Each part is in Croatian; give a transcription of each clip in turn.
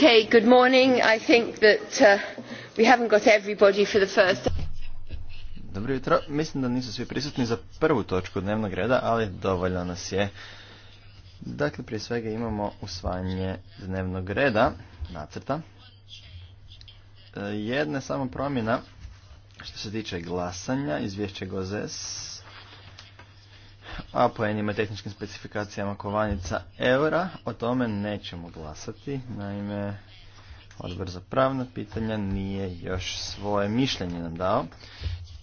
I Dobro jutro. Mislim da nisu svi prisutni za prvu točku dnevnog reda, ali dovoljno nas je. Dakle, prije svega imamo usvajanje dnevnog reda, nacrta. E, jedna samo promjena što se tiče glasanja, izvješće s a po enima tehničkim specifikacijama kovanica eura. O tome nećemo glasati, naime odbor za pravna pitanja nije još svoje mišljenje nam dao,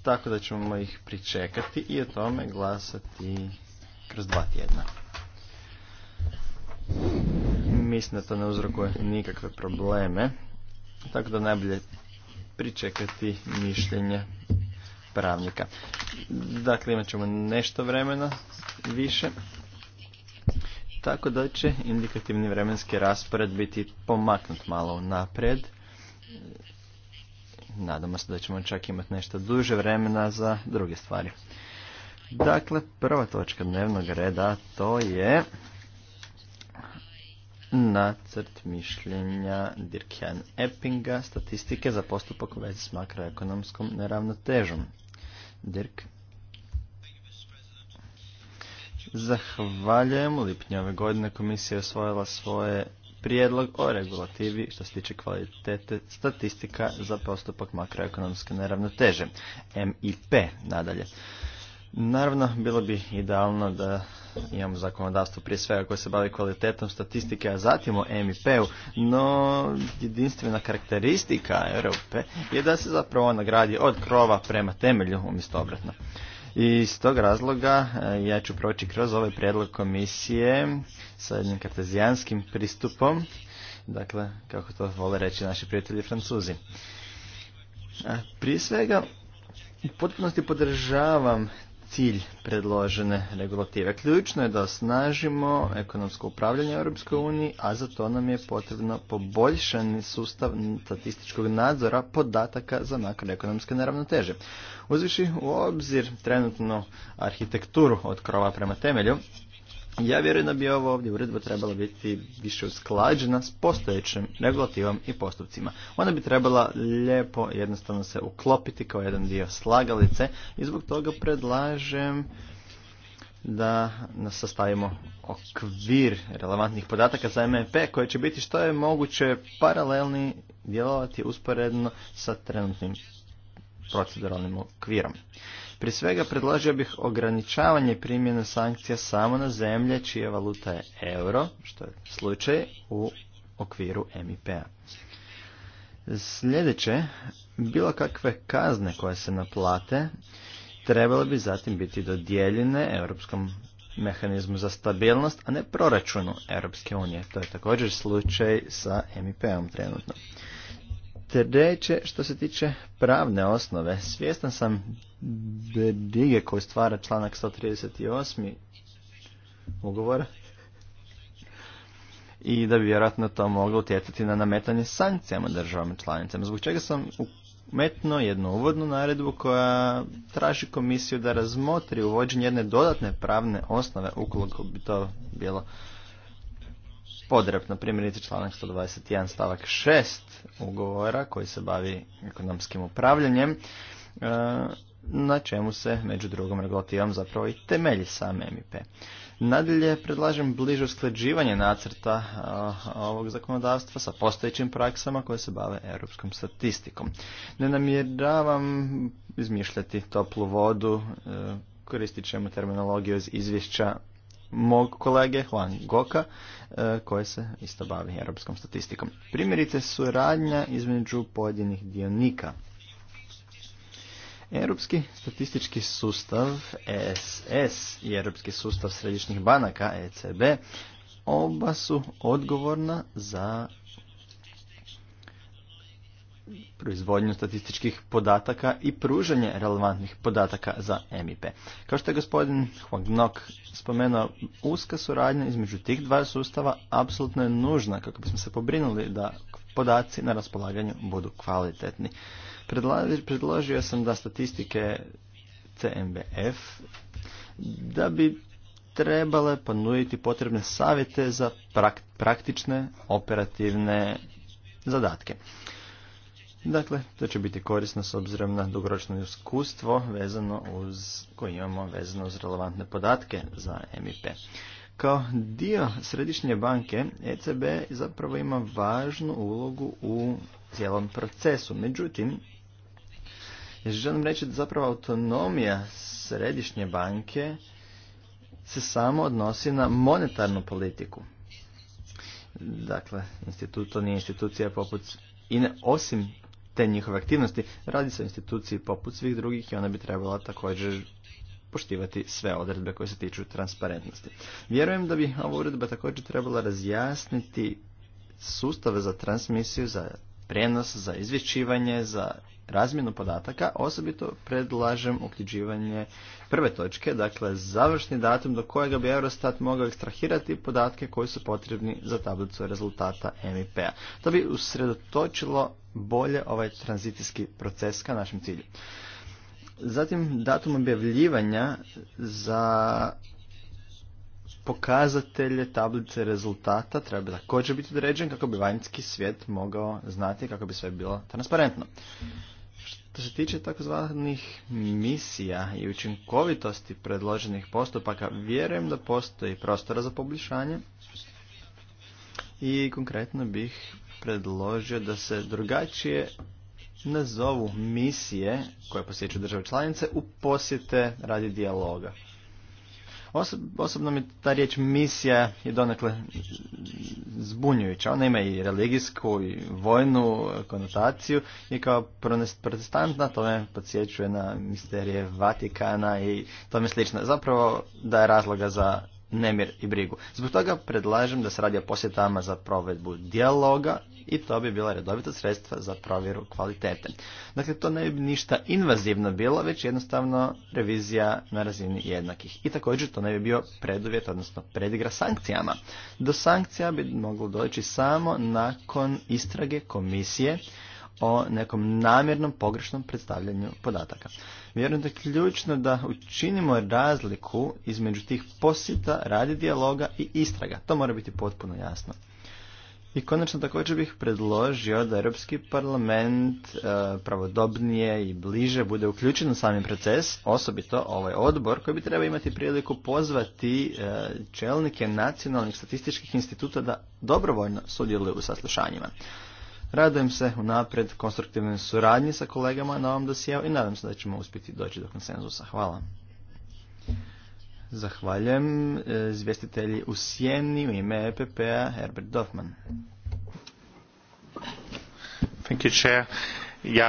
tako da ćemo ih pričekati i o tome glasati kroz dva tjedna. Mislim da to ne uzrokuje nikakve probleme, tako da najbolje pričekati mišljenje pravnika. Dakle, imat ćemo nešto vremena više. Tako da će indikativni vremenski raspored biti pomaknut malo naprijed. Nadamo se da ćemo čak imati nešto duže vremena za druge stvari. Dakle, prva točka dnevnog reda to je nacrt mišljenja Dirkjan Eppinga statistike za postupak u vezi s makroekonomskom neravnotežom. Dirk. Zahvaljujem. U lipnju ove godine komisija je osvojila svoje prijedlog o regulativi što se tiče kvalitete statistika za postupak makroekonomske neravnoteže, MIP nadalje. Naravno, bilo bi idealno da Imamo zakonodavstvo prije svega koje se bavi kvalitetom statistike, a zatim o MIP-u, no jedinstvena karakteristika Europe je da se zapravo ona gradi od krova prema temelju, umjesto obratno. I s tog razloga e, ja ću proći kroz ovaj prijedlog komisije sa jednim kartezijanskim pristupom, dakle, kako to vole reći naši prijatelji francuzi. Prije svega, u potpunosti podržavam cilj predložene regulative. Ključno je da osnažimo ekonomsko upravljanje Europskoj uniji, a za to nam je potrebno poboljšani sustav statističkog nadzora podataka za makroekonomske neravnoteže. Uzviši u obzir trenutnu arhitekturu od krova prema temelju, ja vjerujem da bi ovo ovdje uredba trebala biti više usklađena s postojećim regulativom i postupcima. Ona bi trebala lijepo jednostavno se uklopiti kao jedan dio slagalice i zbog toga predlažem da nas sastavimo okvir relevantnih podataka za MMP koje će biti što je moguće paralelni djelovati usporedno sa trenutnim proceduralnim okvirom. Pri svega predložio bih ograničavanje primjene sankcija samo na zemlje čija valuta je euro, što je slučaj u okviru MIP-a. Sljedeće, bilo kakve kazne koje se naplate trebalo bi zatim biti dodijeljene Europskom mehanizmu za stabilnost, a ne proračunu Europske unije. To je također slučaj sa MIP-om trenutno. Treće, što se tiče pravne osnove, svjestan sam brige koji stvara članak 138. ugovora i da bi vjerojatno to moglo utjecati na nametanje sankcijama državama članicama. Zbog čega sam umetno jednu uvodnu naredbu koja traži komisiju da razmotri uvođenje jedne dodatne pravne osnove ukoliko bi to bilo primjer, primjerice članak 121 stavak 6 ugovora koji se bavi ekonomskim upravljanjem e, na čemu se među drugom regulativom zapravo i temelji sam MIP. Nadalje predlažem bliže usklađivanje nacrta e, ovog zakonodavstva sa postojećim praksama koje se bave europskom statistikom. Ne namjeravam izmišljati toplu vodu, e, koristit ćemo terminologiju iz izvješća mog kolege Juan Goka e, koji se isto bavi europskom statistikom. Primjerice suradnja između pojedinih dionika. Europski statistički sustav ESS i Europski sustav središnjih banaka ECB oba su odgovorna za proizvodnju statističkih podataka i pružanje relevantnih podataka za MIP. Kao što je gospodin Nok spomenuo, uska suradnja između tih dva sustava apsolutno je nužna kako bismo se pobrinuli da podaci na raspolaganju budu kvalitetni. Predložio sam da statistike CMBF da bi trebale ponuditi potrebne savjete za praktične operativne zadatke. Dakle, to će biti korisno s obzirom na dugoročno iskustvo vezano uz, koje imamo vezano uz relevantne podatke za MIP. Kao dio središnje banke, ECB zapravo ima važnu ulogu u cijelom procesu. Međutim, želim reći da zapravo autonomija središnje banke se samo odnosi na monetarnu politiku. Dakle, institut to nije institucija poput ne osim te njihove aktivnosti. Radi se o instituciji poput svih drugih i ona bi trebala također poštivati sve odredbe koje se tiču transparentnosti. Vjerujem da bi ova uredba također trebala razjasniti sustave za transmisiju, za prijenos, za izvješćivanje, za razmjenu podataka, osobito predlažem uključivanje prve točke, dakle završni datum do kojega bi Eurostat mogao ekstrahirati podatke koji su potrebni za tablicu rezultata MIP-a. To bi usredotočilo bolje ovaj tranzicijski proces ka našem cilju. Zatim datum objavljivanja za pokazatelje tablice rezultata treba također biti određen kako bi vanjski svijet mogao znati kako bi sve bilo transparentno. Što se tiče takozvanih misija i učinkovitosti predloženih postupaka, vjerujem da postoji prostora za poboljšanje i konkretno bih predložio da se drugačije nazovu misije koje posjećuju države članice u posjete radi dijaloga. Osobno mi ta riječ misija je donekle zbunjujuća. Ona ima i religijsku i vojnu konotaciju i kao protestantna to me podsjećuje na misterije Vatikana i tome slično. Zapravo da je razloga za nemir i brigu. Zbog toga predlažem da se radi o posjetama za provedbu dijaloga i to bi bila redovita sredstva za provjeru kvalitete. Dakle, to ne bi ništa invazivno bilo, već jednostavno revizija na razini jednakih. I također to ne bi bio preduvjet, odnosno predigra sankcijama. Do sankcija bi moglo doći samo nakon istrage komisije o nekom namjernom pogrešnom predstavljanju podataka. Vjerujem da je ključno da učinimo razliku između tih posjeta radi dijaloga i istraga. To mora biti potpuno jasno. I konačno također bih predložio da Europski parlament e, pravodobnije i bliže bude uključen u sami proces, osobito ovaj odbor koji bi trebao imati priliku pozvati e, čelnike nacionalnih statističkih instituta da dobrovoljno sudjeluju u saslušanjima. Radujem se unaprijed konstruktivnoj suradnji sa kolegama na ovom dosijelu i nadam se da ćemo uspjeti doći do konsenzusa. Hvala. Zahvaljujem e, izvjestitelji u Sjeni u ime EPP-a Herbert Dorfman. Thank you, Chair. E,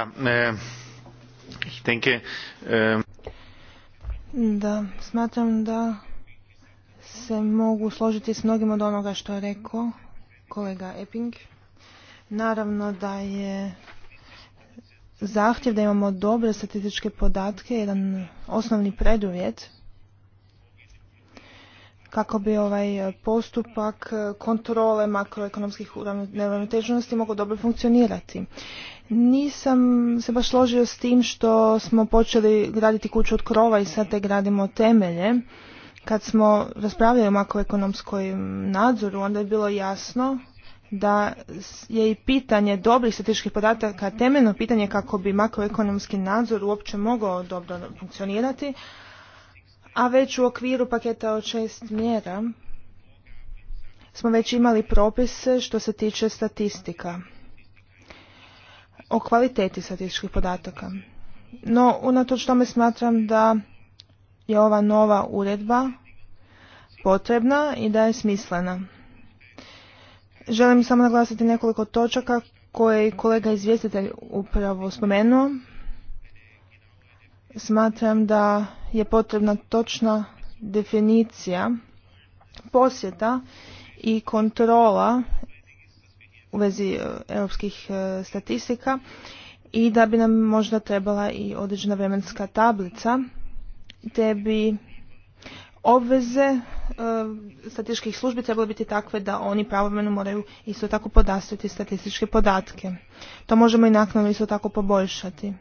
e, da, smatram da se mogu složiti s mnogim od onoga što je rekao kolega Epping. Naravno da je zahtjev da imamo dobre statističke podatke jedan osnovni preduvjet kako bi ovaj postupak kontrole makroekonomskih neravnotežnosti mogao dobro funkcionirati. Nisam se baš složio s tim što smo počeli graditi kuću od krova i sad te gradimo temelje. Kad smo raspravljali o makroekonomskom nadzoru, onda je bilo jasno da je i pitanje dobrih statističkih podataka temeljno pitanje kako bi makroekonomski nadzor uopće mogao dobro funkcionirati, a već u okviru paketa od šest mjera smo već imali propise što se tiče statistika, o kvaliteti statističkih podataka. No, unatoč tome smatram da je ova nova uredba potrebna i da je smislena. Želim samo naglasiti nekoliko točaka koje je kolega izvjestitelj upravo spomenuo. Smatram da je potrebna točna definicija posjeta i kontrola u vezi e, europskih e, statistika i da bi nam možda trebala i određena vremenska tablica te bi obveze e, statističkih službi trebalo biti takve da oni pravovremeno moraju isto tako podastiti statističke podatke. To možemo i naknadno isto tako poboljšati.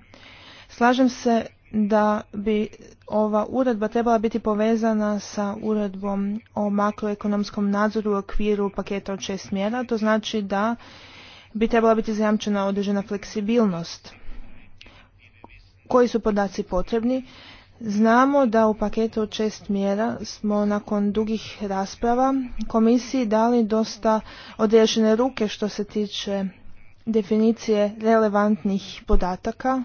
Slažem se da bi ova uredba trebala biti povezana sa uredbom o makroekonomskom nadzoru u okviru paketa od šest mjera. To znači da bi trebala biti zajamčena određena fleksibilnost. Koji su podaci potrebni? Znamo da u paketu od šest mjera smo nakon dugih rasprava komisiji dali dosta odrešene ruke što se tiče definicije relevantnih podataka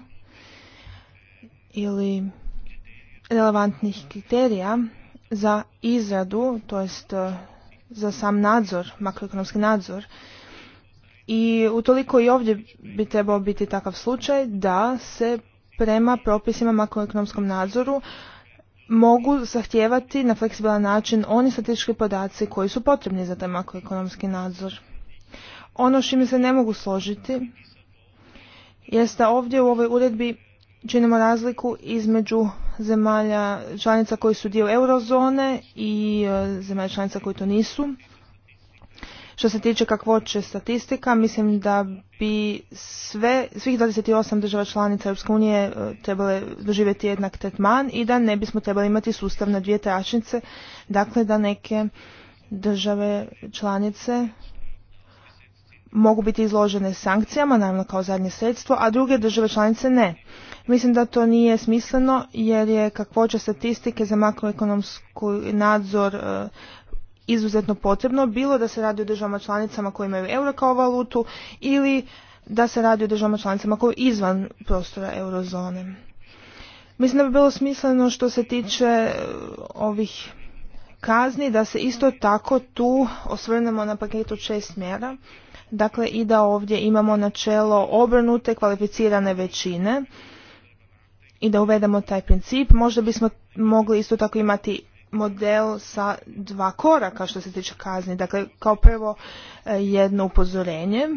ili relevantnih kriterija za izradu, to jest e, za sam nadzor, makroekonomski nadzor. I utoliko i ovdje bi trebao biti takav slučaj da se prema propisima makroekonomskom nadzoru mogu zahtijevati na fleksibilan način oni statistički podaci koji su potrebni za taj makroekonomski nadzor. Ono što mi se ne mogu složiti jeste da ovdje u ovoj uredbi činimo razliku između zemalja članica koji su dio eurozone i e, zemalja članica koji to nisu. Što se tiče kakvoće statistika, mislim da bi sve, svih 28 država članica EU e, trebale doživjeti jednak tretman i da ne bismo trebali imati sustav na dvije tračnice, dakle da neke države članice mogu biti izložene sankcijama, naravno kao zadnje sredstvo, a druge države članice ne. Mislim da to nije smisleno jer je kakvoća statistike za makroekonomski nadzor e, izuzetno potrebno, bilo da se radi o državama članicama koje imaju euro kao valutu ili da se radi o državama članicama koje izvan prostora eurozone. Mislim da bi bilo smisleno što se tiče e, ovih kazni da se isto tako tu osvrnemo na paketu šest mjera. Dakle, i da ovdje imamo načelo obrnute kvalificirane većine i da uvedemo taj princip. Možda bismo mogli isto tako imati model sa dva koraka što se tiče kazni. Dakle, kao prvo e, jedno upozorenje,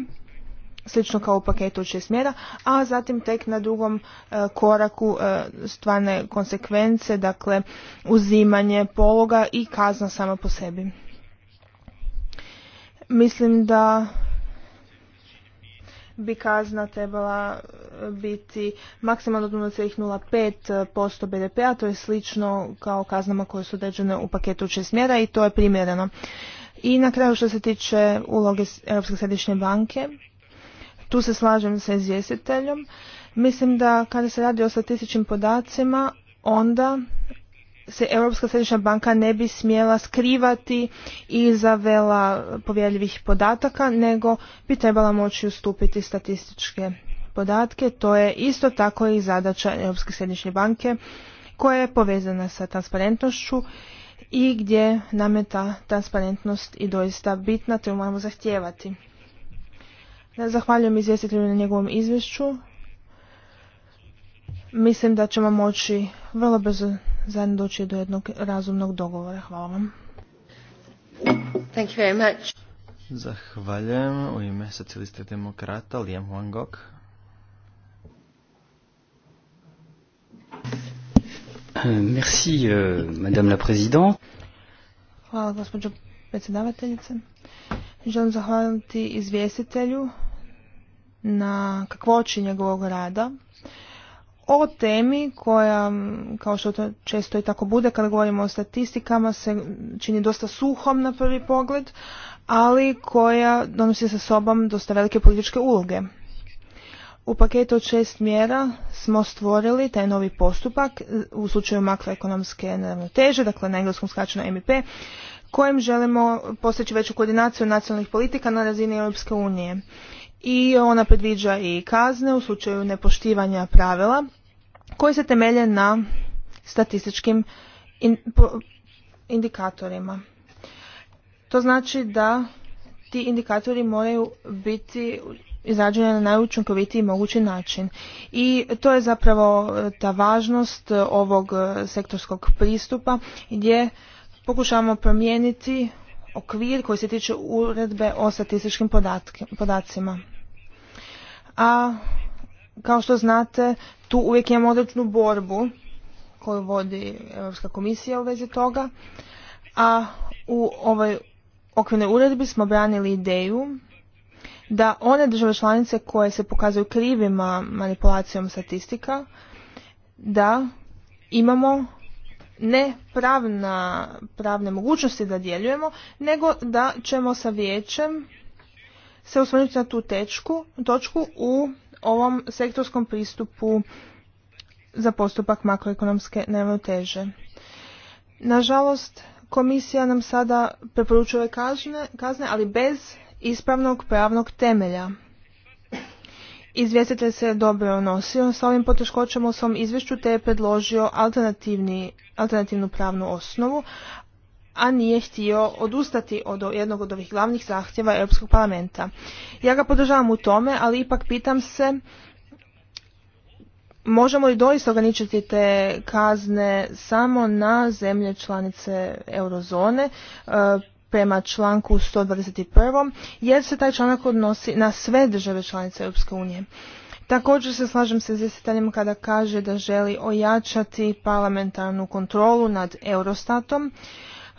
slično kao u paketu u šest mjera, a zatim tek na drugom e, koraku e, stvarne konsekvence, dakle uzimanje pologa i kazna sama po sebi. Mislim da bi kazna trebala e, biti maksimalno 0,05% BDP-a, to je slično kao kaznama koje su određene u paketu šest mjera i to je primjereno. I na kraju što se tiče uloge Europske središnje banke, tu se slažem sa izvjestiteljom. Mislim da kada se radi o statističkim podacima, onda se Europska središnja banka ne bi smjela skrivati i vela povjerljivih podataka, nego bi trebala moći ustupiti statističke podatke. To je isto tako i zadaća Europske središnje banke koja je povezana sa transparentnošću i gdje nam je ta transparentnost i doista bitna, te ju moramo zahtijevati. Zahvaljujem izvjestitelju na njegovom izvješću. Mislim da ćemo moći vrlo brzo zajedno doći do jednog razumnog dogovora. Hvala vam. Thank you very much. Zahvaljujem u ime socijalista demokrata Liam Wangok. Merci, euh, madame la présidente. Hvala, gospođo predsjedavateljice. Želim zahvaliti izvjestitelju na kakvoći njegovog rada o temi koja, kao što to često i tako bude, kada govorimo o statistikama, se čini dosta suhom na prvi pogled, ali koja donosi sa sobom dosta velike političke uloge. U paketu od šest mjera smo stvorili taj novi postupak u slučaju makroekonomske neravnoteže, dakle na engleskom na MIP, kojim želimo postići veću koordinaciju nacionalnih politika na razini Europske unije i ona predviđa i kazne u slučaju nepoštivanja pravila koji se temelje na statističkim in, indikatorima. To znači da ti indikatori moraju biti izrađene na najučinkovitiji mogući način. I to je zapravo e, ta važnost e, ovog e, sektorskog pristupa gdje pokušavamo promijeniti okvir koji se tiče uredbe o statističkim podacima a kao što znate tu uvijek imamo određenu borbu koju vodi Europska komisija u vezi toga, a u ovoj okvirnoj uredbi smo branili ideju da one države članice koje se pokazuju krivima manipulacijom statistika, da imamo ne pravne mogućnosti da djelujemo, nego da ćemo sa vijećem se osvrnuti na tu tečku, točku u ovom sektorskom pristupu za postupak makroekonomske neravnoteže. Nažalost, komisija nam sada preporučuje kazne, kazne, ali bez ispravnog pravnog temelja. Izvjestitelj se dobro nosio sa ovim poteškoćama u svom izvješću te je predložio alternativnu pravnu osnovu, a nije htio odustati od jednog od ovih glavnih zahtjeva Europskog parlamenta. Ja ga podržavam u tome, ali ipak pitam se možemo li doista ograničiti te kazne samo na zemlje članice eurozone e, prema članku 121. jer se taj članak odnosi na sve države članice Europske unije. Također se slažem sa izvjestiteljem kada kaže da želi ojačati parlamentarnu kontrolu nad Eurostatom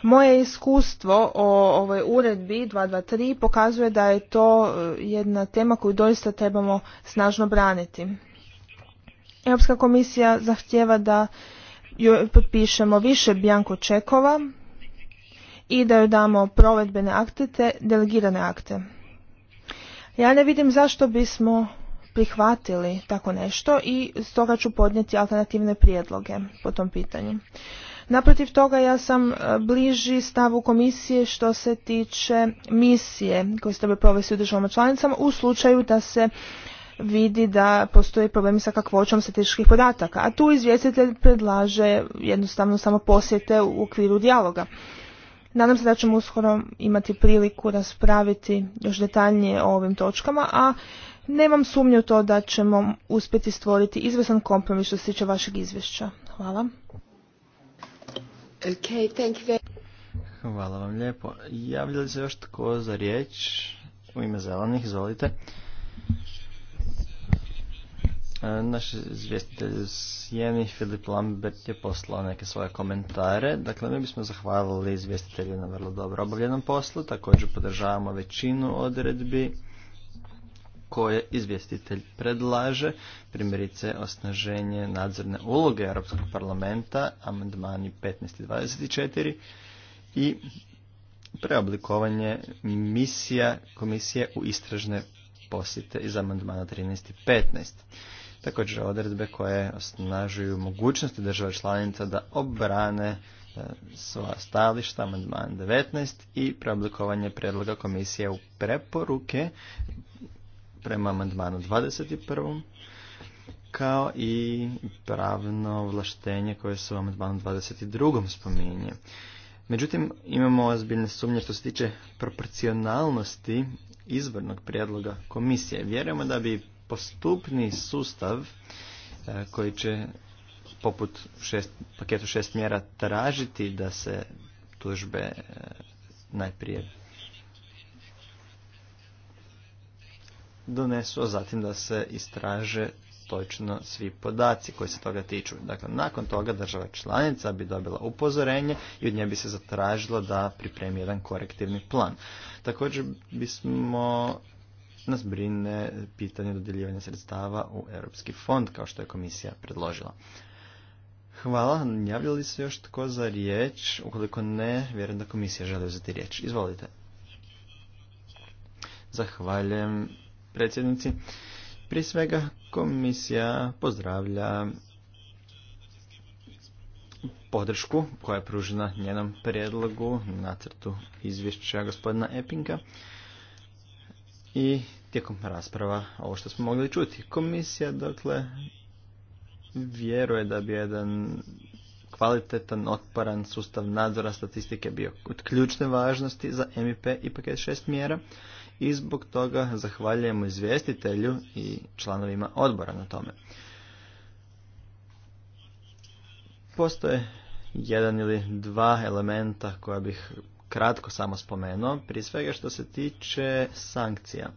moje iskustvo o ovoj uredbi 223 pokazuje da je to e, jedna tema koju doista trebamo snažno braniti. Europska komisija zahtjeva da joj potpišemo više bjanko čekova i da joj damo provedbene akte te delegirane akte. Ja ne vidim zašto bismo prihvatili tako nešto i stoga ću podnijeti alternativne prijedloge po tom pitanju. Naprotiv toga ja sam e, bliži stavu komisije što se tiče misije koje se treba provesti u državama članicama u slučaju da se vidi da postoje problemi sa kakvoćom statističkih podataka. A tu izvjestitelj predlaže jednostavno samo posjete u okviru dijaloga. Nadam se da ćemo uskoro imati priliku raspraviti još detaljnije o ovim točkama, a nemam sumnju to da ćemo uspjeti stvoriti izvesan kompromis što se tiče vašeg izvješća. Hvala. Hvala vam lijepo. Javlja li se još tko za riječ? U ime zelenih, izvolite. E, naš izvjestitelj Sjeni Filip Lambert je poslao neke svoje komentare. Dakle, mi bismo zahvalili izvjestitelju na vrlo dobro obavljenom poslu. Također podržavamo većinu odredbi koje izvjestitelj predlaže, primjerice osnaženje nadzorne uloge Europskog parlamenta, amandmani 15 i i preoblikovanje misija komisije u istražne posjete iz amandmana 13.15. i Također odredbe koje osnažuju mogućnosti država članica da obrane e, sva stajališta, amandman 19 i preoblikovanje predloga komisije u preporuke prema amandmanu 21. kao i pravno ovlaštenje koje se u amandmanu 22. spominje. Međutim, imamo ozbiljne sumnje što se tiče proporcionalnosti izbornog prijedloga komisije. Vjerujemo da bi postupni sustav e, koji će poput šest, paketu šest mjera tražiti da se tužbe e, najprije donesu, a zatim da se istraže točno svi podaci koji se toga tiču. Dakle, nakon toga država članica bi dobila upozorenje i od nje bi se zatražilo da pripremi jedan korektivni plan. Također bismo nas brine pitanje dodjeljivanja sredstava u Europski fond, kao što je komisija predložila. Hvala, javlja li se još tko za riječ? Ukoliko ne, vjerujem da komisija želi uzeti riječ. Izvolite. Zahvaljujem predsjednici. Prije svega komisija pozdravlja podršku koja je pružena njenom prijedlogu nacrtu izvješća gospodina Epinga i tijekom rasprava ovo što smo mogli čuti. Komisija dakle vjeruje da bi jedan kvalitetan, otporan sustav nadzora statistike bio od ključne važnosti za MIP i paket šest mjera i zbog toga zahvaljujemo izvjestitelju i članovima odbora na tome. Postoje jedan ili dva elementa koja bih kratko samo spomenuo, prije svega što se tiče sankcija.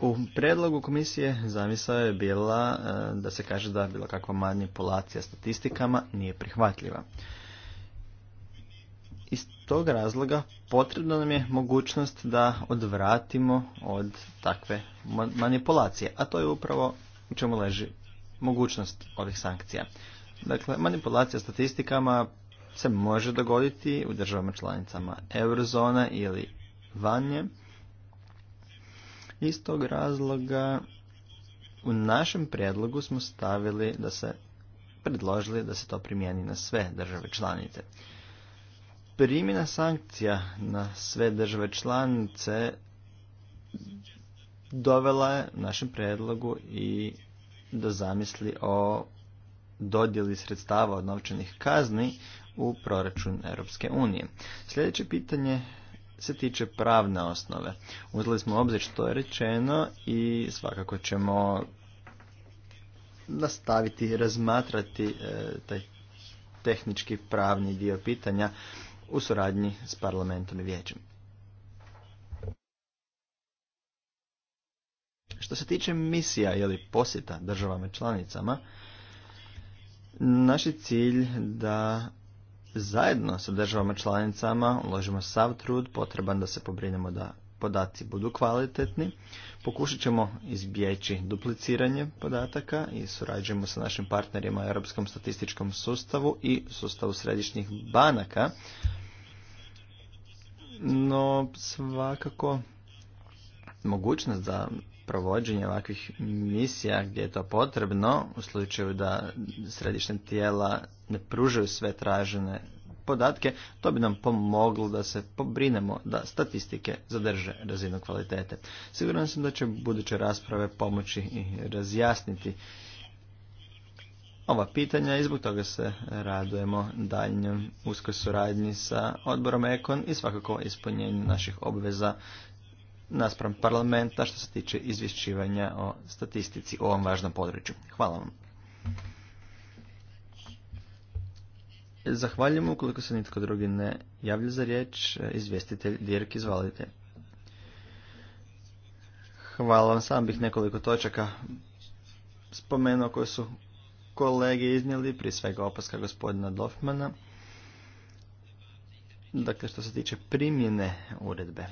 U predlogu komisije zamisao je bila e, da se kaže da bilo kakva manipulacija statistikama nije prihvatljiva tog razloga potrebna nam je mogućnost da odvratimo od takve manipulacije, a to je upravo u čemu leži mogućnost ovih sankcija. Dakle, manipulacija statistikama se može dogoditi u državama članicama eurozona ili vanje. Iz tog razloga u našem prijedlogu smo stavili da se predložili da se to primijeni na sve države članice primjena sankcija na sve države članice dovela je našem predlogu i da zamisli o dodjeli sredstava od novčanih kazni u proračun Europske unije. Sljedeće pitanje se tiče pravne osnove. Uzeli smo obzir što je rečeno i svakako ćemo nastaviti razmatrati e, taj tehnički pravni dio pitanja u suradnji s parlamentom i vijećem. Što se tiče misija ili posjeta državama članicama, naš je cilj da zajedno sa državama članicama uložimo sav trud potreban da se pobrinemo da podaci budu kvalitetni. Pokušat ćemo izbjeći dupliciranje podataka i surađujemo sa našim partnerima u Europskom statističkom sustavu i sustavu središnjih banaka. No svakako mogućnost za provođenje ovakvih misija gdje je to potrebno u slučaju da središnja tijela ne pružaju sve tražene podatke, to bi nam pomoglo da se pobrinemo da statistike zadrže razinu kvalitete. Siguran sam da će buduće rasprave pomoći i razjasniti ova pitanja i zbog toga se radujemo daljnjem uskoj suradnji sa odborom Ekon i svakako ispunjenju naših obveza naspram parlamenta što se tiče izvješćivanja o statistici u ovom važnom području. Hvala vam. Zahvaljujemo ukoliko se nitko drugi ne javlja za riječ. E, izvjestitelj Dirk, izvalite. Hvala vam, sam bih nekoliko točaka spomenuo koje su kolege iznijeli, prije svega opaska gospodina Dofmana. Dakle, što se tiče primjene uredbe.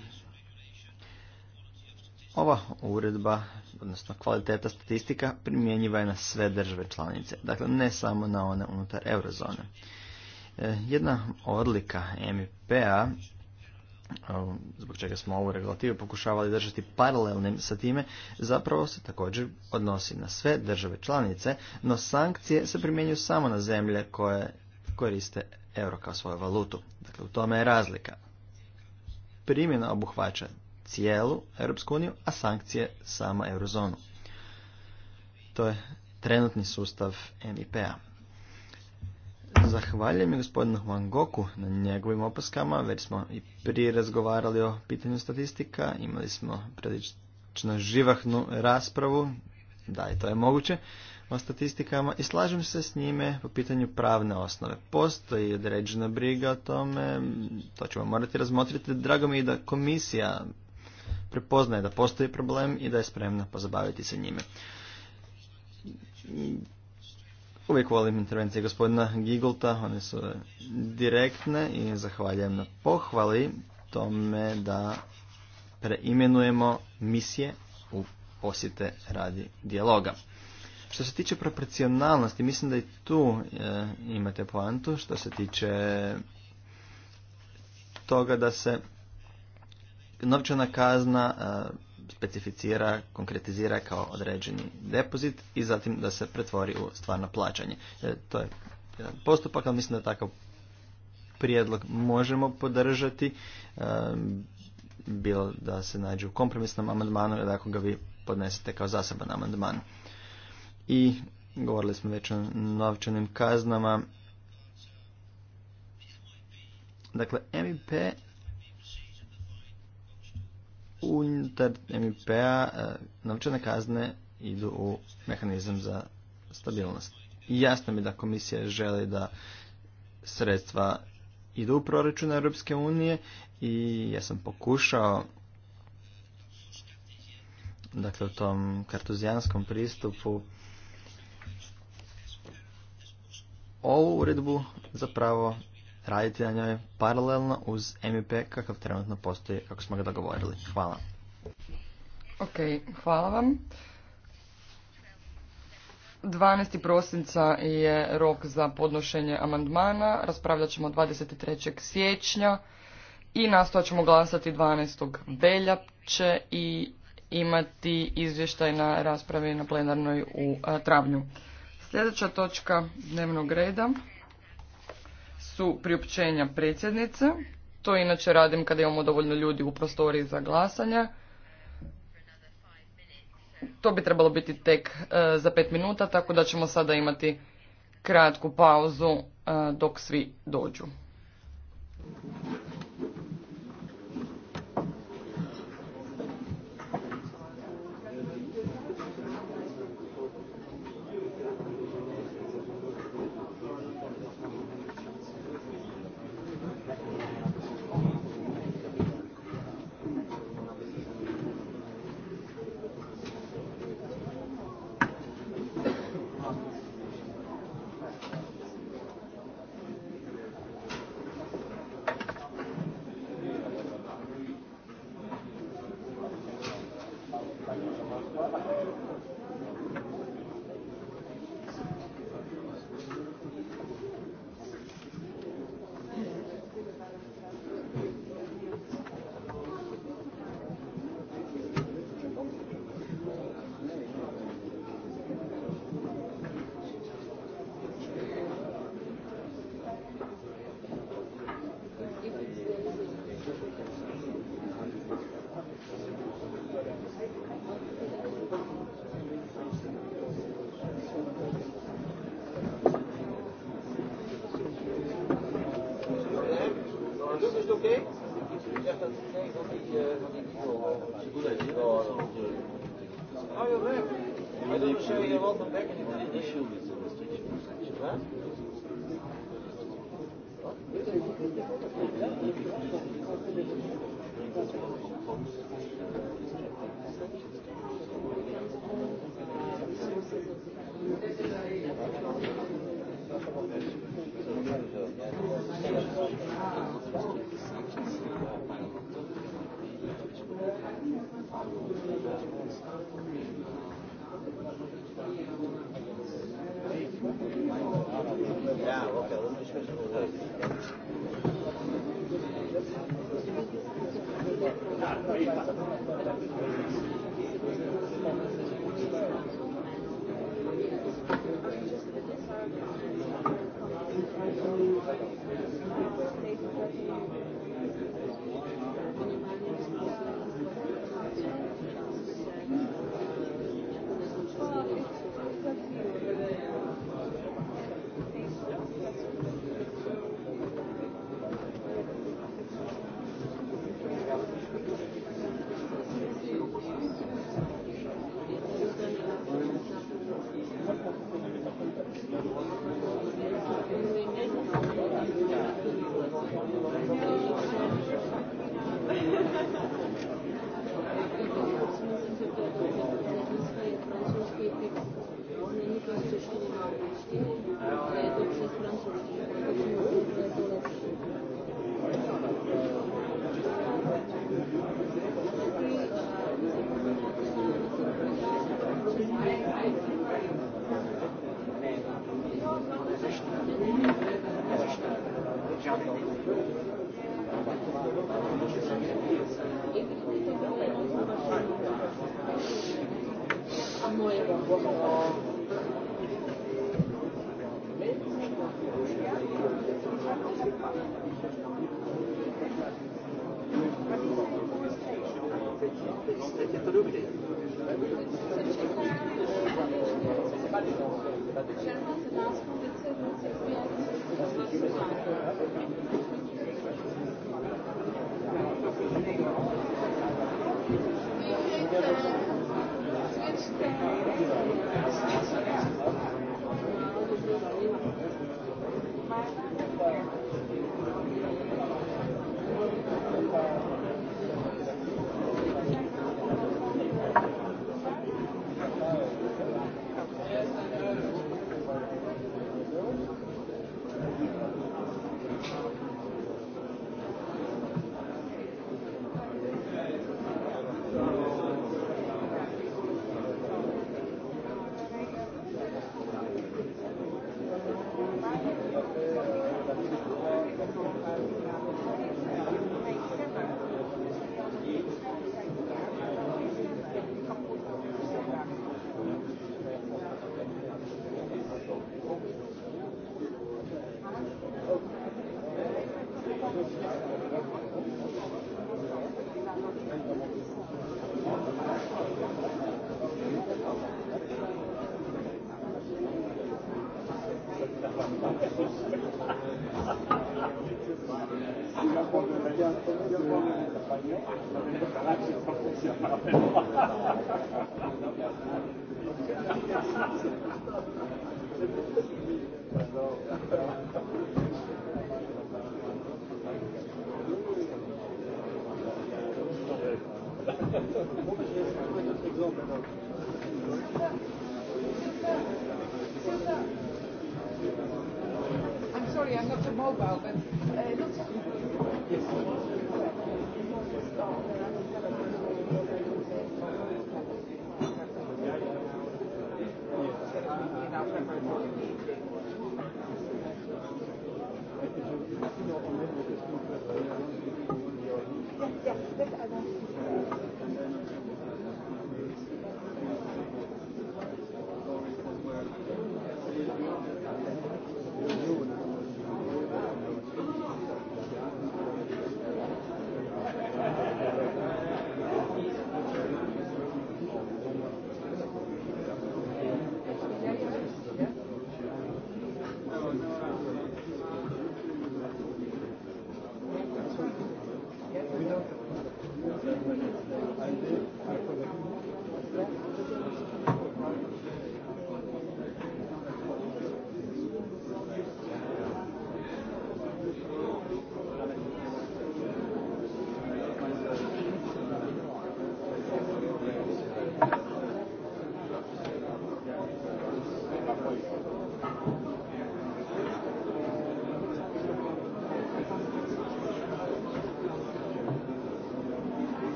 Ova uredba, odnosno kvaliteta statistika, primjenjiva je na sve države članice. Dakle, ne samo na one unutar eurozone. E, jedna odlika MIP-a, e, zbog čega smo ovu regulativu pokušavali držati paralelnim sa time, zapravo se također odnosi na sve države članice, no sankcije se primjenjuju samo na zemlje koje koriste euro kao svoju valutu. Dakle, u tome je razlika. Primjena obuhvaća cijelu Europsku uniju, a sankcije samo eurozonu. To je trenutni sustav MIP-a. Zahvaljujem i gospodinu Van Goku na njegovim opaskama. Već smo i prije razgovarali o pitanju statistika. Imali smo prilično živahnu raspravu. Da, i to je moguće o statistikama i slažem se s njime po pitanju pravne osnove. Postoji određena briga o tome, to ćemo morati razmotriti. Drago mi je da komisija prepoznaje da postoji problem i da je spremna pozabaviti se njime. Uvijek volim intervencije gospodina Gigolta, one su direktne i zahvaljujem na pohvali tome da preimenujemo misije u posjete radi dijaloga. Što se tiče proporcionalnosti, mislim da i tu e, imate poantu, što se tiče toga da se novčana kazna e, specificira, konkretizira kao određeni depozit i zatim da se pretvori u stvarno plaćanje. E, to je jedan postupak, ali mislim da takav prijedlog možemo podržati, e, bilo da se nađe u kompromisnom amandmanu ili ako ga vi podnesete kao zaseban amandman. I govorili smo već o novčanim kaznama. Dakle, MIP unutar MIP-a e, novčane kazne idu u mehanizam za stabilnost. I jasno mi da komisija želi da sredstva idu u proračun Europske unije i ja sam pokušao dakle u tom kartuzijanskom pristupu ovu uredbu zapravo raditi na njoj paralelno uz MIP kakav trenutno postoji kako smo ga dogovorili. Hvala. Ok, hvala vam. 12. prosinca je rok za podnošenje amandmana, raspravljat ćemo 23. siječnja i nastojat ćemo glasati 12. veljače i imati izvještaj na raspravi na plenarnoj u eh, travnju. Sljedeća točka dnevnog reda su priopćenja predsjednice. To inače radim kada imamo dovoljno ljudi u prostoriji za glasanje. To bi trebalo biti tek e, za pet minuta, tako da ćemo sada imati kratku pauzu e, dok svi dođu.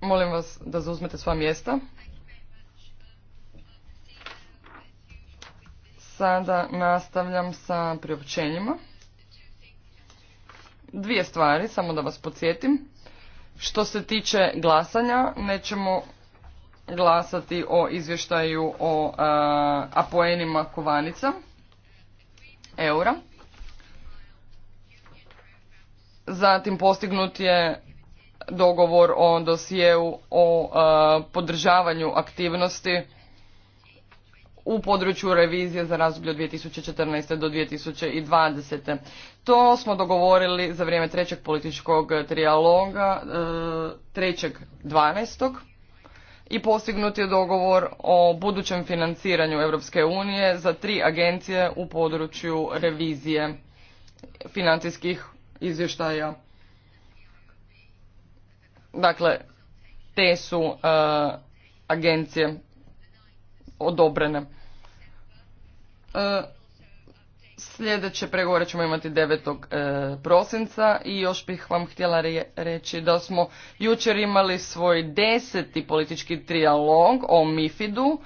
Molim vas da zauzmete sva mjesta. Sada nastavljam sa priopćenjima. Dvije stvari, samo da vas podsjetim. Što se tiče glasanja, nećemo glasati o izvještaju o apoenima kovanica eura. Zatim postignut je dogovor o dosijeu o e, podržavanju aktivnosti u području revizije za razdoblje od 2014. do 2020. To smo dogovorili za vrijeme trećeg političkog trijaloga 12. E, i postignut je dogovor o budućem financiranju Europske unije za tri agencije u području revizije financijskih izvještaja. Dakle, te su e, agencije odobrene. Uh, sljedeće pregovore ćemo imati 9. E, prosinca i još bih vam htjela reći da smo jučer imali svoj deseti politički trijalog o MIFID-u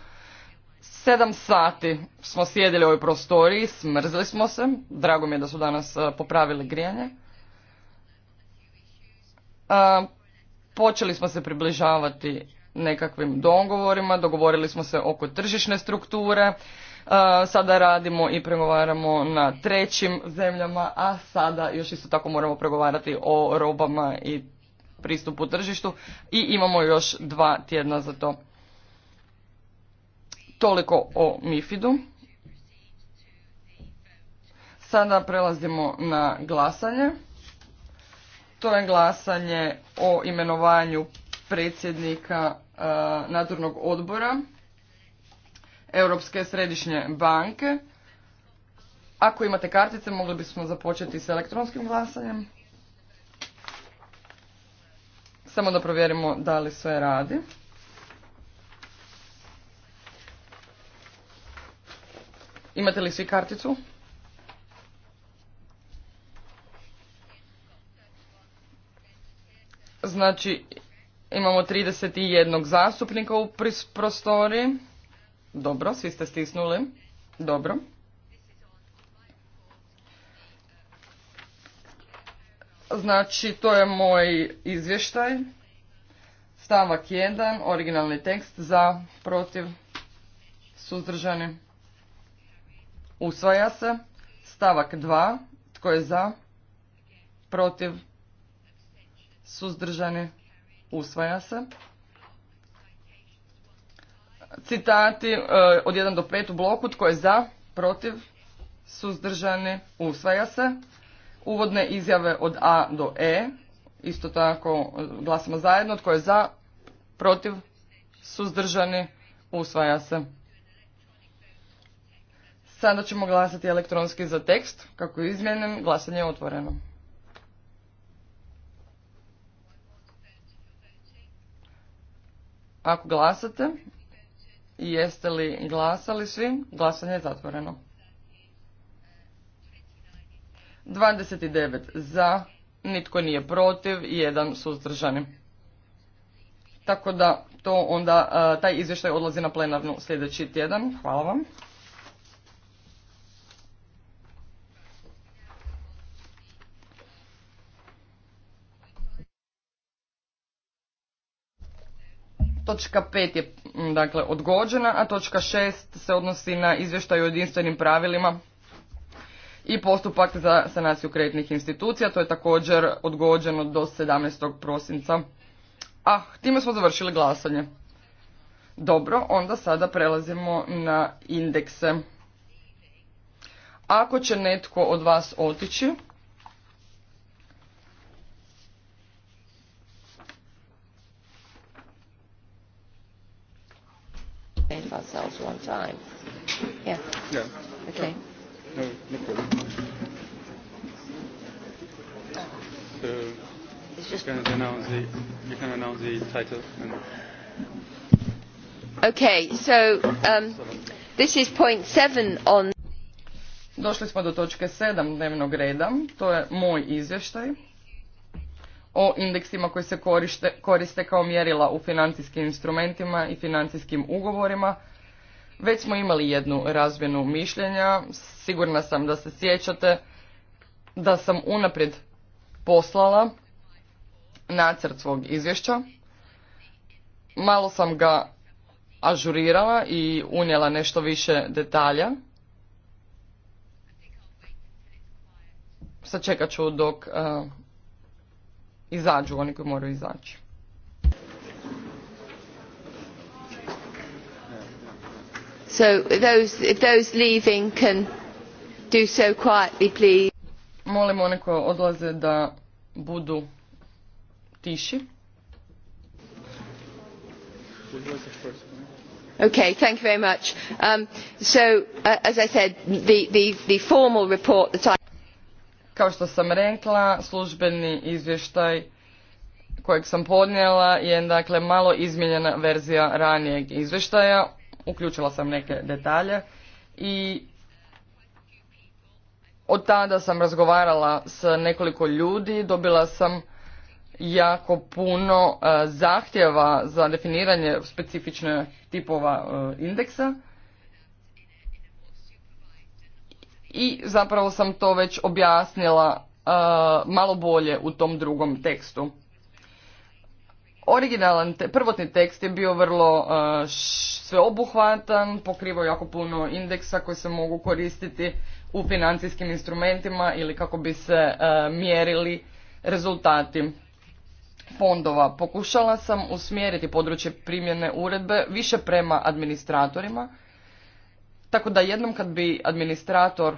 Sedam sati smo sjedili u ovoj prostoriji, smrzli smo se. Drago mi je da su danas popravili grijanje. Počeli smo se približavati nekakvim dogovorima, dogovorili smo se oko tržišne strukture. Sada radimo i pregovaramo na trećim zemljama, a sada još isto tako moramo pregovarati o robama i pristupu tržištu i imamo još dva tjedna za to. Toliko o Mifidu. Sada prelazimo na glasanje. To je glasanje o imenovanju predsjednika e, nadzornog odbora Europske središnje banke. Ako imate kartice, mogli bismo započeti s elektronskim glasanjem. Samo da provjerimo da li sve radi. Imate li svi karticu? Znači, imamo 31 zastupnika u prostoriji. Dobro, svi ste stisnuli. Dobro. Znači, to je moj izvještaj. Stavak 1, originalni tekst za, protiv, suzdržani. Usvaja se. Stavak 2. Tko je za? Protiv? Suzdržani? Usvaja se. Citati e, od 1 do 5 u bloku. Tko je za? Protiv? Suzdržani? Usvaja se. Uvodne izjave od A do E. Isto tako e, glasamo zajedno. Tko je za? Protiv? Suzdržani? Usvaja se. Sada ćemo glasati elektronski za tekst. Kako je glasanje je otvoreno. Ako glasate, i jeste li glasali svi, glasanje je zatvoreno. 29 za, nitko nije protiv i jedan suzdržani. Tako da to onda, taj izvještaj odlazi na plenarnu sljedeći tjedan. Hvala vam. Točka 5 je mm, dakle odgođena, a točka 6 se odnosi na izvještaj o jedinstvenim pravilima i postupak za sanaciju kreditnih institucija. To je također odgođeno do 17. prosinca. A, time smo završili glasanje. Dobro, onda sada prelazimo na indekse. Ako će netko od vas otići, of ourselves one time. Yeah. Yeah. Okay. No, no problem. So it's just can announce the, you can announce the title. And okay. So um, this is point seven on. Došli smo do točke 7 dnevnog reda, to je moj izvještaj o indeksima koji se koriste, koriste kao mjerila u financijskim instrumentima i financijskim ugovorima. Već smo imali jednu razvijenu mišljenja, sigurna sam da se sjećate da sam unaprijed poslala nacrt svog izvješća. Malo sam ga ažurirala i unijela nešto više detalja. Sačekat ću dok eh, izađu oni koji moraju izaći. So those, if those leaving can do so quietly, please. Molim one koji odlaze da budu tiši. Okay, thank you very much. Um, so, uh, as I said, the, the, the formal report that I... Kao što sam rekla, službeni izvještaj kojeg sam podnijela je dakle malo izmijenjena verzija ranijeg izvještaja. Uključila sam neke detalje i od tada sam razgovarala s nekoliko ljudi, dobila sam jako puno e, zahtjeva za definiranje specifičnih tipova e, indeksa i zapravo sam to već objasnila e, malo bolje u tom drugom tekstu. Originalan, prvotni tekst je bio vrlo e, sveobuhvatan, pokrivao jako puno indeksa koji se mogu koristiti u financijskim instrumentima ili kako bi se e, mjerili rezultati fondova. Pokušala sam usmjeriti područje primjene uredbe više prema administratorima, tako da jednom kad bi administrator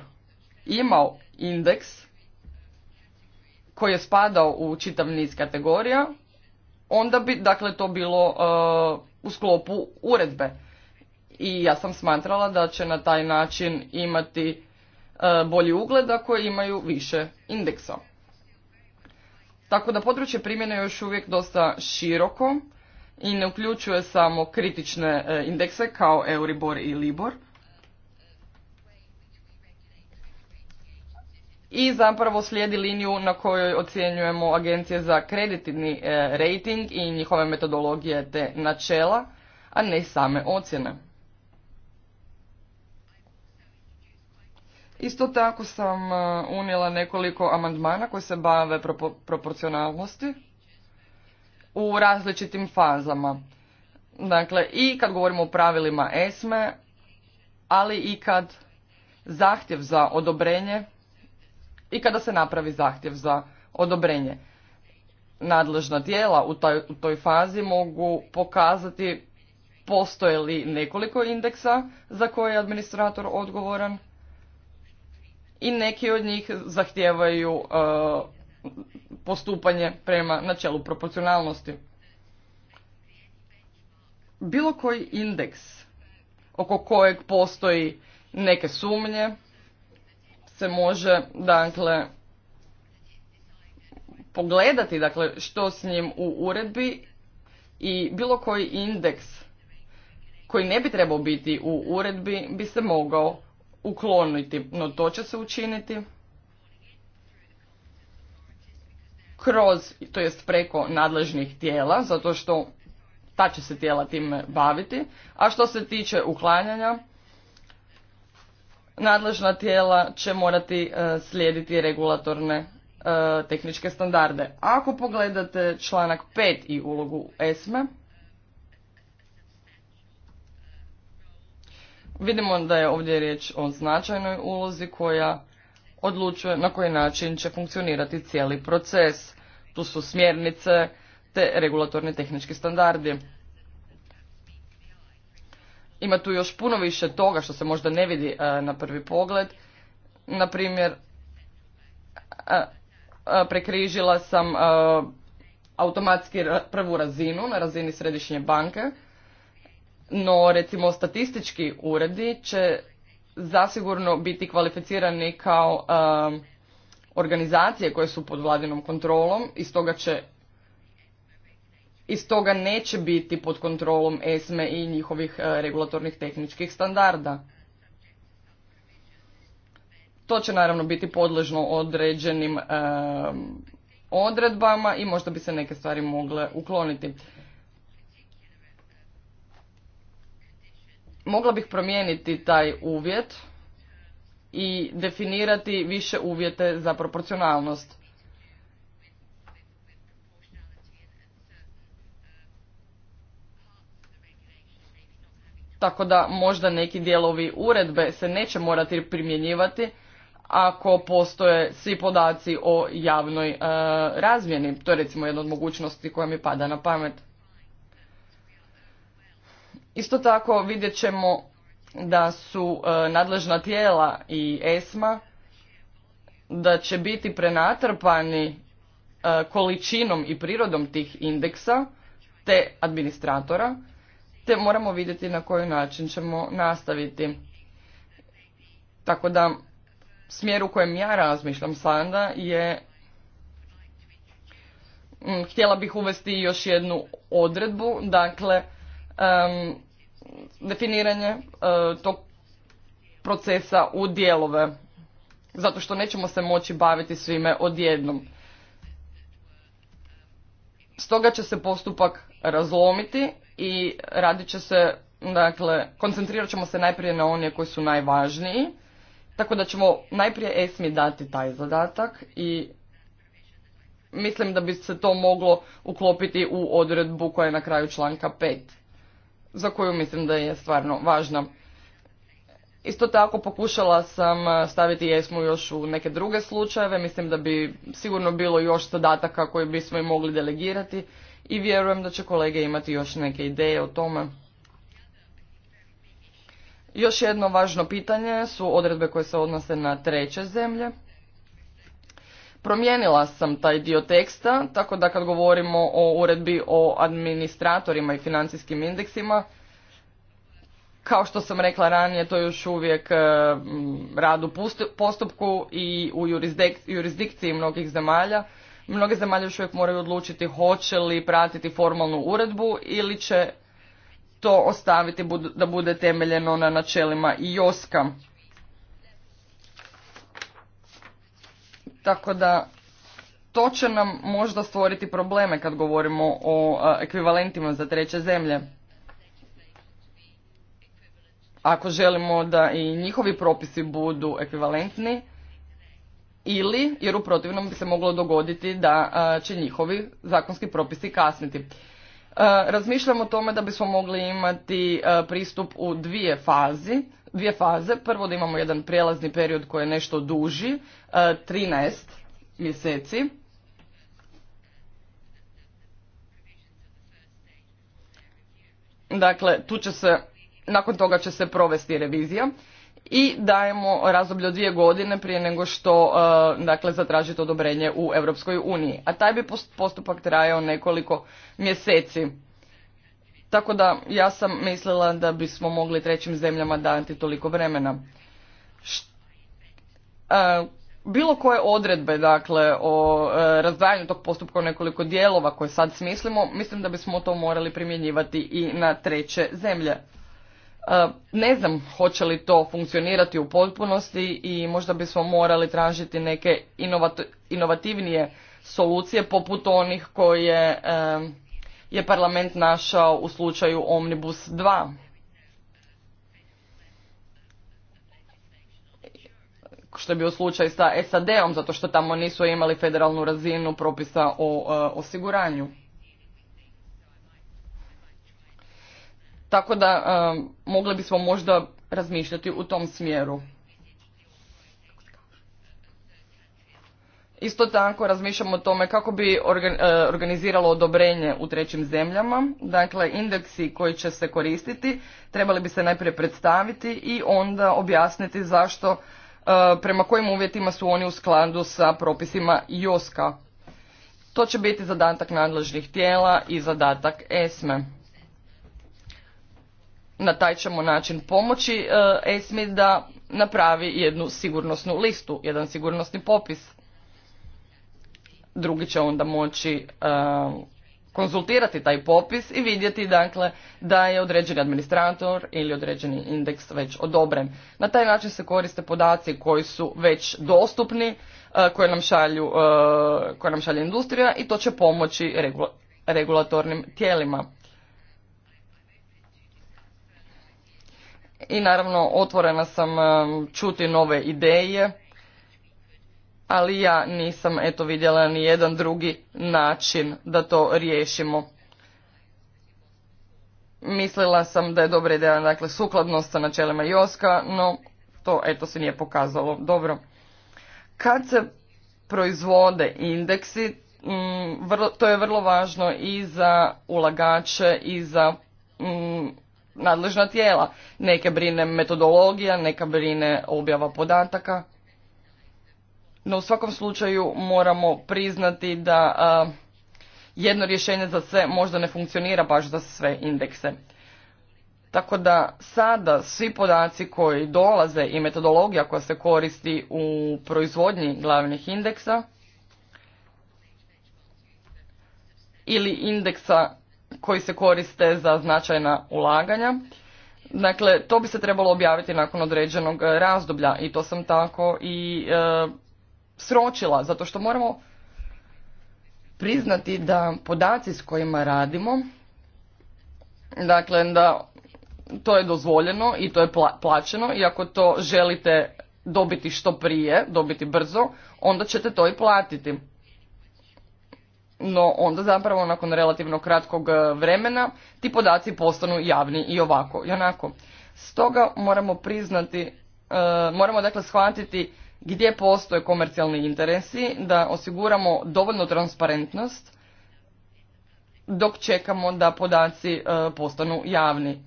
imao indeks koji je spadao u čitav niz kategorija, onda bi dakle to bilo uh, u sklopu uredbe. I ja sam smatrala da će na taj način imati uh, bolji ugled ako imaju više indeksa. Tako da područje primjene je još uvijek dosta široko i ne uključuje samo kritične uh, indekse kao Euribor i Libor, i zapravo slijedi liniju na kojoj ocjenjujemo agencije za kreditni e, rating i njihove metodologije te načela, a ne same ocjene. Isto tako sam e, unijela nekoliko amandmana koji se bave proporcionalnosti u različitim fazama. Dakle, i kad govorimo o pravilima ESME, ali i kad zahtjev za odobrenje i kada se napravi zahtjev za odobrenje. Nadležna tijela u toj, u toj fazi mogu pokazati postoje li nekoliko indeksa za koje je administrator odgovoran i neki od njih zahtijevaju e, postupanje prema načelu proporcionalnosti. Bilo koji indeks oko kojeg postoji neke sumnje se može dakle pogledati dakle što s njim u uredbi i bilo koji indeks koji ne bi trebao biti u uredbi bi se mogao ukloniti, no to će se učiniti kroz, to jest preko nadležnih tijela, zato što ta će se tijela time baviti, a što se tiče uklanjanja, nadležna tijela će morati e, slijediti regulatorne e, tehničke standarde. Ako pogledate članak 5 i ulogu ESME, vidimo da je ovdje riječ o značajnoj ulozi koja odlučuje na koji način će funkcionirati cijeli proces. Tu su smjernice te regulatorni tehnički standardi. Ima tu još puno više toga što se možda ne vidi e, na prvi pogled. Naprimjer, e, e, prekrižila sam automatski prvu razinu na razini središnje banke, no recimo statistički uredi će zasigurno biti kvalificirani kao organizacije koje su pod vladinom kontrolom i stoga će i stoga neće biti pod kontrolom ESME i njihovih e, regulatornih tehničkih standarda. To će naravno biti podležno određenim e, odredbama i možda bi se neke stvari mogle ukloniti. Mogla bih promijeniti taj uvjet i definirati više uvjete za proporcionalnost. tako da možda neki dijelovi uredbe se neće morati primjenjivati ako postoje svi podaci o javnoj e, razmjeni. To je recimo jedna od mogućnosti koja mi pada na pamet. Isto tako vidjet ćemo da su e, nadležna tijela i ESMA da će biti prenatrpani e, količinom i prirodom tih indeksa te administratora moramo vidjeti na koji način ćemo nastaviti. Tako da smjer u kojem ja razmišljam sada je mm, htjela bih uvesti još jednu odredbu, dakle definiranje e, tog procesa u dijelove, zato što nećemo se moći baviti svime odjednom. Stoga će se postupak razlomiti i radit će se, dakle, koncentrirat ćemo se najprije na one koji su najvažniji, tako da ćemo najprije ESMI dati taj zadatak i mislim da bi se to moglo uklopiti u odredbu koja je na kraju članka 5, za koju mislim da je stvarno važna. Isto tako pokušala sam eh, staviti ESMU još u neke druge slučajeve, mislim da bi sigurno bilo još zadataka koje bismo i mogli delegirati i vjerujem da će kolege imati još neke ideje o tome. Još jedno važno pitanje su odredbe koje se odnose na treće zemlje. Promijenila sam taj dio teksta, tako da kad govorimo o uredbi o administratorima i financijskim indeksima, kao što sam rekla ranije, to je još uvijek e, rad u postupku i u jurisdikciji mnogih zemalja Mnoge zemalje još uvijek moraju odlučiti hoće li pratiti formalnu uredbu ili će to ostaviti da bude temeljeno na načelima i joska. Tako da to će nam možda stvoriti probleme kad govorimo o ekvivalentima za treće zemlje. Ako želimo da i njihovi propisi budu ekvivalentni, ili jer u protivnom bi se moglo dogoditi da će njihovi zakonski propisi kasniti. Razmišljamo o tome da bismo mogli imati pristup u dvije fazi, dvije faze. Prvo da imamo jedan prijelazni period koji je nešto duži, 13 mjeseci. Dakle, tu će se, nakon toga će se provesti revizija i dajemo razdoblje od dvije godine prije nego što e, dakle, zatražite odobrenje u Europskoj uniji. A taj bi postupak trajao nekoliko mjeseci. Tako da ja sam mislila da bismo mogli trećim zemljama dati toliko vremena. E, bilo koje odredbe, dakle, o e, razdvajanju tog postupka u nekoliko dijelova koje sad smislimo, mislim da bismo to morali primjenjivati i na treće zemlje. E, ne znam hoće li to funkcionirati u potpunosti i možda bismo morali tražiti neke inovativnije solucije poput onih koje e, je parlament našao u slučaju Omnibus 2. što je bio slučaj sa SAD-om, zato što tamo nisu imali federalnu razinu propisa o e, osiguranju. Tako da e, mogli bismo možda razmišljati u tom smjeru. Isto tako razmišljamo o tome kako bi e, organiziralo odobrenje u trećim zemljama. Dakle, indeksi koji će se koristiti trebali bi se najprije predstaviti i onda objasniti zašto, e, prema kojim uvjetima su oni u skladu sa propisima JOSKA. To će biti zadatak nadležnih tijela i zadatak ESME na taj ćemo način pomoći e, ESMI da napravi jednu sigurnosnu listu, jedan sigurnosni popis. Drugi će onda moći e, konzultirati taj popis i vidjeti dakle da je određeni administrator ili određeni indeks već odobren. Na taj način se koriste podaci koji su već dostupni, e, koje nam, šalju, koje nam šalje industrija i to će pomoći regulatornim tijelima. i naravno otvorena sam e, čuti nove ideje, ali ja nisam eto vidjela ni jedan drugi način da to riješimo. Mislila sam da je dobra ideja dakle, sukladnost sa načelima Joska, no to eto se nije pokazalo. Dobro. Kad se proizvode indeksi, mm, to je vrlo važno i za ulagače i za mm, nadležna tijela. Neke brine metodologija, neka brine objava podataka. No u svakom slučaju moramo priznati da jedno rješenje za sve možda ne funkcionira baš za sve indekse. Tako da sada svi podaci koji dolaze i metodologija koja se koristi u proizvodnji glavnih indeksa ili indeksa koji se koriste za značajna ulaganja. Dakle, to bi se trebalo objaviti nakon određenog razdoblja i to sam tako i e, sročila, zato što moramo priznati da podaci s kojima radimo, dakle, da to je dozvoljeno i to je plaćeno i ako to želite dobiti što prije, dobiti brzo, onda ćete to i platiti no onda zapravo nakon relativno kratkog e, vremena ti podaci postanu javni i ovako i onako. Stoga moramo priznati, e, moramo dakle shvatiti gdje postoje komercijalni interesi, da osiguramo dovoljnu transparentnost dok čekamo da podaci e, postanu javni.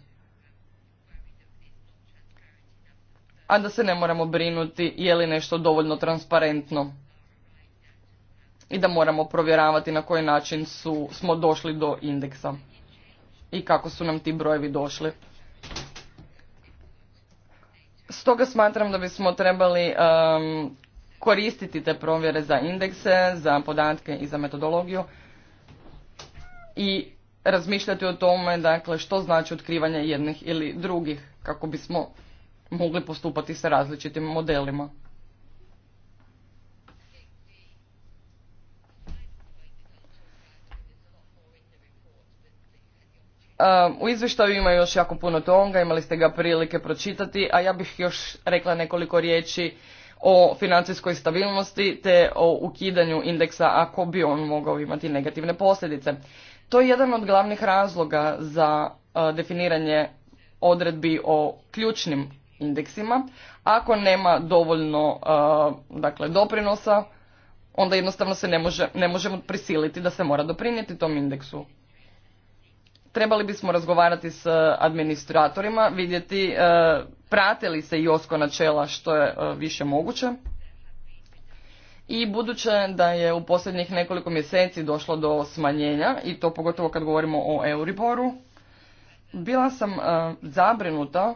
A da se ne moramo brinuti je li nešto dovoljno transparentno i da moramo provjeravati na koji način su, smo došli do indeksa i kako su nam ti brojevi došli. Stoga smatram da bismo trebali um, koristiti te provjere za indekse, za podatke i za metodologiju i razmišljati o tome dakle, što znači otkrivanje jednih ili drugih kako bismo mogli postupati sa različitim modelima. U izvještaju ima još jako puno toga, imali ste ga prilike pročitati, a ja bih još rekla nekoliko riječi o financijskoj stabilnosti te o ukidanju indeksa ako bi on mogao imati negativne posljedice. To je jedan od glavnih razloga za e, definiranje odredbi o ključnim indeksima. Ako nema dovoljno e, dakle, doprinosa, onda jednostavno se ne, može, ne možemo prisiliti da se mora doprinijeti tom indeksu trebali bismo razgovarati s e, administratorima, vidjeti e, prate li se i osko načela što je e, više moguće. I buduće da je u posljednjih nekoliko mjeseci došlo do smanjenja, i to pogotovo kad govorimo o Euriboru, bila sam zabrinuta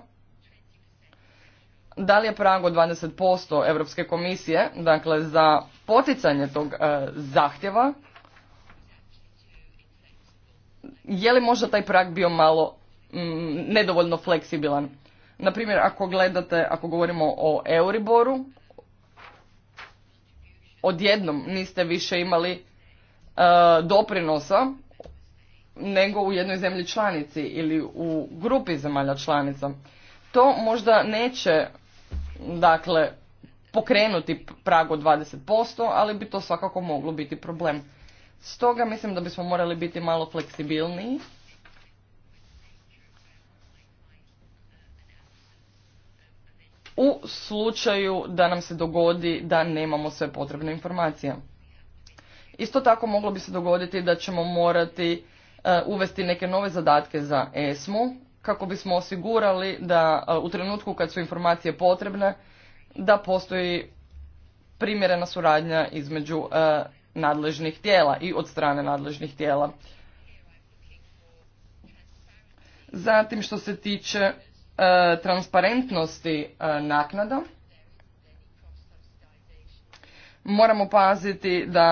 da li je prag od 20% Europske komisije, dakle za poticanje tog zahtjeva, je li možda taj prag bio malo mm, nedovoljno fleksibilan? Naprimjer, ako gledate, ako govorimo o Euriboru, odjednom niste više imali e, doprinosa nego u jednoj zemlji članici ili u grupi zemalja članica. To možda neće dakle, pokrenuti prag od 20%, ali bi to svakako moglo biti problem. Stoga mislim da bismo morali biti malo fleksibilniji. U slučaju da nam se dogodi da nemamo sve potrebne informacije. Isto tako moglo bi se dogoditi da ćemo morati e, uvesti neke nove zadatke za ESMU kako bismo osigurali da e, u trenutku kad su informacije potrebne da postoji primjerena suradnja između e, nadležnih tijela i od strane nadležnih tijela. Zatim što se tiče e, transparentnosti e, naknada, moramo paziti da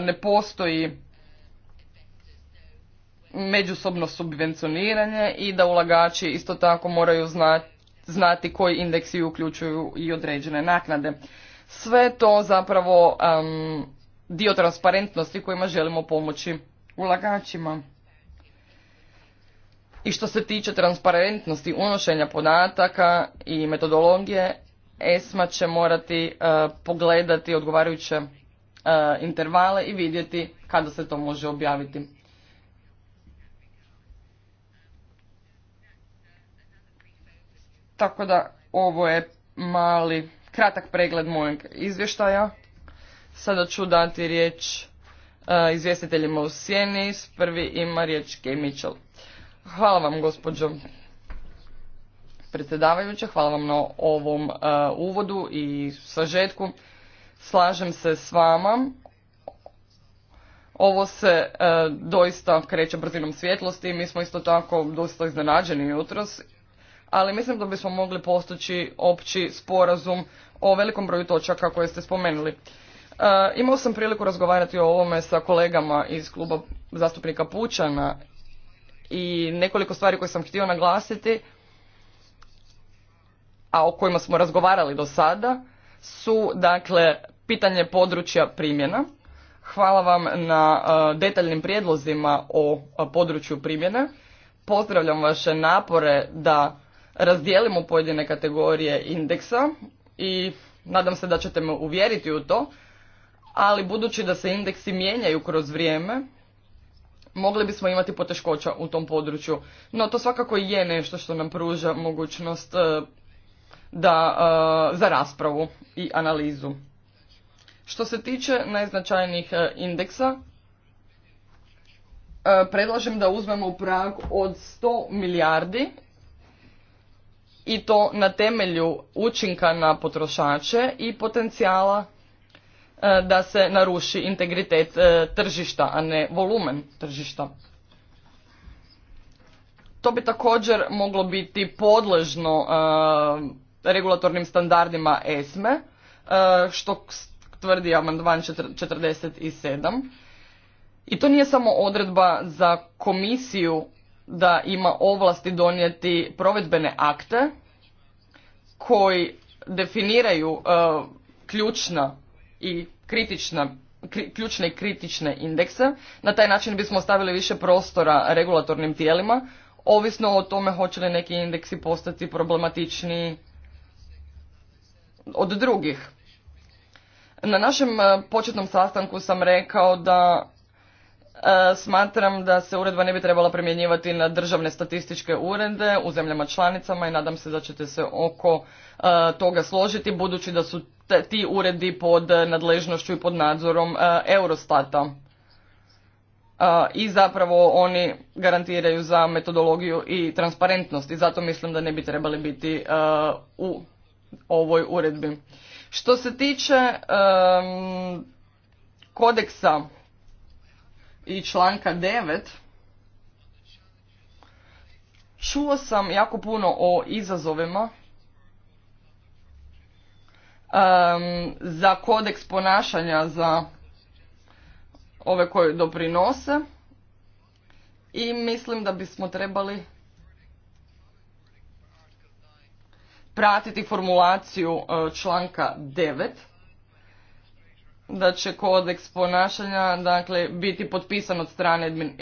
e, ne postoji međusobno subvencioniranje i da ulagači isto tako moraju znati, koji indeksi uključuju i određene naknade. Sve to zapravo dio transparentnosti kojima želimo pomoći ulagačima. I što se tiče transparentnosti unošenja podataka i metodologije, ESMA će morati e, pogledati odgovarajuće e, intervale i vidjeti kada se to može objaviti. Tako da ovo je mali kratak pregled mojeg izvještaja. Sada ću dati riječ e, izvjestiteljima u sjeni. Prvi ima riječ Kay Mitchell. Hvala vam gospođo predsjedavajuća, hvala vam na ovom e, uvodu i sažetku. Slažem se s vama. Ovo se e, doista kreće brzinom svjetlosti. Mi smo isto tako dosta iznenađeni jutros ali mislim da bismo mogli postići opći sporazum o velikom broju točaka koje ste spomenuli. Eh, imao sam priliku razgovarati o ovome sa kolegama iz kluba zastupnika Pučana i nekoliko stvari koje sam htio naglasiti, a o kojima smo razgovarali do sada, su dakle pitanje područja primjena. Hvala vam na eh, detaljnim prijedlozima o eh, području primjene. Pozdravljam vaše napore da razdijelimo pojedine kategorije indeksa i nadam se da ćete me uvjeriti u to ali budući da se indeksi mijenjaju kroz vrijeme, mogli bismo imati poteškoća u tom području. No to svakako je nešto što nam pruža mogućnost e, da, e, za raspravu i analizu. Što se tiče najznačajnijih e, indeksa, predlažem da uzmemo prag od 100 milijardi i to na temelju učinka na potrošače i potencijala E, da se naruši integritet e, tržišta, a ne volumen tržišta. To bi također moglo biti podležno e, regulatornim standardima ESME, što tvrdi amandman 47. I to nije samo odredba za komisiju da ima ovlasti donijeti provedbene akte koji definiraju ključna i kritična, ključne i kritične indekse. Na taj način bismo ostavili više prostora regulatornim tijelima, ovisno o tome hoće li neki indeksi postati problematični od drugih. Na našem eh, početnom sastanku sam rekao da E, smatram da se uredba ne bi trebala primjenjivati na državne statističke urede u zemljama članicama i nadam se da ćete se oko e, toga složiti budući da su ti uredi pod nadležnošću i pod nadzorom e, Eurostata. I zapravo oni garantiraju za metodologiju i transparentnost i zato mislim da ne bi trebali biti u ovoj uredbi. Što se tiče kodeksa i članka 9 čuo sam jako puno o izazovima za kodeks ponašanja za ove koje doprinose i mislim da bismo trebali pratiti formulaciju e, članka devet da će kodeks ponašanja dakle, biti potpisan od strane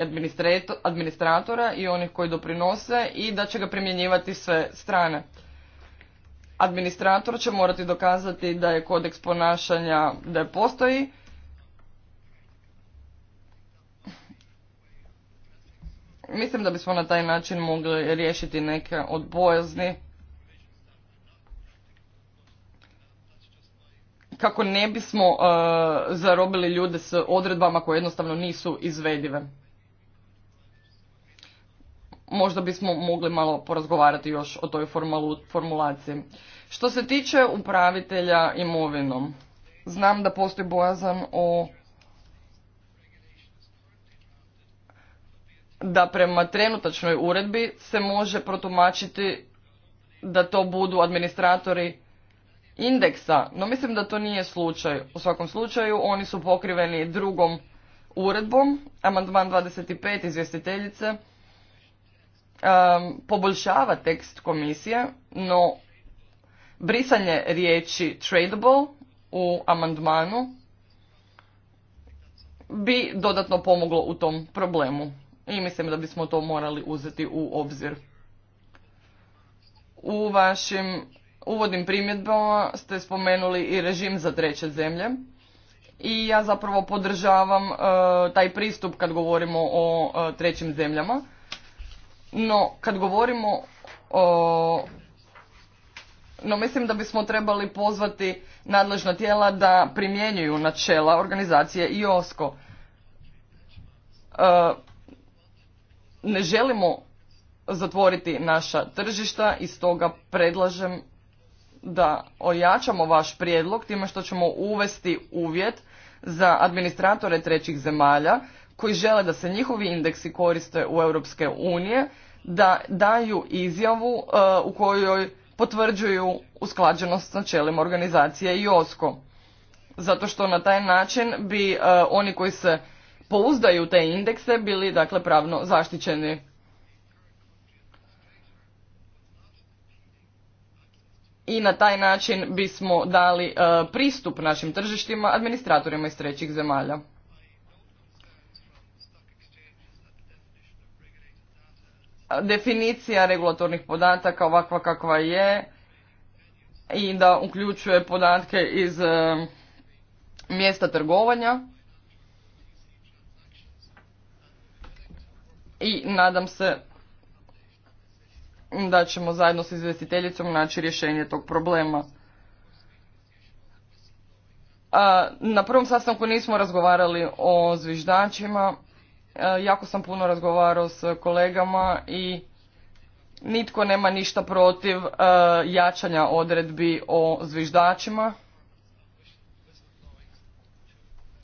administratora i onih koji doprinose i da će ga primjenjivati sve strane. Administrator će morati dokazati da je kodeks ponašanja da je postoji Mislim da bismo na taj način mogli riješiti neke od bojazni kako ne bismo uh, zarobili ljude s odredbama koje jednostavno nisu izvedive. Možda bismo mogli malo porazgovarati još o toj formalu, formulaciji. Što se tiče upravitelja imovinom, znam da postoji bojazan o da prema trenutačnoj uredbi se može protumačiti da to budu administratori indeksa, no mislim da to nije slučaj. U svakom slučaju oni su pokriveni drugom uredbom, amandman 25 izvjestiteljice, poboljšava tekst komisije, no brisanje riječi tradable u amandmanu bi dodatno pomoglo u tom problemu. I mislim da bismo to morali uzeti u obzir. U vašim uvodnim primjedbama ste spomenuli i režim za treće zemlje i ja zapravo podržavam e, taj pristup kad govorimo o e, trećim zemljama. No, kad govorimo o... No, mislim da bismo trebali pozvati nadležna tijela da primjenjuju načela organizacije IOSCO. E, ne želimo zatvoriti naša tržišta i stoga predlažem da ojačamo vaš prijedlog time što ćemo uvesti uvjet za administratore trećih zemalja koji žele da se njihovi indeksi koriste u Europske unije, da daju izjavu e, u kojoj potvrđuju usklađenost s načelima organizacije IOSCO. Zato što na taj način bi e, oni koji se pouzdaju te indekse bili dakle pravno zaštićeni. i na taj način bismo dali e, pristup našim tržištima administratorima iz trećih zemalja. Definicija regulatornih podataka ovakva kakva je i da uključuje podatke iz e, mjesta trgovanja. I nadam se da ćemo zajedno s izvjestiteljicom naći rješenje tog problema. Na prvom sastanku nismo razgovarali o zviždačima. E, jako sam puno razgovarao s kolegama i nitko nema ništa protiv e, jačanja odredbi o zviždačima.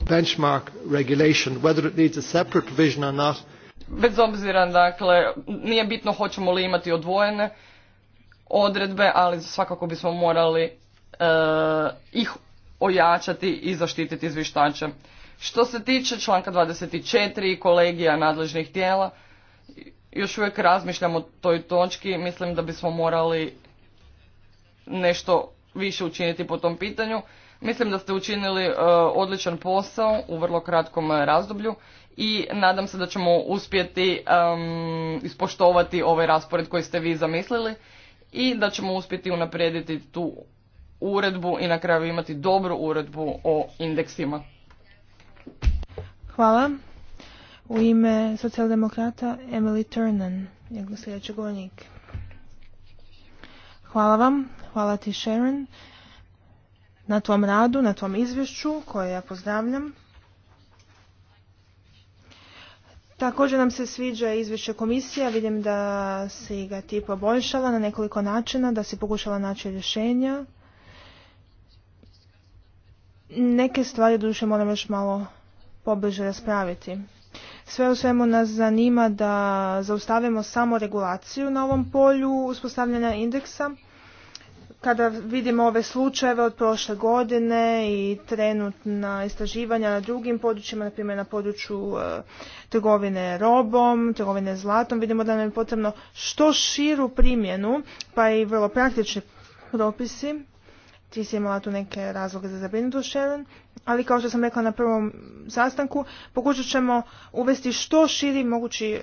Benchmark regulation, whether it needs a separate provision or not, bez obzira, dakle, nije bitno hoćemo li imati odvojene odredbe, ali svakako bismo morali e, ih ojačati i zaštititi zvištače. Što se tiče članka 24 i kolegija nadležnih tijela, još uvijek razmišljamo o toj točki, mislim da bismo morali nešto više učiniti po tom pitanju. Mislim da ste učinili e, odličan posao u vrlo kratkom razdoblju i nadam se da ćemo uspjeti ispoštovati ovaj raspored koji ste vi zamislili i da ćemo uspjeti unaprijediti tu uredbu i na kraju imati dobru uredbu o indeksima. Hvala. U ime socijaldemokrata Emily Turnan, njegov sljedeći govornik. Hvala vam, hvala ti Sharon na tvom radu, na tvom izvješću koje ja pozdravljam. Također nam se sviđa izvješće komisija, vidim da si ga ti poboljšala na nekoliko načina, da si pokušala naći rješenja. Neke stvari duše moram još malo pobliže raspraviti. Sve u svemu nas zanima da zaustavimo samo regulaciju na ovom polju uspostavljanja indeksa kada vidimo ove slučajeve od prošle godine i trenutna istraživanja na drugim područjima, na primjer na području e, trgovine robom, trgovine zlatom, vidimo da nam je potrebno što širu primjenu, pa i vrlo praktični propisi. Ti si imala tu neke razloge za zabrinutost, Sharon, ali kao što sam rekla na prvom sastanku, pokušat ćemo uvesti što širi mogući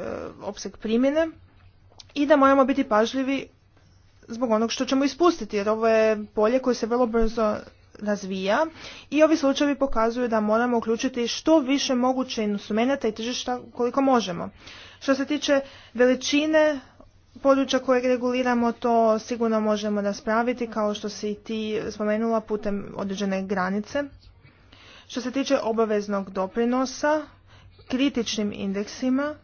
opsek opseg primjene i da moramo biti pažljivi zbog onog što ćemo ispustiti, jer ovo je polje koje se vrlo brzo razvija i ovi slučajevi pokazuju da moramo uključiti što više moguće instrumenta i tržišta koliko možemo. Što se tiče veličine područja koje reguliramo, to sigurno možemo raspraviti kao što si i ti spomenula putem određene granice. Što se tiče obaveznog doprinosa, kritičnim indeksima,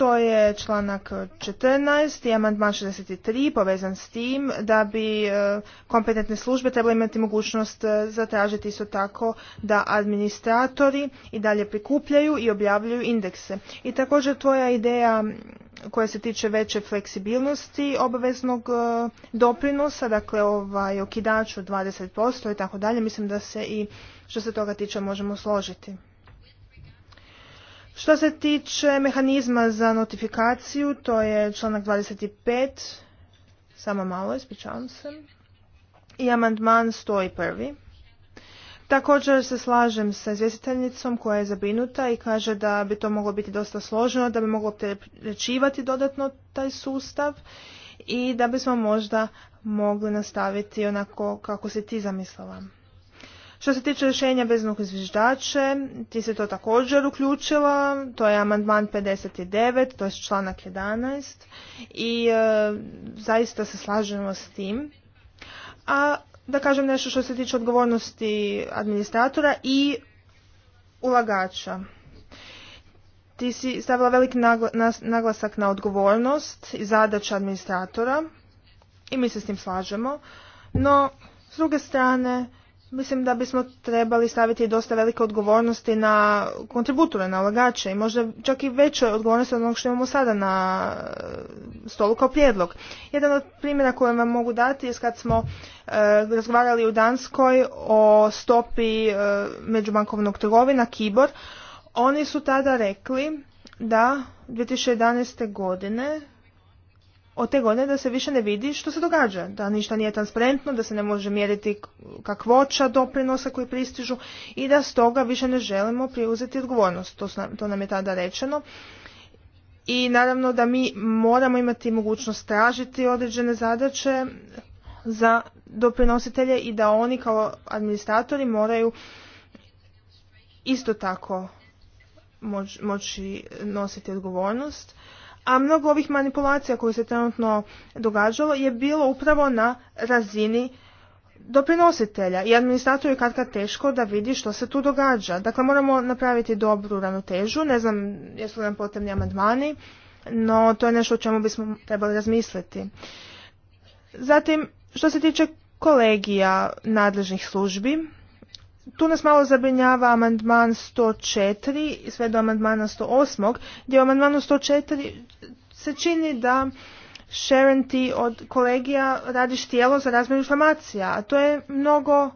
to je članak 14 i amandman 63 povezan s tim da bi e, kompetentne službe trebali imati mogućnost e, zatražiti isto tako da administratori i dalje prikupljaju i objavljuju indekse. I također tvoja ideja koja se tiče veće fleksibilnosti obaveznog e, doprinosa, dakle ovaj okidač od 20% i tako dalje, mislim da se i što se toga tiče možemo složiti. Što se tiče mehanizma za notifikaciju, to je članak 25, samo malo, ispričavam se, i amandman prvi. Također se slažem sa izvjestiteljnicom koja je zabinuta i kaže da bi to moglo biti dosta složeno, da bi moglo opterećivati dodatno taj sustav i da bismo možda mogli nastaviti onako kako si ti zamislila. Što se tiče rješenja veznog izviždače, ti se to također uključila, to je amandman 59, to je članak 11 i e, zaista se slažemo s tim. A da kažem nešto što se tiče odgovornosti administratora i ulagača. Ti si stavila veliki naglasak na odgovornost i zadaća administratora i mi se s tim slažemo, no s druge strane Mislim da bismo trebali staviti dosta velike odgovornosti na kontributore, na ulagače i možda čak i veće odgovornosti od onog što imamo sada na e, stolu kao prijedlog. Jedan od primjera koje vam mogu dati je kad smo e, razgovarali u Danskoj o stopi e, međubankovnog trgovina, Kibor, oni su tada rekli da 2011. godine od te godine da se više ne vidi što se događa, da ništa nije transparentno, da se ne može mjeriti kakvoća doprinosa koji pristižu i da stoga više ne želimo preuzeti odgovornost. To, to nam je tada rečeno. I naravno da mi moramo imati mogućnost tražiti određene zadaće za doprinositelje i da oni kao administratori moraju isto tako moći nositi odgovornost a mnogo ovih manipulacija koje se trenutno događalo je bilo upravo na razini doprinositelja i administratoru je kad kad teško da vidi što se tu događa. Dakle, moramo napraviti dobru ravnotežu, ne znam jesu li nam potrebni amandmani, no to je nešto o čemu bismo trebali razmisliti. Zatim, što se tiče kolegija nadležnih službi, tu nas malo zabrinjava amandman 104 sve do amandmana 108 gdje u amandmanu 104 se čini da Sharon ti od kolegija radiš tijelo za razmjer informacija, a to je mnogo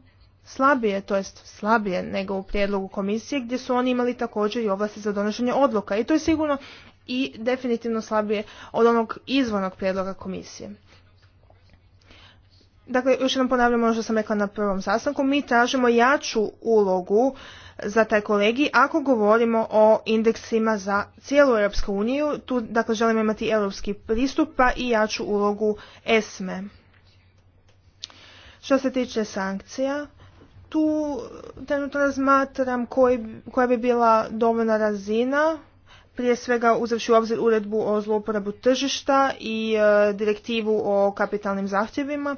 slabije, to jest slabije nego u prijedlogu komisije gdje su oni imali također i ovlasti za donošenje odluka i to je sigurno i definitivno slabije od onog izvornog prijedloga komisije. Dakle, još jednom ponavljam ono što sam rekla na prvom sastanku, mi tražimo jaču ulogu za taj kolegij ako govorimo o indeksima za cijelu Europsku uniju, tu dakle želimo imati europski pristup pa i jaču ulogu ESME. Što se tiče sankcija, tu trenutno razmatram koja bi bila dovoljna razina, prije svega uzavši u obzir uredbu o zlouporabu tržišta i e, direktivu o kapitalnim zahtjevima.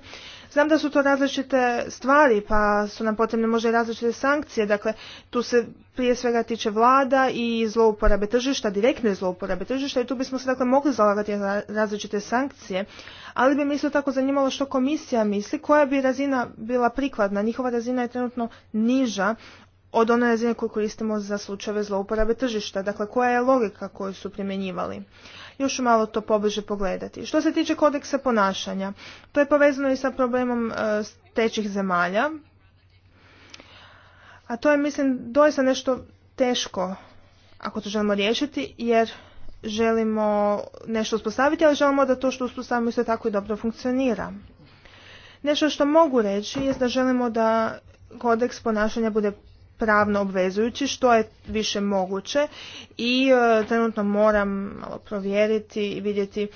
Znam da su to različite stvari, pa su nam potrebne možda i različite sankcije. Dakle, tu se prije svega tiče vlada i zlouporabe tržišta, direktne zlouporabe tržišta i tu bismo se dakle mogli zalagati različite sankcije. Ali bi me isto tako zanimalo što komisija misli, koja bi razina bila prikladna. Njihova razina je trenutno niža od one razine koju koristimo za slučajeve zlouporabe tržišta. Dakle, koja je logika koju su primjenjivali? još malo to pobliže pogledati. Što se tiče kodeksa ponašanja, to je povezano i sa problemom e, tečih zemalja, a to je, mislim, doista nešto teško ako to želimo riješiti, jer želimo nešto uspostaviti, ali želimo da to što uspostavimo isto tako i dobro funkcionira. Nešto što mogu reći je da želimo da kodeks ponašanja bude pravno obvezujući što je više moguće i e, trenutno moram malo provjeriti i vidjeti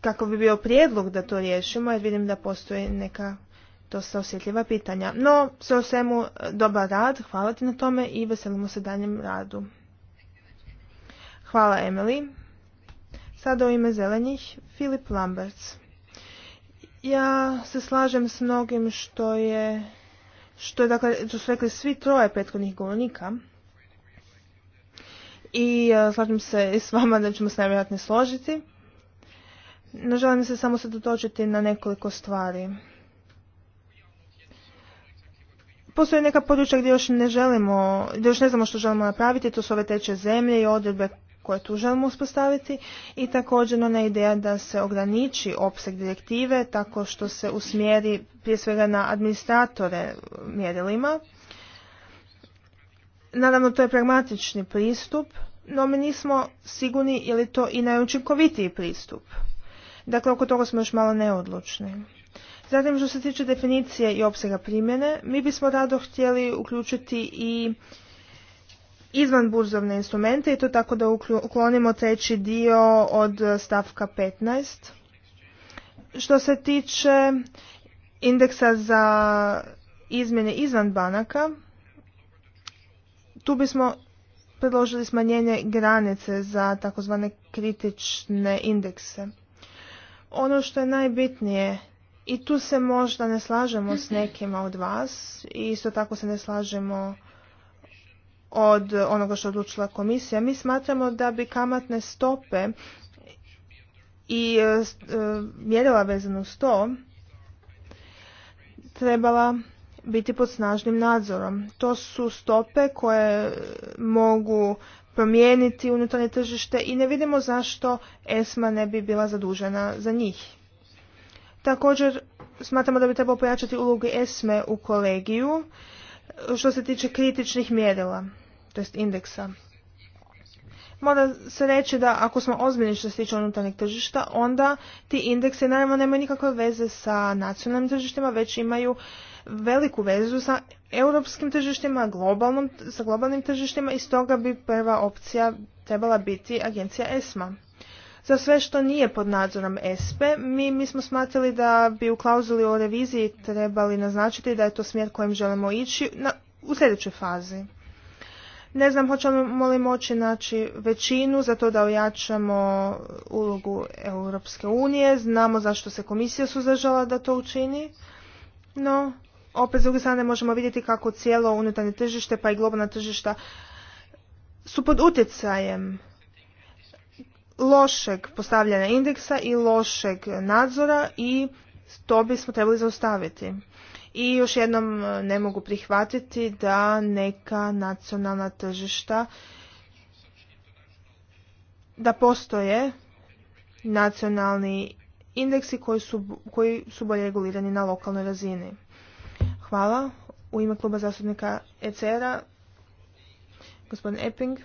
kako bi bio prijedlog da to riješimo jer vidim da postoje neka dosta osjetljiva pitanja. No, sve o svemu, e, dobar rad, hvala ti na tome i veselimo se danjem radu. Hvala Emily. Sada u ime zelenih, Filip Lamberts. Ja se slažem s mnogim što je što je dakle, su rekli svi troje prethodnih govornika. I e, slažem se i s vama da ćemo se najvjerojatnije složiti. No želim se samo dotočiti na nekoliko stvari. Postoje neka područja gdje još ne želimo, gdje još ne znamo što želimo napraviti, to su ove teče zemlje i odredbe koje tu želimo uspostaviti i također ona ideja da se ograniči opseg direktive tako što se usmjeri prije svega na administratore mjerilima. Naravno to je pragmatični pristup, no mi nismo sigurni je li to i najučinkovitiji pristup. Dakle, oko toga smo još malo neodlučni. Zatim, što se tiče definicije i opsega primjene, mi bismo rado htjeli uključiti i izvan burzovne instrumente i to tako da uklonimo treći dio od eh, stavka 15. Što se tiče indeksa za izmjene izvan banaka, tu bismo predložili smanjenje granice za takozvane kritične indekse. Ono što je najbitnije i tu se možda ne slažemo s nekima od vas i isto tako se ne slažemo od onoga što odlučila komisija. Mi smatramo da bi kamatne stope i e, e, mjerila vezano s to trebala biti pod snažnim nadzorom. To su stope koje mogu promijeniti unutarnje tržište i ne vidimo zašto ESMA ne bi bila zadužena za njih. Također smatramo da bi trebalo pojačati ulogu ESME u kolegiju što se tiče kritičnih mjerila to indeksa. Mora se reći da ako smo ozbiljni što se tiče unutarnjeg tržišta, onda ti indeksi naravno nemaju nikakve veze sa nacionalnim tržištima, već imaju veliku vezu sa europskim tržištima, globalnom, sa globalnim tržištima i stoga bi prva opcija trebala biti agencija ESMA. Za sve što nije pod nadzorom SP mi, mi smo smatrali da bi u klauzuli o reviziji trebali naznačiti da je to smjer kojim želimo ići u sljedećoj fazi. Ne znam hoćemo li moći naći većinu za to da ojačamo ulogu Europske unije. Znamo zašto se komisija suzdržala da to učini. No, opet s druge strane možemo vidjeti kako cijelo unutarnje tržište pa i globalna tržišta su pod utjecajem lošeg postavljanja indeksa i lošeg nadzora i to bismo trebali zaustaviti. I još jednom e, ne mogu prihvatiti da neka nacionalna tržišta da postoje nacionalni indeksi koji su, koji su bolje regulirani na lokalnoj razini. Hvala. U ime kluba zastupnika ECR-a, gospodin Epping.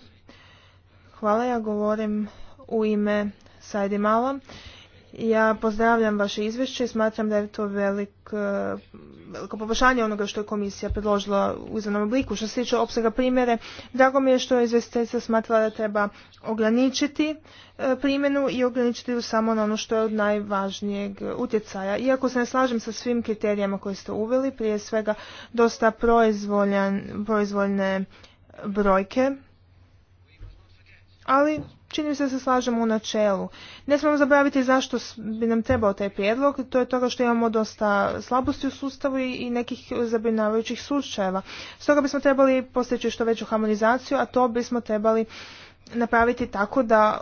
Hvala, ja govorim u ime Sajdi Mala. Ja pozdravljam vaše izvješće i smatram da je to velik, eh, veliko poboljšanje onoga što je komisija predložila u izvanom obliku. Što se tiče opsega primjere, drago mi je što je izvjestiteljica smatrala da treba ograničiti eh, primjenu i ograničiti ju samo na ono što je od najvažnijeg utjecaja. Iako se ne slažem sa svim kriterijama koje ste uveli, prije svega dosta proizvoljne brojke, ali čini se da se slažemo u načelu. Ne smemo zaboraviti zašto bi nam trebao taj prijedlog, to je toga što imamo dosta slabosti u sustavu i nekih zabrinjavajućih slučajeva. Stoga bismo trebali postići što veću harmonizaciju, a to bismo trebali napraviti tako da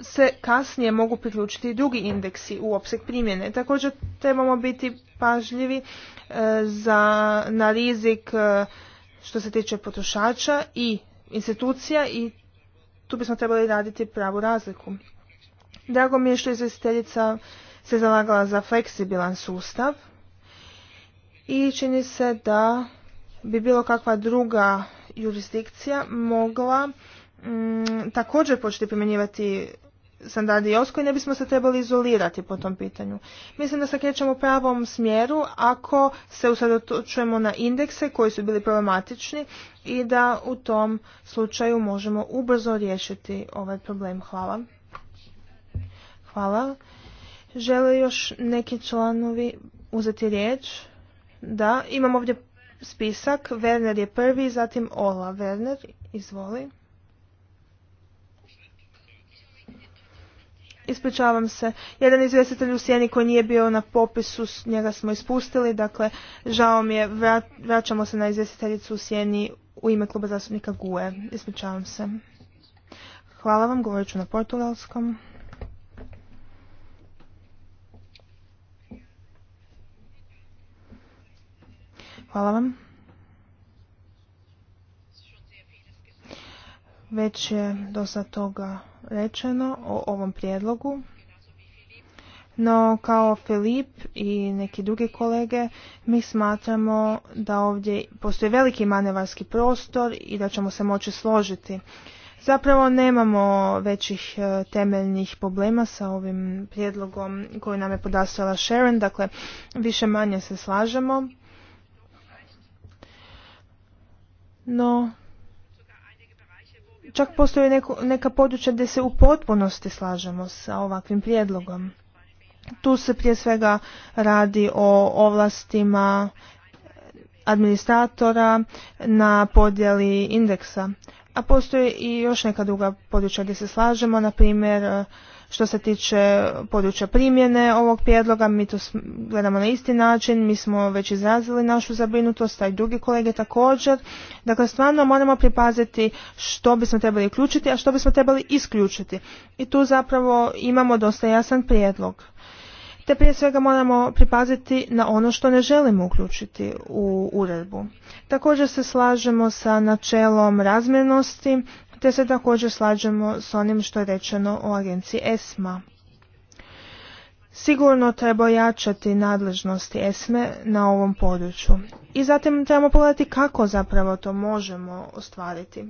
se kasnije mogu priključiti i drugi indeksi u opseg primjene. Također trebamo biti pažljivi e, za, na rizik e, što se tiče potrošača i institucija i tu bismo trebali raditi pravu razliku. Drago mi je što izvjestiteljica se zalagala za fleksibilan sustav i čini se da bi bilo kakva druga jurisdikcija mogla mm, također početi primjenjivati standardi i ne bismo se trebali izolirati po tom pitanju. Mislim da se krećemo u pravom smjeru ako se usredotočujemo na indekse koji su bili problematični i da u tom slučaju možemo ubrzo riješiti ovaj problem. Hvala. Hvala. Žele još neki članovi uzeti riječ? Da, imam ovdje spisak. Werner je prvi, zatim Ola. Werner, izvoli. Ispričavam se. Jedan izvjestitelj u Sjeni koji nije bio na popisu, njega smo ispustili. Dakle, žao mi je, vraćamo se na izvjestiteljicu u Sjeni u ime kluba zastupnika GUE. Ispričavam se. Hvala vam, govorit ću na portugalskom. Hvala vam. Već je dosta toga rečeno o ovom prijedlogu, no kao Filip i neki drugi kolege mi smatramo da ovdje postoji veliki manevarski prostor i da ćemo se moći složiti. Zapravo nemamo većih e, temeljnih problema sa ovim prijedlogom koji nam je podastala Sharon, dakle više manje se slažemo. No, Čak postoje neka područja gdje se u potpunosti slažemo sa ovakvim prijedlogom. Tu se prije svega radi o ovlastima administratora na podjeli indeksa. A postoje i još neka druga područja gdje se slažemo, na primjer što se tiče područja primjene ovog prijedloga, mi to gledamo na isti način, mi smo već izrazili našu zabrinutost, a i drugi kolege također. Dakle, stvarno moramo pripaziti što bismo trebali uključiti, a što bismo trebali isključiti. I tu zapravo imamo dosta jasan prijedlog. Te prije svega moramo pripaziti na ono što ne želimo uključiti u uredbu. Također se slažemo sa načelom razmjernosti te se također slađemo s onim što je rečeno o agenciji ESMA. Sigurno treba jačati nadležnosti ESME na ovom području i zatim trebamo pogledati kako zapravo to možemo ostvariti.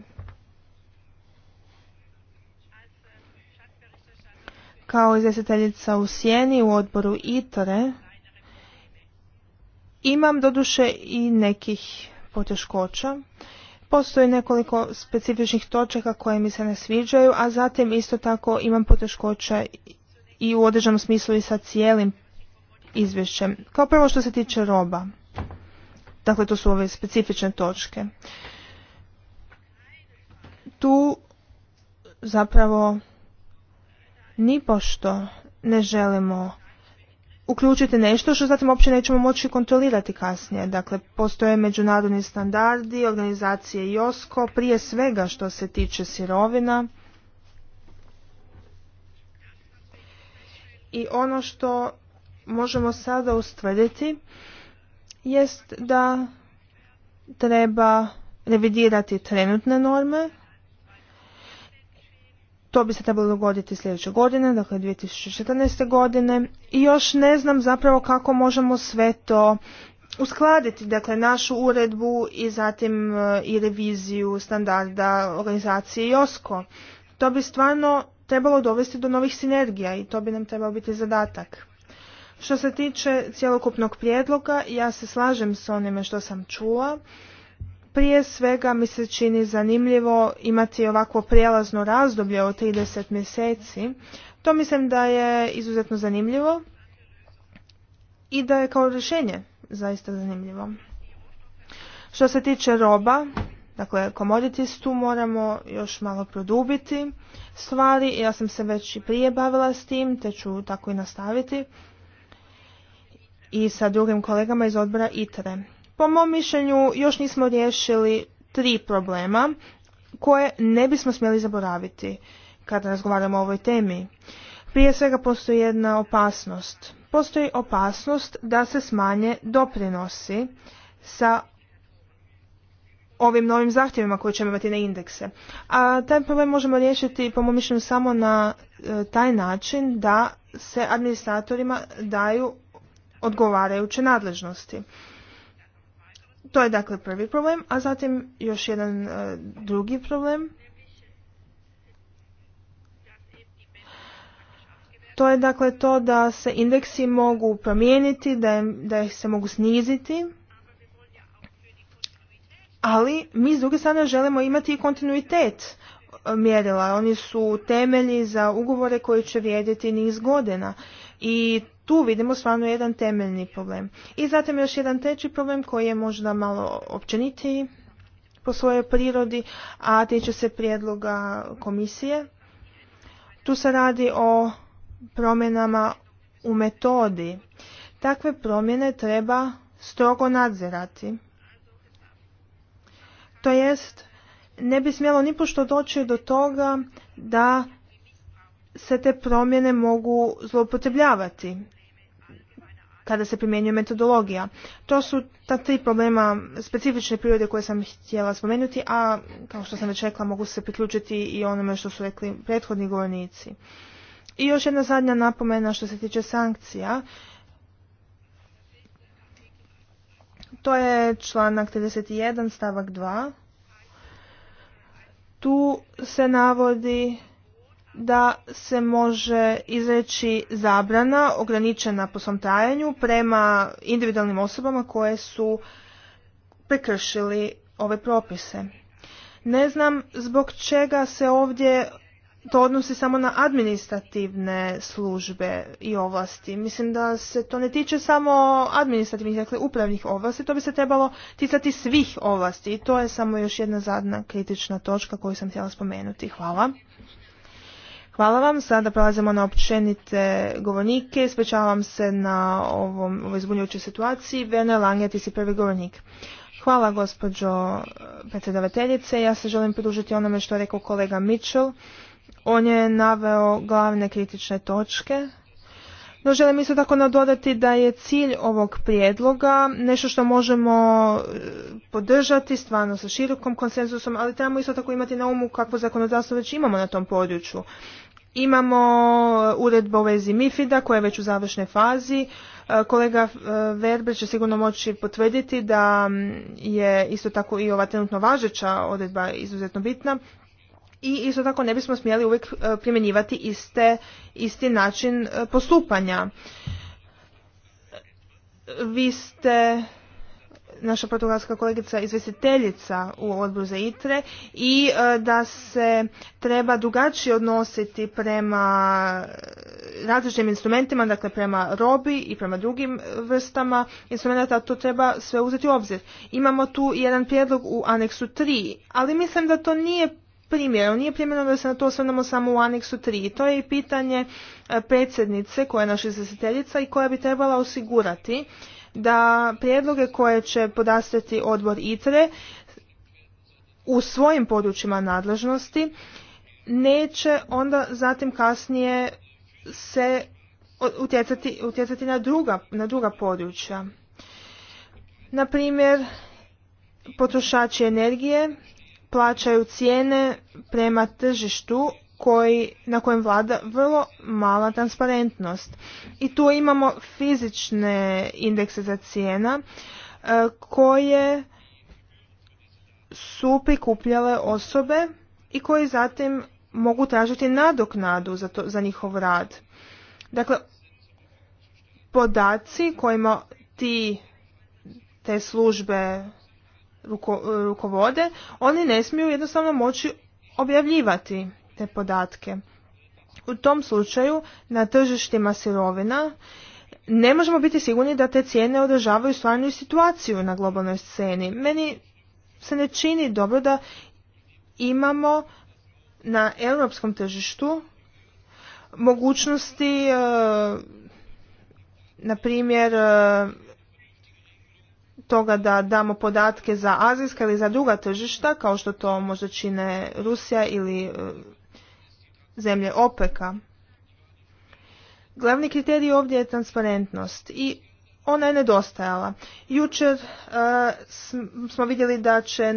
Kao izvjestiteljica u Sjeni u odboru ITRE imam doduše i nekih poteškoća Postoji nekoliko specifičnih točaka koje mi se ne sviđaju, a zatim isto tako imam poteškoća i u određenom smislu i sa cijelim izvješćem. Kao prvo što se tiče roba. Dakle, to su ove specifične točke. Tu zapravo nipošto ne želimo uključiti nešto što zatim uopće nećemo moći kontrolirati kasnije. Dakle, postoje međunarodni standardi, organizacije IOSCO, prije svega što se tiče sirovina. I ono što možemo sada ustvrditi jest da treba revidirati trenutne norme to bi se trebalo dogoditi sljedeće godine, dakle 2014. godine. I još ne znam zapravo kako možemo sve to uskladiti, dakle našu uredbu i zatim e, i reviziju standarda organizacije Josko. To bi stvarno trebalo dovesti do novih sinergija i to bi nam trebao biti zadatak. Što se tiče cjelokupnog prijedloga, ja se slažem s onime što sam čula. Prije svega mi se čini zanimljivo imati ovakvo prijelazno razdoblje od 30 mjeseci. To mislim da je izuzetno zanimljivo i da je kao rješenje zaista zanimljivo. Što se tiče roba, dakle commodities tu moramo još malo produbiti stvari. Ja sam se već i prije bavila s tim, te ću tako i nastaviti i sa drugim kolegama iz odbora ITRE. Po mom mišljenju još nismo riješili tri problema koje ne bismo smjeli zaboraviti kada razgovaramo o ovoj temi. Prije svega postoji jedna opasnost. Postoji opasnost da se smanje doprinosi sa ovim novim zahtjevima koje ćemo imati na indekse. A taj problem možemo riješiti po mom mišljenju samo na e, taj način da se administratorima daju odgovarajuće nadležnosti. To je dakle prvi problem, a zatim još jedan e, drugi problem. To je dakle to da se indeksi mogu promijeniti, da, da ih se mogu sniziti, ali mi s druge strane želimo imati i kontinuitet e, mjerila. Oni su temelji za ugovore koji će vrijediti niz godina i tu vidimo stvarno jedan temeljni problem. I zatim još jedan treći problem koji je možda malo općenitiji po svojoj prirodi, a tiče se prijedloga komisije. Tu se radi o promjenama u metodi. Takve promjene treba strogo nadzirati. To jest, ne bi smjelo nipošto doći do toga da se te promjene mogu zloupotrebljavati kada se primjenjuje metodologija. To su ta tri problema specifične prirode koje sam htjela spomenuti, a kao što sam već rekla mogu se priključiti i onome što su rekli prethodni govornici. I još jedna zadnja napomena što se tiče sankcija. To je članak 31 stavak 2. Tu se navodi da se može izreći zabrana ograničena po svom trajanju prema individualnim osobama koje su prekršili ove propise. Ne znam zbog čega se ovdje to odnosi samo na administrativne službe i ovlasti. Mislim da se to ne tiče samo administrativnih, dakle upravnih ovlasti, to bi se trebalo ticati svih ovlasti i to je samo još jedna zadna kritična točka koju sam htjela spomenuti. Hvala. Hvala vam. Sada prelazimo na općenite govornike. Ispričavam se na ovom, ovoj zbunjujućoj situaciji. Vene Lange, ti si prvi govornik. Hvala gospođo eh, predsjedavateljice. Ja se želim pridružiti onome što je rekao kolega Mitchell. On je naveo glavne kritične točke. No želim isto tako nadodati da je cilj ovog prijedloga nešto što možemo eh, podržati stvarno sa širokom konsenzusom, ali trebamo isto tako imati na umu kakvo zakonodavstvo već imamo na tom području. Imamo uh, uredbu o vezi MIFID-a koja je već u završnoj fazi. Uh, kolega uh, Verber će sigurno moći potvrditi da um, je isto tako i ova trenutno važeća odredba izuzetno bitna. I isto tako ne bismo smjeli uvijek primjenjivati iste, isti način postupanja. Vi ste naša portugalska kolegica izvjestiteljica u odboru za ITRE i e, da se treba drugačije odnositi prema e, različitim instrumentima, dakle prema robi i prema drugim vrstama instrumenta, to treba sve uzeti u obzir. Imamo tu jedan prijedlog u aneksu 3, ali mislim da to nije primjer Nije primjerno da se na to osvrnemo samo u aneksu 3. To je i pitanje e, predsjednice koja je naša izvjestiteljica i koja bi trebala osigurati da prijedloge koje će podastati odbor ITRE u svojim područjima nadležnosti neće onda zatim kasnije se utjecati, utjecati na, druga, na druga područja. Na primjer, potrošači energije plaćaju cijene prema tržištu koji, na kojem vlada vrlo mala transparentnost. I tu imamo fizične indekse za cijena e, koje su prikupljale osobe i koji zatim mogu tražiti nadoknadu za, za njihov rad. Dakle, podaci kojima ti te službe rukovode, oni ne smiju jednostavno moći objavljivati te podatke. U tom slučaju na tržištima sirovina ne možemo biti sigurni da te cijene održavaju stvarnu situaciju na globalnoj sceni. Meni se ne čini dobro da imamo na europskom tržištu mogućnosti e, na primjer e, toga da damo podatke za azijska ili za druga tržišta kao što to možda čine Rusija ili e, zemlje OPEKA. Glavni kriterij ovdje je transparentnost i ona je nedostajala. Jučer e, smo vidjeli da će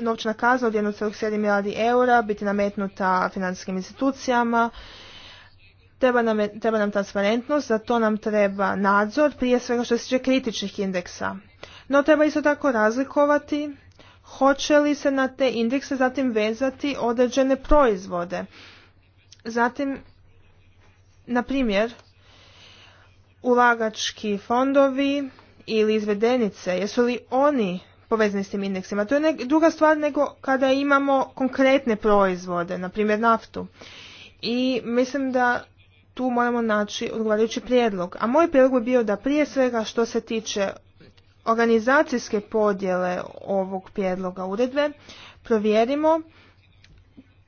novčana kazna od 1,7 milijardi eura biti nametnuta financijskim institucijama. Treba nam, treba nam transparentnost, za to nam treba nadzor, prije svega što se tiče kritičnih indeksa. No treba isto tako razlikovati hoće li se na te indekse zatim vezati određene proizvode Zatim, na primjer, ulagački fondovi ili izvedenice, jesu li oni povezani s tim indeksima? To je druga stvar nego kada imamo konkretne proizvode, na primjer naftu. I mislim da tu moramo naći odgovarajući prijedlog. A moj prijedlog je bio da prije svega što se tiče organizacijske podjele ovog prijedloga uredbe, provjerimo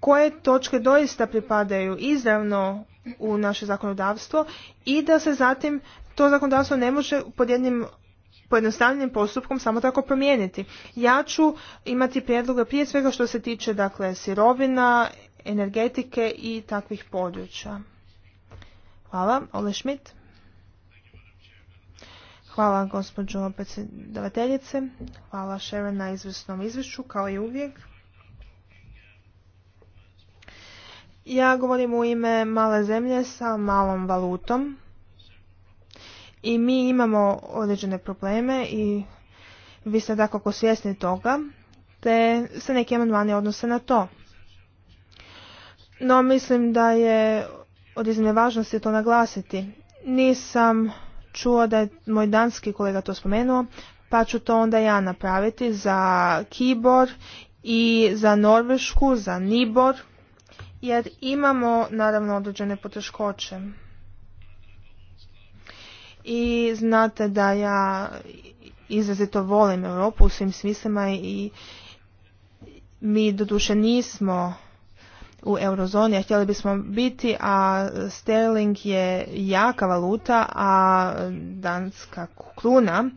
koje točke doista pripadaju izravno u naše zakonodavstvo i da se zatim to zakonodavstvo ne može pod jednim pojednostavljenim postupkom samo tako promijeniti. Ja ću imati prijedloga prije svega što se tiče dakle sirovina, energetike i takvih područja. Hvala. Ole Schmidt. Hvala gospođo predsjedavateljice. Hvala Sharon na izvrsnom izvješću kao i uvijek. Ja govorim u ime male zemlje sa malom valutom i mi imamo određene probleme i vi ste dakako svjesni toga, te se neki amandmani odnose na to. No mislim da je od iznimne važnosti to naglasiti. Nisam čuo da je moj danski kolega to spomenuo, pa ću to onda ja napraviti za Kibor i za Norvešku, za Nibor jer imamo naravno određene poteškoće. I znate da ja izrazito volim Europu u svim smislima i mi doduše nismo u eurozoni, a htjeli bismo biti, a sterling je jaka valuta, a danska kruna,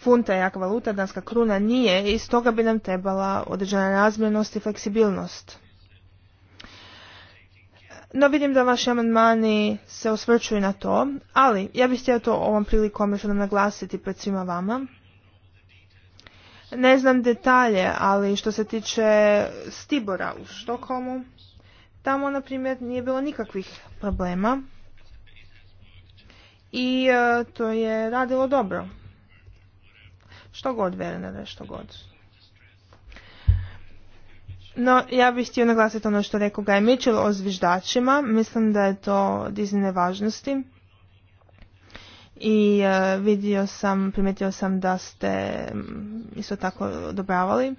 funta je jaka valuta, danska kruna nije i stoga bi nam trebala određena razmjernost i fleksibilnost. No vidim da vaši amandmani se osvrćuju na to, ali ja bih htjela to ovom prilikom još nam naglasiti pred svima vama. Ne znam detalje, ali što se tiče Stibora u Štokomu, tamo, na primjer, nije bilo nikakvih problema i e, to je radilo dobro. Što god, Werner, što god. No, ja bih htio naglasiti ono što rekao Guy Mitchell o zviždačima. Mislim da je to od važnosti. I e, vidio sam, primijetio sam da ste mm, isto tako odobravali.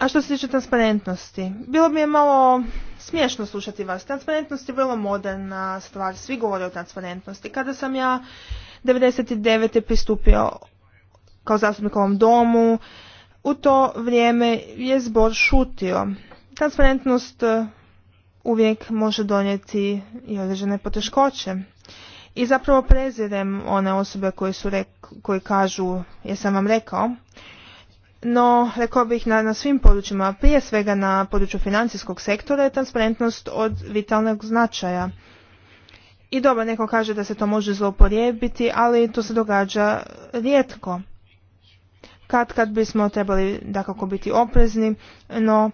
A što se tiče transparentnosti, bilo bi je malo smiješno slušati vas. Transparentnost je vrlo moderna stvar, svi govore o transparentnosti. Kada sam ja 99. pristupio kao zastupnik ovom domu, u to vrijeme je zbor šutio. Transparentnost e, uvijek može donijeti i određene poteškoće. I zapravo prezirem one osobe koje, su rek, koje kažu, jesam vam rekao, no rekao bih na, svim područjima, prije svega na području financijskog sektora je transparentnost od vitalnog značaja. I dobro, neko kaže da se to može zloporijebiti, ali to se događa rijetko. Kad kad bismo trebali kako biti oprezni, no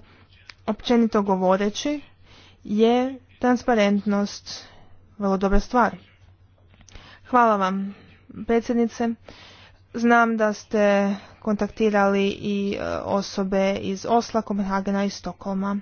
općenito govoreći je transparentnost vrlo dobra stvar. Hvala vam predsjednice. Znam da ste kontaktirali i e, osobe iz Osla, Kopenhagena i Stokoma.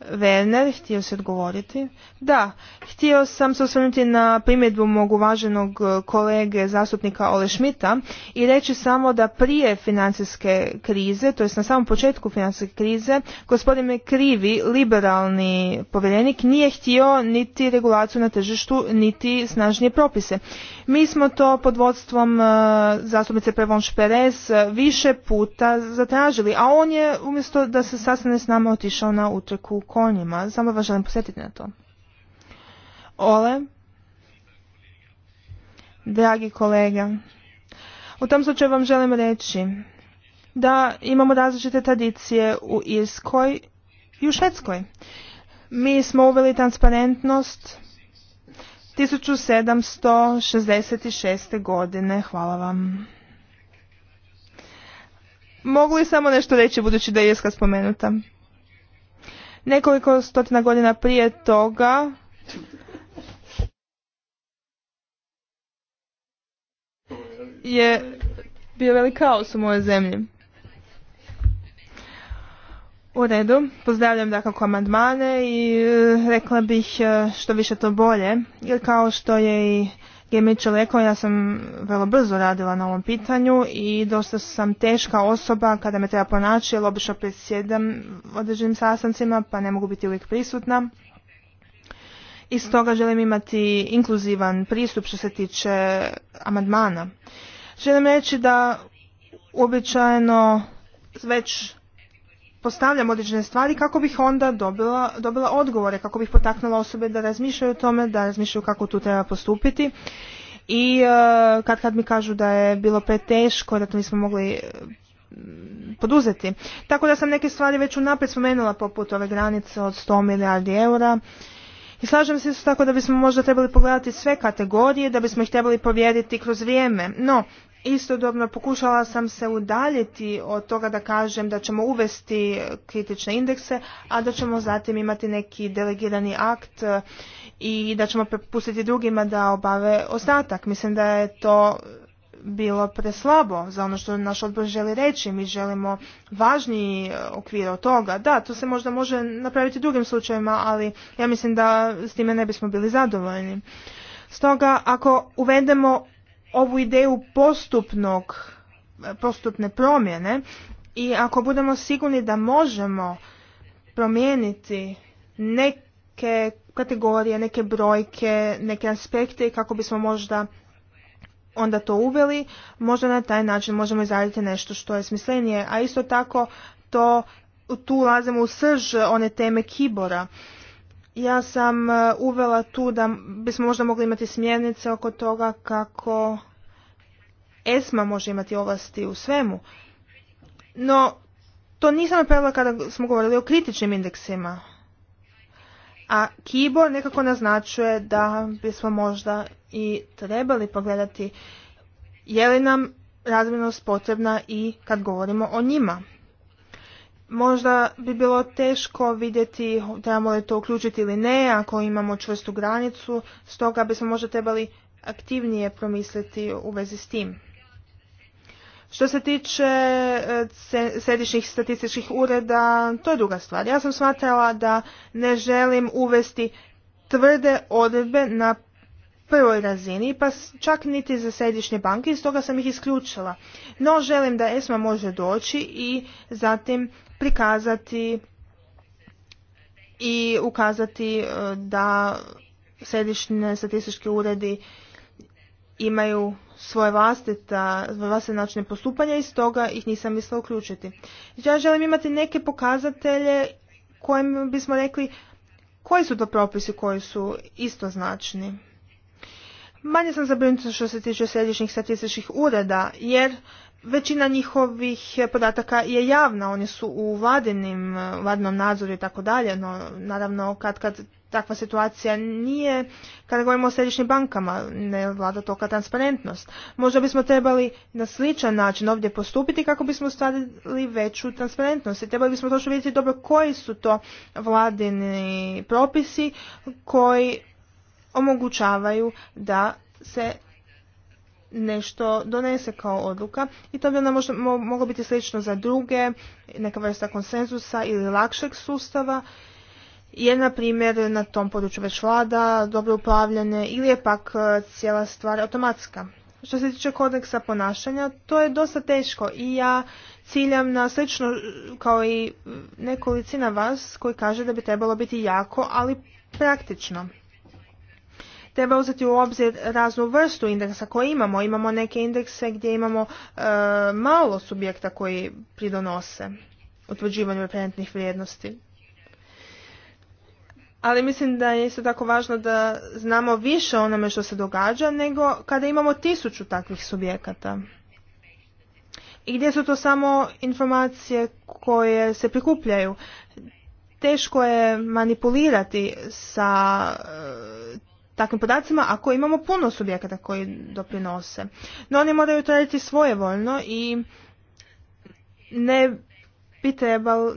Werner, htio se odgovoriti. Da, htio sam se osvrnuti na primjedbu mog uvaženog e, kolege zastupnika Ole Šmita i reći samo da prije financijske krize, to jest na samom početku financijske krize, gospodin krivi, liberalni povjerenik, nije htio niti regulaciju na tržištu, niti snažnije propise. Mi smo to pod vodstvom e, zastupnice Prevon Šperes e, više puta zatražili, a on je umjesto da se sastane s nama otišao na utrku konjima. Samo vas želim posjetiti na to. Ole, dragi kolega, u tom slučaju vam želim reći da imamo različite tradicije u Irskoj i u Švedskoj. Mi smo uveli transparentnost 1766. godine. Hvala vam. Mogu li samo nešto reći budući da je Irska spomenuta? Nekoliko stotina godina prije toga je bio velik kaos u mojoj zemlji. U redu, pozdravljam dakako amandmane i e, rekla bih e, što više to bolje, jer kao što je i je Mitchell ja sam vrlo brzo radila na ovom pitanju i dosta sam teška osoba kada me treba ponaći, jer obično predsjedam određenim sastancima pa ne mogu biti uvijek prisutna. I stoga želim imati inkluzivan pristup što se tiče amandmana. Želim reći da uobičajeno već postavljam određene stvari kako bih onda dobila, dobila odgovore, kako bih potaknula osobe da razmišljaju o tome, da razmišljaju kako tu treba postupiti. I e, kad kad mi kažu da je bilo preteško, da to nismo mogli mm, poduzeti. Tako da sam neke stvari već unaprijed spomenula poput ove granice od 100 milijardi eura. I slažem se isto tako da bismo možda trebali pogledati sve kategorije, da bismo ih trebali povjeriti kroz vrijeme. No, Istodobno pokušala sam se udaljiti od toga da kažem da ćemo uvesti kritične indekse, a da ćemo zatim imati neki delegirani akt e, i da ćemo prepustiti drugima da obave ostatak. Mislim da je to bilo preslabo za ono što naš odbor želi reći. Mi želimo važniji e, okvir od toga. Da, to se možda može napraviti drugim slučajevima, ali ja mislim da s time ne bismo bili zadovoljni. Stoga, ako uvedemo ovu ideju postupnog, postupne promjene i ako budemo sigurni da možemo promijeniti neke kategorije, neke brojke, neke aspekte kako bismo možda onda to uveli, možda na taj način možemo izraditi nešto što je smislenije, a isto tako to tu ulazimo u srž one teme kibora ja sam e, uvela tu da bismo možda mogli imati smjernice oko toga kako ESMA može imati ovlasti u svemu. No, to nisam napravila kada smo govorili o kritičnim indeksima. A Kibo nekako naznačuje da bismo možda i trebali pogledati je li nam razmjernost potrebna i kad govorimo o njima. Možda bi bilo teško vidjeti trebamo li to uključiti ili ne ako imamo čvrstu granicu, stoga bismo možda trebali aktivnije promisliti u vezi s tim. Što se tiče e, središnjih statističkih ureda, to je druga stvar. Ja sam smatrala da ne želim uvesti tvrde odredbe na prvoj razini, pa čak niti za središnje banke, iz toga sam ih isključila. No, želim da ESMA može doći i zatim prikazati i ukazati e, da središnje statističke uredi imaju svoje vlastita, vlastite načine postupanja i stoga ih nisam mislila uključiti. Ja želim imati neke pokazatelje kojim bismo rekli koji su to propisi koji su isto istoznačni. Manje sam zabrinuta što se tiče središnjih statističkih ureda, jer Većina njihovih podataka je javna, oni su u vladinim, eh, vladinom nadzoru i tako dalje, no naravno kad kad takva situacija nije, kada govorimo o središnjim bankama, ne vlada toka transparentnost. Možda bismo trebali na sličan način ovdje postupiti kako bismo stvarili veću transparentnost i trebali bismo točno vidjeti dobro koji su to vladini propisi koji omogućavaju da se nešto donese kao odluka i to bi onda moglo biti slično za druge, neka vrsta konsenzusa ili lakšeg sustava jer na primjer na tom području već vlada dobro upravljanje ili je pak e, cijela stvar automatska. Što se tiče kodeksa ponašanja, to je dosta teško i ja ciljam na slično kao i nekolicina vas koji kaže da bi trebalo biti jako, ali praktično treba uzeti u obzir raznu vrstu indeksa koje imamo. Imamo neke indekse gdje imamo e, malo subjekta koji pridonose utvrđivanju referentnih vrijednosti. Ali mislim da je isto tako važno da znamo više onome što se događa nego kada imamo tisuću takvih subjekata. I gdje su to samo informacije koje se prikupljaju. Teško je manipulirati sa e, takvim podacima ako imamo puno subjekata koji doprinose. No oni moraju to raditi svojevoljno i ne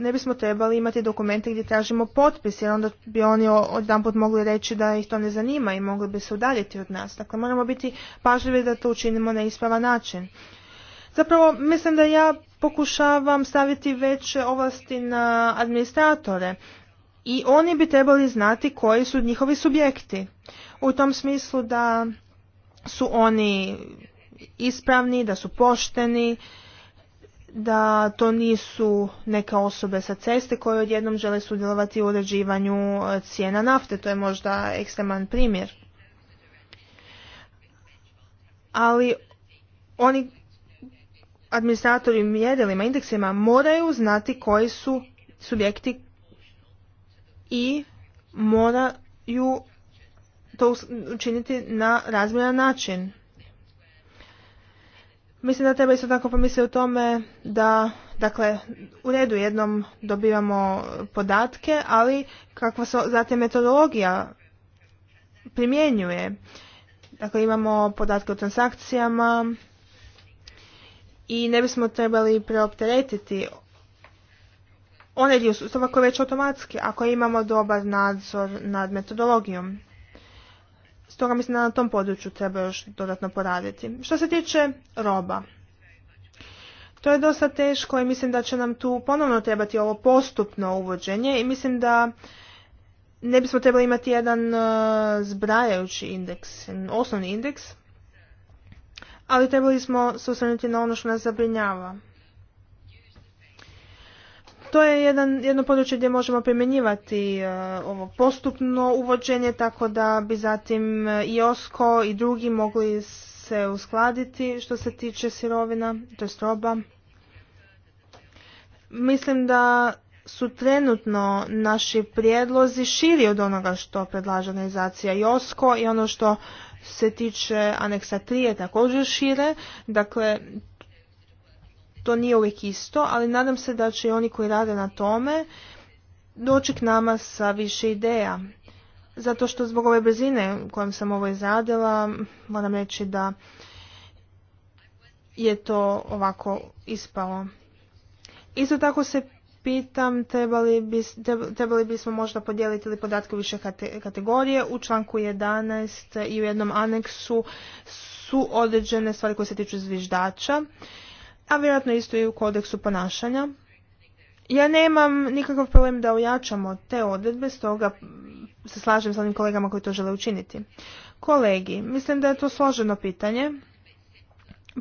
ne bismo trebali imati dokumente gdje tražimo potpis, jer onda bi oni odjedanput mogli reći da ih to ne zanima i mogli bi se udaljiti od nas. Dakle, moramo biti pažljivi da to učinimo na ispravan način. Zapravo, mislim da ja pokušavam staviti veće ovlasti na administratore i oni bi trebali znati koji su njihovi subjekti. U tom smislu da su oni ispravni, da su pošteni, da to nisu neke osobe sa ceste koje odjednom žele sudjelovati u uređivanju e, cijena nafte. To je možda ekstreman primjer. Ali oni administratori mjerilima, indeksima moraju znati koji su subjekti i moraju to učiniti na razmjeran način. Mislim da treba isto tako pomisliti o tome da, dakle, u redu jednom dobivamo podatke, ali kakva se zatim metodologija primjenjuje. Dakle, imamo podatke o transakcijama i ne bismo trebali preopteretiti onaj dio sustava koji je već automatski, ako imamo dobar nadzor nad metodologijom. Stoga mislim da na tom području treba još dodatno poraditi. Što se tiče roba, to je dosta teško i mislim da će nam tu ponovno trebati ovo postupno uvođenje i mislim da ne bismo trebali imati jedan e, zbrajajući indeks, osnovni indeks, ali trebali smo se osvrnuti na ono što nas zabrinjava. To je jedan, jedno područje gdje možemo primjenjivati e, ovo postupno uvođenje, tako da bi zatim e, i OSKO i drugi mogli se uskladiti što se tiče sirovina, to je roba. Mislim da su trenutno naši prijedlozi širi od onoga što predlaže organizacija JOSKO i ono što se tiče aneksa 3 je također šire. Dakle, to nije uvijek isto, ali nadam se da će oni koji rade na tome doći k nama sa više ideja. Zato što zbog ove brzine kojom sam ovo izradila, moram reći da je to ovako ispalo. Isto tako se pitam trebali, bismo možda podijeliti ili podatke više kategorije. U članku 11 i u jednom aneksu su određene stvari koje se tiču zviždača a vjerojatno isto i u kodeksu ponašanja. Ja nemam nikakav problem da ojačamo te odredbe, stoga se slažem s onim kolegama koji to žele učiniti. Kolegi, mislim da je to složeno pitanje.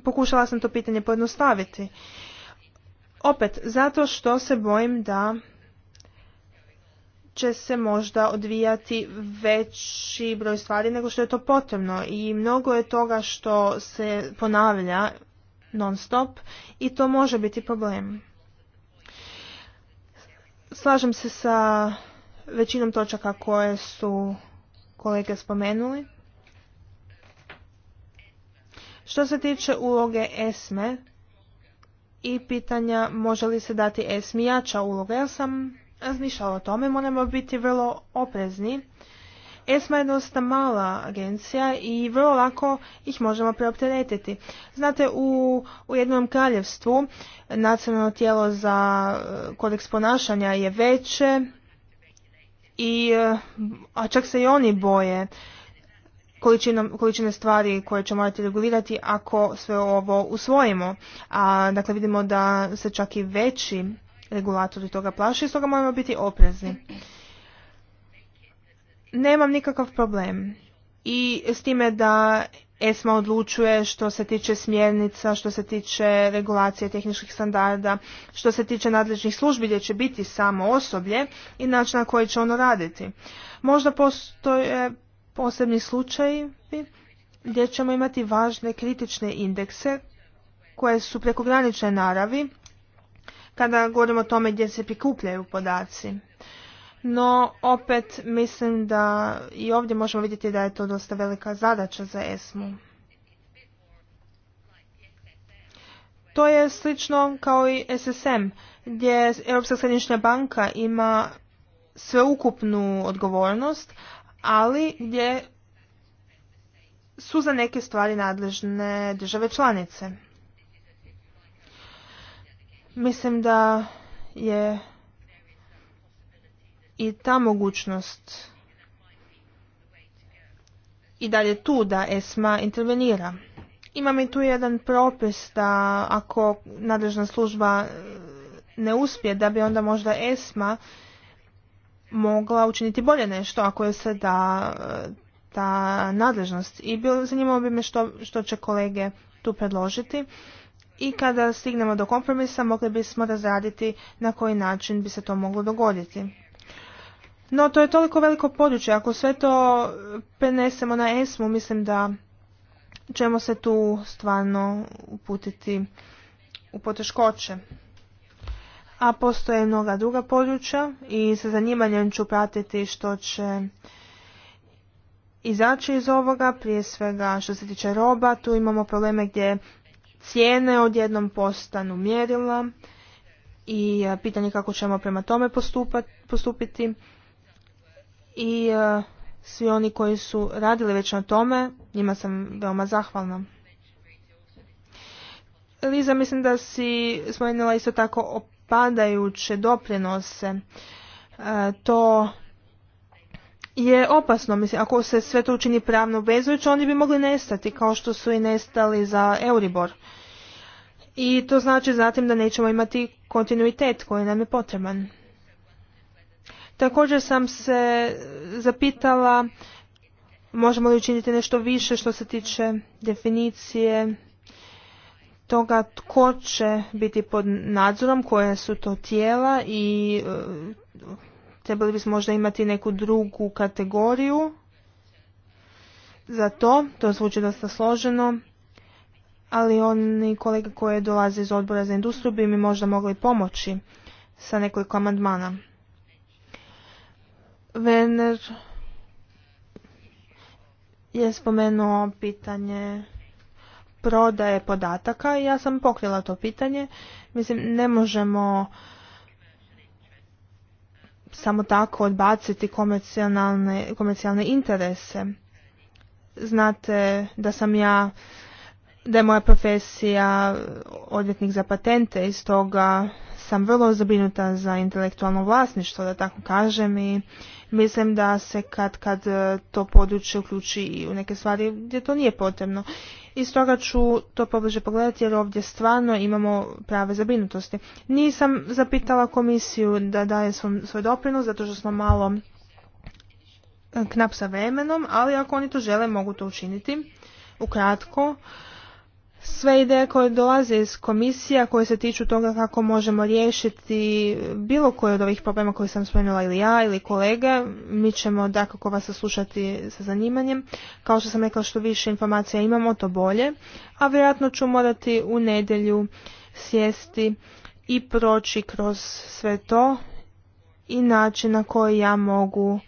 Pokušala sam to pitanje pojednostaviti. Opet, zato što se bojim da će se možda odvijati veći broj stvari nego što je to potrebno i mnogo je toga što se ponavlja non stop i to može biti problem. Slažem se sa većinom točaka koje su kolege spomenuli. Što se tiče uloge ESME i pitanja može li se dati ESMI jača uloga, ja sam razmišljala o tome, moramo biti vrlo oprezni ESMA je dosta mala agencija i vrlo lako ih možemo preopteretiti. Znate, u, u jednom kraljevstvu nacionalno tijelo za e, kodeks ponašanja je veće, i, e, a čak se i oni boje količine stvari koje će morati regulirati ako sve ovo usvojimo. A, dakle, vidimo da se čak i veći regulatori toga plaši i stoga moramo biti oprezni nemam nikakav problem i s time da ESMA odlučuje što se tiče smjernica, što se tiče regulacije tehničkih standarda, što se tiče nadležnih službi gdje će biti samo osoblje i način na koji će ono raditi. Možda postoje posebni slučaj gdje ćemo imati važne kritične indekse koje su prekogranične naravi kada govorimo o tome gdje se prikupljaju podaci. No, opet mislim da i ovdje možemo vidjeti da je to dosta velika zadaća za ESMU. To je slično kao i SSM, gdje Europska središnja banka ima sveukupnu odgovornost, ali gdje su za neke stvari nadležne države članice. Mislim da je i ta mogućnost i dalje tu da ESMA intervenira. Imam i tu jedan propis da ako nadležna služba e, ne uspije da bi onda možda ESMA mogla učiniti bolje nešto ako je se da e, ta nadležnost. I bilo, zanimalo bi me što, što će kolege tu predložiti. I kada stignemo do kompromisa mogli bismo razraditi na koji način bi se to moglo dogoditi. No, to je toliko veliko područje. Ako sve to prenesemo na ESMU, mislim da ćemo se tu stvarno uputiti u poteškoće. A postoje mnoga druga područja i sa zanimanjem ću pratiti što će izaći iz ovoga. Prije svega što se tiče roba, tu imamo probleme gdje cijene odjednom postanu mjerila i pitanje kako ćemo prema tome postupiti i e, svi oni koji su radili već na tome, njima sam veoma zahvalna. Liza, mislim da si spomenula isto tako opadajuće doprinose. E, to je opasno, mislim, ako se sve to učini pravno obvezujuće, oni bi mogli nestati, kao što su i nestali za Euribor. I to znači zatim da nećemo imati kontinuitet koji nam je potreban. Također sam se zapitala možemo li učiniti nešto više što se tiče definicije toga tko će biti pod nadzorom, koje su to tijela i e, trebali bismo možda imati neku drugu kategoriju za to. To zvuči dosta složeno, ali oni kolege koje dolaze iz odbora za industriju bi mi možda mogli pomoći sa nekoliko amandmana. Werner je spomenuo pitanje prodaje podataka i ja sam pokrila to pitanje. Mislim, ne možemo samo tako odbaciti komercijalne, komercijalne interese. Znate da sam ja, da je moja profesija odvjetnik za patente i stoga sam vrlo zabrinuta za intelektualno vlasništvo, da tako kažem, i Mislim da se kad kad e, to područje uključi i u neke stvari gdje to nije potrebno. I stoga ću to pobliže pogledati jer ovdje stvarno imamo prave zabrinutosti. Nisam zapitala komisiju da daje svoj, svoj doprinos zato što smo malo e, knap sa vremenom, ali ako oni to žele mogu to učiniti. Ukratko, sve ideje koje dolaze iz komisija koje se tiču toga kako možemo riješiti bilo koje od ovih problema koje sam spomenula ili ja ili kolega, mi ćemo dakako vas saslušati sa zanimanjem. Kao što sam rekla što više informacija imamo to bolje, a vjerojatno ću morati u nedjelju sjesti i proći kroz sve to i način na koji ja mogu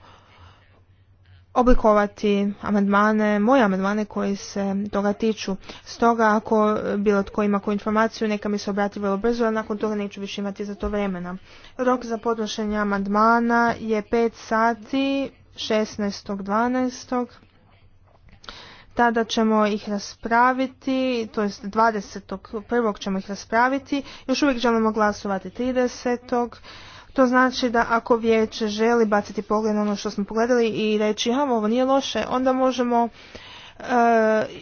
oblikovati amandmane, moje amandmane koji se toga tiču. Stoga ako bilo tko ima koju informaciju, neka mi se obrati vrlo brzo, a nakon toga neću više imati za to vremena. Rok za podnošenje amandmana je 5 sati 16.12. Tada ćemo ih raspraviti, to jest 21. ćemo ih raspraviti. Još uvijek želimo glasovati 30. To znači da ako vijeće želi baciti pogled na ono što smo pogledali i reći ha, ovo nije loše, onda možemo e,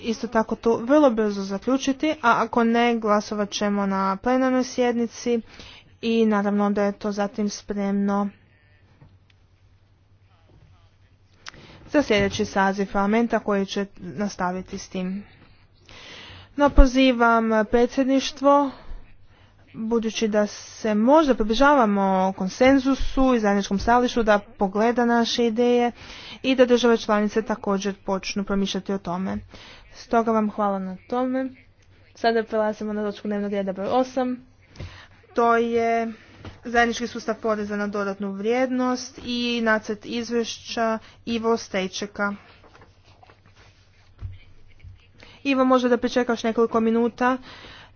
isto tako to vrlo brzo zaključiti, a ako ne, glasovat ćemo na plenarnoj sjednici i naravno da je to zatim spremno za sljedeći saziv parlamenta koji će nastaviti s tim. No pozivam predsjedništvo budući da se možda približavamo konsenzusu i zajedničkom stavlištu da pogleda naše ideje i da države članice također počnu promišljati o tome. Stoga vam hvala na tome. Sada prelazimo na točku dnevnog reda broj 8. To je zajednički sustav poreza na dodatnu vrijednost i nacet izvješća Ivo Stejčeka. Ivo možda da pričekaš nekoliko minuta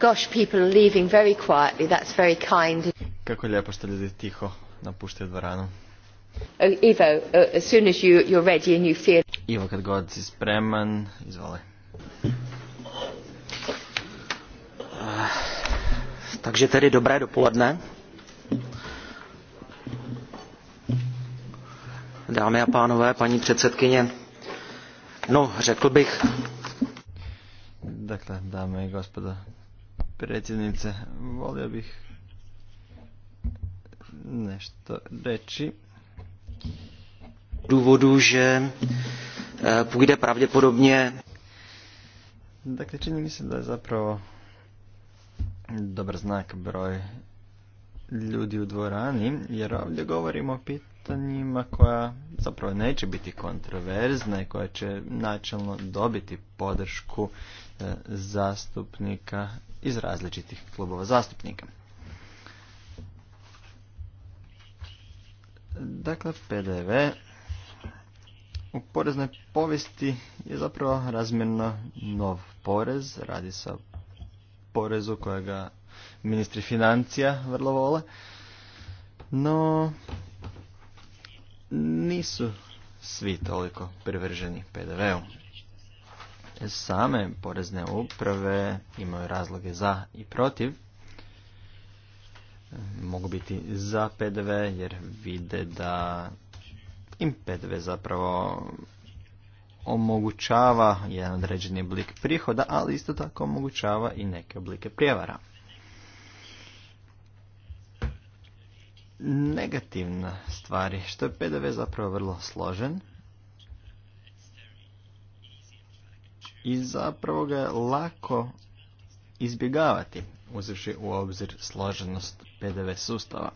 Gosh, people are leaving very quietly. That's very kind. Kako je lijepo što ljudi tiho napuštaju dvoranu. Oh, Ivo, uh, as soon as you, you're ready and you feel... Ivo, kad god si spreman, izvoli. Ah, takže tedy dobré dopoledne. Dámy a pánové, paní předsedkyně, no, řekl bych... Takhle, dámy a gospodo, predsjednice. Volio bih nešto reći. Důvodu, že e, půjde pravděpodobně. Dakle, čini mi se da je zapravo dobar znak broj ljudi u dvorani, jer ovdje govorimo o pitanjima koja zapravo neće biti kontroverzna i koja će načelno dobiti podršku E, zastupnika iz različitih klubova zastupnika. Dakle, PDV u poreznoj povijesti je zapravo razmjerno nov porez. Radi se o porezu kojega ministri financija vrlo vole. No, nisu svi toliko privrženi PDV-u same porezne uprave imaju razloge za i protiv. Mogu biti za PDV jer vide da im PDV zapravo omogućava jedan određeni oblik prihoda, ali isto tako omogućava i neke oblike prijevara. Negativna stvar je što je PDV zapravo vrlo složen i zapravo ga je lako izbjegavati, uzivši u obzir složenost PDV sustava.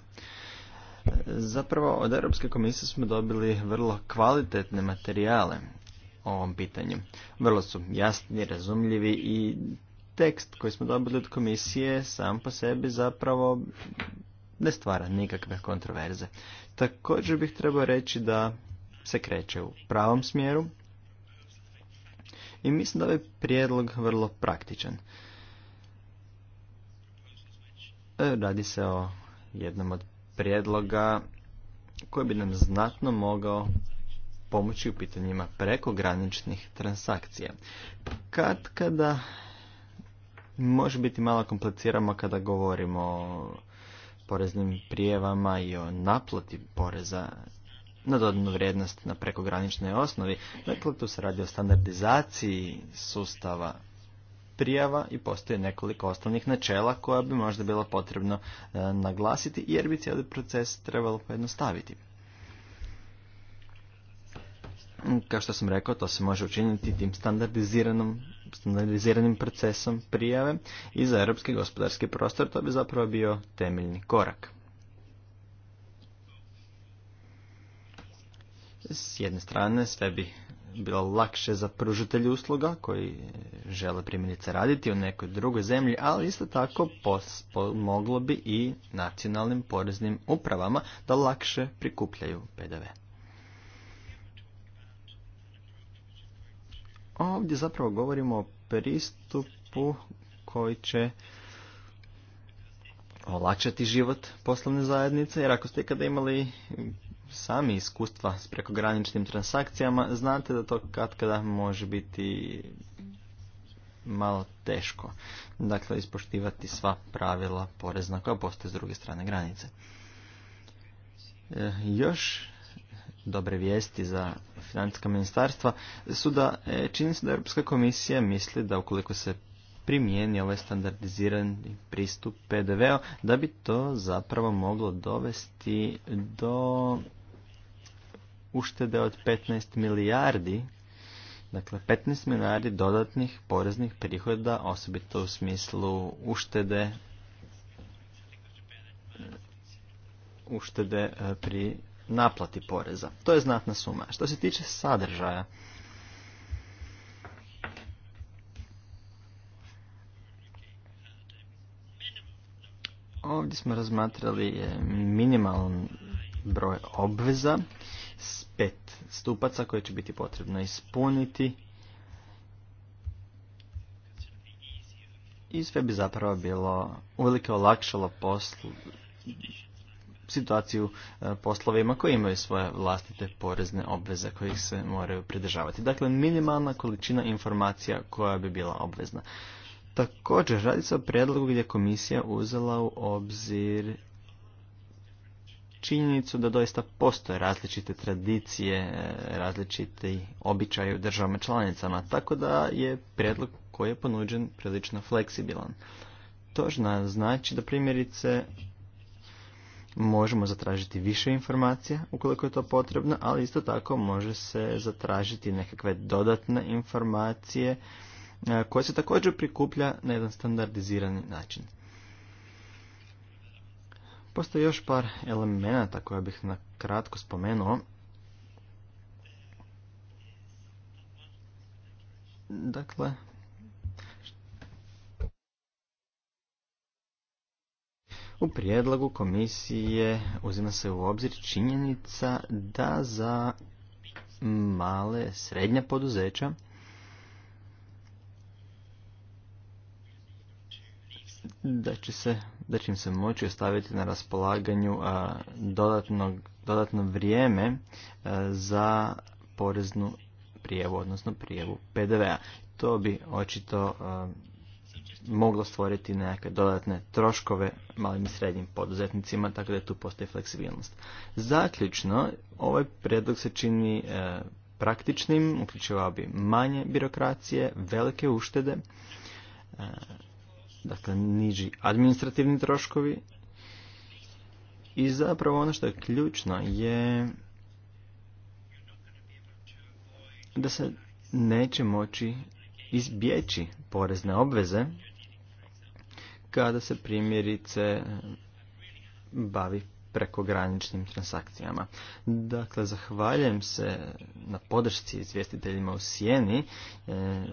Zapravo od Europske komisije smo dobili vrlo kvalitetne materijale o ovom pitanju. Vrlo su jasni, razumljivi i tekst koji smo dobili od komisije sam po sebi zapravo ne stvara nikakve kontroverze. Također bih trebao reći da se kreće u pravom smjeru, i mislim da je ovaj prijedlog vrlo praktičan. E, radi se o jednom od prijedloga koji bi nam znatno mogao pomoći u pitanjima prekograničnih transakcija. Kad kada može biti malo kompliciramo kada govorimo o poreznim prijevama i o naplati poreza na dodanu vrijednost na prekograničnoj osnovi. Dakle, tu se radi o standardizaciji sustava prijava i postoje nekoliko osnovnih načela koja bi možda bilo potrebno e, naglasiti jer bi cijeli proces trebalo pojednostaviti. Kao što sam rekao, to se može učiniti tim standardiziranom standardiziranim procesom prijave i za europski gospodarski prostor to bi zapravo bio temeljni korak. S jedne strane sve bi bilo lakše za pružatelje usluga koji žele primjerice raditi u nekoj drugoj zemlji, ali isto tako pomoglo bi i nacionalnim poreznim upravama da lakše prikupljaju PDV. Ovdje zapravo govorimo o pristupu koji će olakšati život poslovne zajednice, jer ako ste ikada imali sami iskustva s prekograničnim transakcijama znate da to katkada može biti malo teško. Dakle, ispoštivati sva pravila porezna koja postoje s druge strane granice. E, još dobre vijesti za financijska ministarstva su da e, čini se da Europska komisija misli da ukoliko se primijeni ovaj standardizirani pristup pdv da bi to zapravo moglo dovesti do uštede od 15 milijardi, dakle 15 milijardi dodatnih poreznih prihoda, osobito u smislu uštede uštede e, pri naplati poreza. To je znatna suma. Što se tiče sadržaja, ovdje smo razmatrali e, minimalan broj obveza pet stupaca koje će biti potrebno ispuniti. I sve bi zapravo bilo uvelike olakšalo poslu, situaciju e, poslovima koji imaju svoje vlastite porezne obveze kojih se moraju pridržavati. Dakle, minimalna količina informacija koja bi bila obvezna. Također, radi se o prijedlogu gdje komisija uzela u obzir činjenicu da doista postoje različite tradicije, e, različiti običaje u državama članicama, tako da je prijedlog koji je ponuđen prilično fleksibilan. To znači da primjerice možemo zatražiti više informacija ukoliko je to potrebno, ali isto tako može se zatražiti nekakve dodatne informacije e, koje se također prikuplja na jedan standardizirani način. Postoji još par elemenata koje bih na kratko spomenuo. Dakle, U prijedlogu komisije uzima se u obzir činjenica da za male, srednja poduzeća da će se, da će im se moći ostaviti na raspolaganju a, dodatno, vrijeme za poreznu prijevu, odnosno prijevu PDV-a. To bi očito moglo stvoriti neke dodatne troškove malim i srednjim poduzetnicima, tako da tu postoji fleksibilnost. Zaključno, ovaj predlog se čini praktičnim, uključivao bi manje birokracije, velike uštede, dakle niži administrativni troškovi i zapravo ono što je ključno je da se neće moći izbjeći porezne obveze kada se primjerice bavi prekograničnim transakcijama. Dakle, zahvaljujem se na podršci izvjestiteljima u Sijeni, e,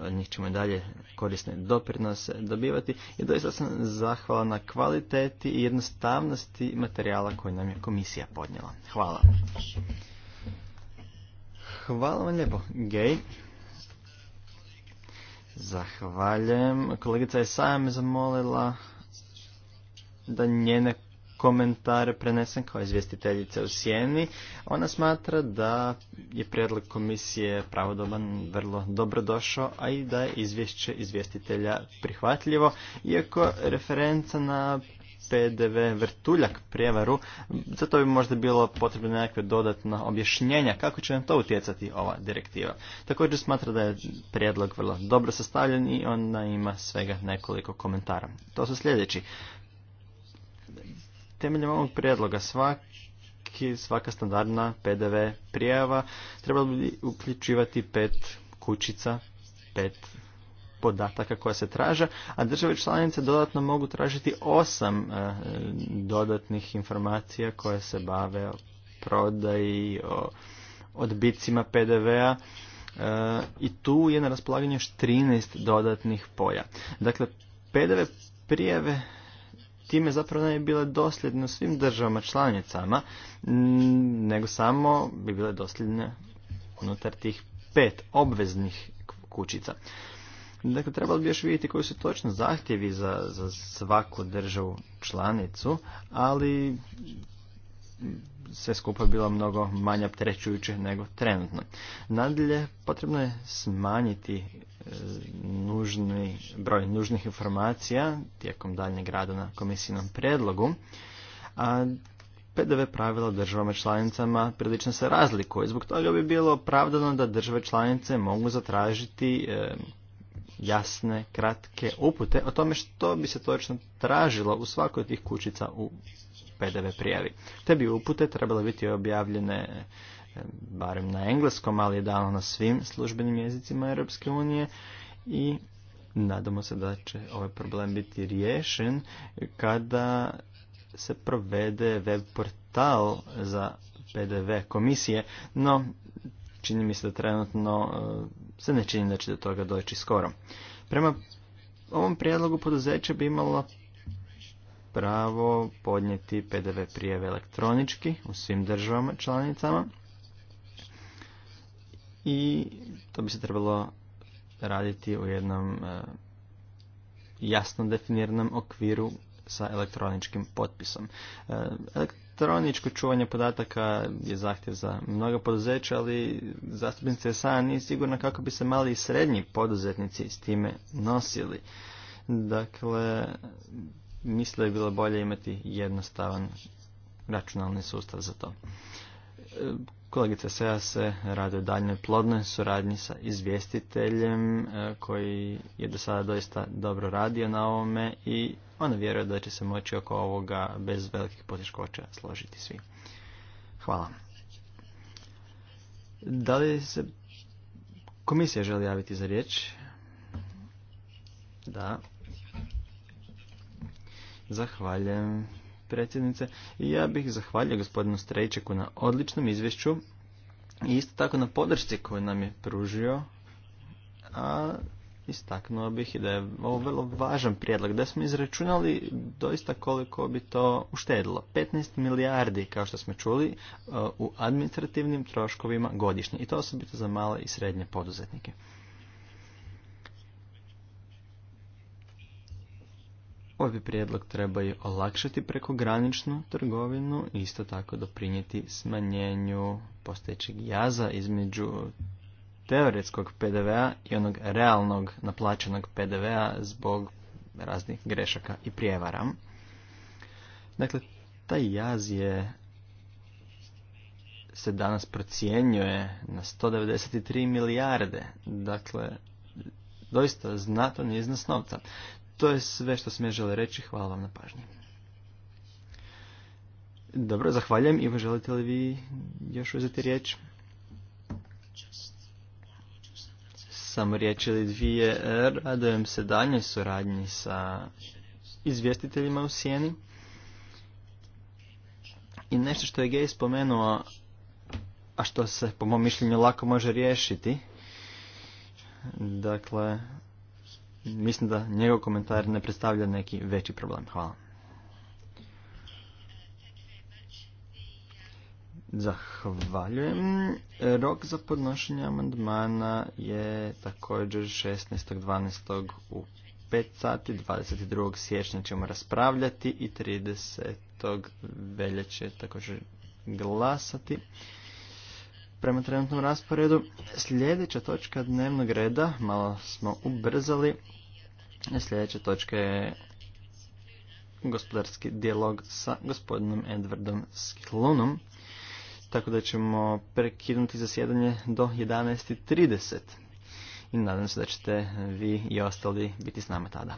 od njih ćemo i dalje korisne doprinose dobivati i doista sam zahvala na kvaliteti i jednostavnosti materijala koji nam je komisija podnijela. Hvala. Hvala vam lijepo, Gej. Zahvaljujem. Kolegica je me zamolila da njene komentar prenesen kao izvjestiteljica u Sjeni. Ona smatra da je prijedlog komisije pravodoban, vrlo dobro došao, a i da je izvješće izvjestitelja prihvatljivo, iako referenca na PDV vrtuljak prijevaru, zato bi možda bilo potrebno nekakve dodatna objašnjenja kako će nam to utjecati ova direktiva. Također smatra da je prijedlog vrlo dobro sastavljen i ona ima svega nekoliko komentara. To su sljedeći temeljem ovog prijedloga svaki, svaka standardna PDV prijava trebalo bi uključivati pet kućica, pet podataka koja se traže, a države članice dodatno mogu tražiti osam e, dodatnih informacija koje se bave o prodaji, o odbicima PDV-a e, i tu je na raspolaganju još 13 dodatnih polja. Dakle, PDV prijave time zapravo ne bi bile dosljedne svim državama članicama, nego samo bi bile dosljedne unutar tih pet obveznih kućica. Dakle, trebalo bi još vidjeti koji su točno zahtjevi za, za svaku državu članicu, ali sve skupa bilo mnogo manje opterećujuće nego trenutno. Nadalje, potrebno je smanjiti e, nužni, broj nužnih informacija tijekom daljnjeg rada na komisijnom predlogu, a PDV pravila državama članicama prilično se razlikuje. Zbog toga bi bilo opravdano da države članice mogu zatražiti e, jasne, kratke upute o tome što bi se točno tražilo u svakoj od tih kućica u PDV prijavi. Te bi upute trebale biti objavljene e, barem na engleskom, ali je dano na svim službenim jezicima Europske unije i nadamo se da će ovaj problem biti riješen kada se provede web portal za PDV komisije, no čini mi se da trenutno e, se ne čini da će do toga doći skoro. Prema ovom prijedlogu poduzeće bi imalo pravo podnijeti PDV prijeve elektronički u svim državama članicama i to bi se trebalo raditi u jednom e, jasno definiranom okviru sa elektroničkim potpisom. E, elektroničko čuvanje podataka je zahtjev za mnoga poduzeća, ali zastupnica sada nije sigurna kako bi se mali i srednji poduzetnici s time nosili. Dakle, Mislio je bilo bolje imati jednostavan računalni sustav za to. E, Kolegica Seja se radi o daljnoj plodnoj suradnji sa izvjestiteljem e, koji je do sada doista dobro radio na ovome i ona vjeruje da će se moći oko ovoga bez velikih poteškoća složiti svi. Hvala. Da li se komisija želi javiti za riječ? Da. Zahvaljujem predsjednice. I ja bih zahvalio gospodinu Strejčeku na odličnom izvješću i isto tako na podršci koju nam je pružio. A istaknuo bih i da je ovo vrlo važan prijedlog, da smo izračunali doista koliko bi to uštedilo. 15 milijardi, kao što smo čuli, e, u administrativnim troškovima godišnje i to osobito za male i srednje poduzetnike. Ovaj prijedlog treba i olakšati prekograničnu trgovinu i isto tako doprinijeti smanjenju postojećeg jaza između teoretskog PDV-a i onog realnog naplaćenog PDV-a zbog raznih grešaka i prijevara. Dakle, taj jaz je se danas procjenjuje na 193 milijarde. Dakle, doista znatan iznos novca. To je sve što sam ja reći. Hvala vam na pažnji. Dobro, zahvaljujem. Ivo, želite li vi još uzeti riječ? Samo riječ ili dvije. Radujem se daljnjoj suradnji sa izvjestiteljima u Sijeni. I nešto što je Gej spomenuo, a što se po mom mišljenju lako može riješiti. Dakle, mislim da njegov komentar ne predstavlja neki veći problem. Hvala. Zahvaljujem. Rok za podnošenje amandmana je također 16.12. u 5 sati, 22. siječnja ćemo raspravljati i 30. veljače također glasati prema trenutnom rasporedu. Sljedeća točka dnevnog reda, malo smo ubrzali, sljedeća točka je gospodarski dijalog sa gospodinom Edwardom Sklunom, tako da ćemo prekinuti zasjedanje do 11.30 i nadam se da ćete vi i ostali biti s nama tada.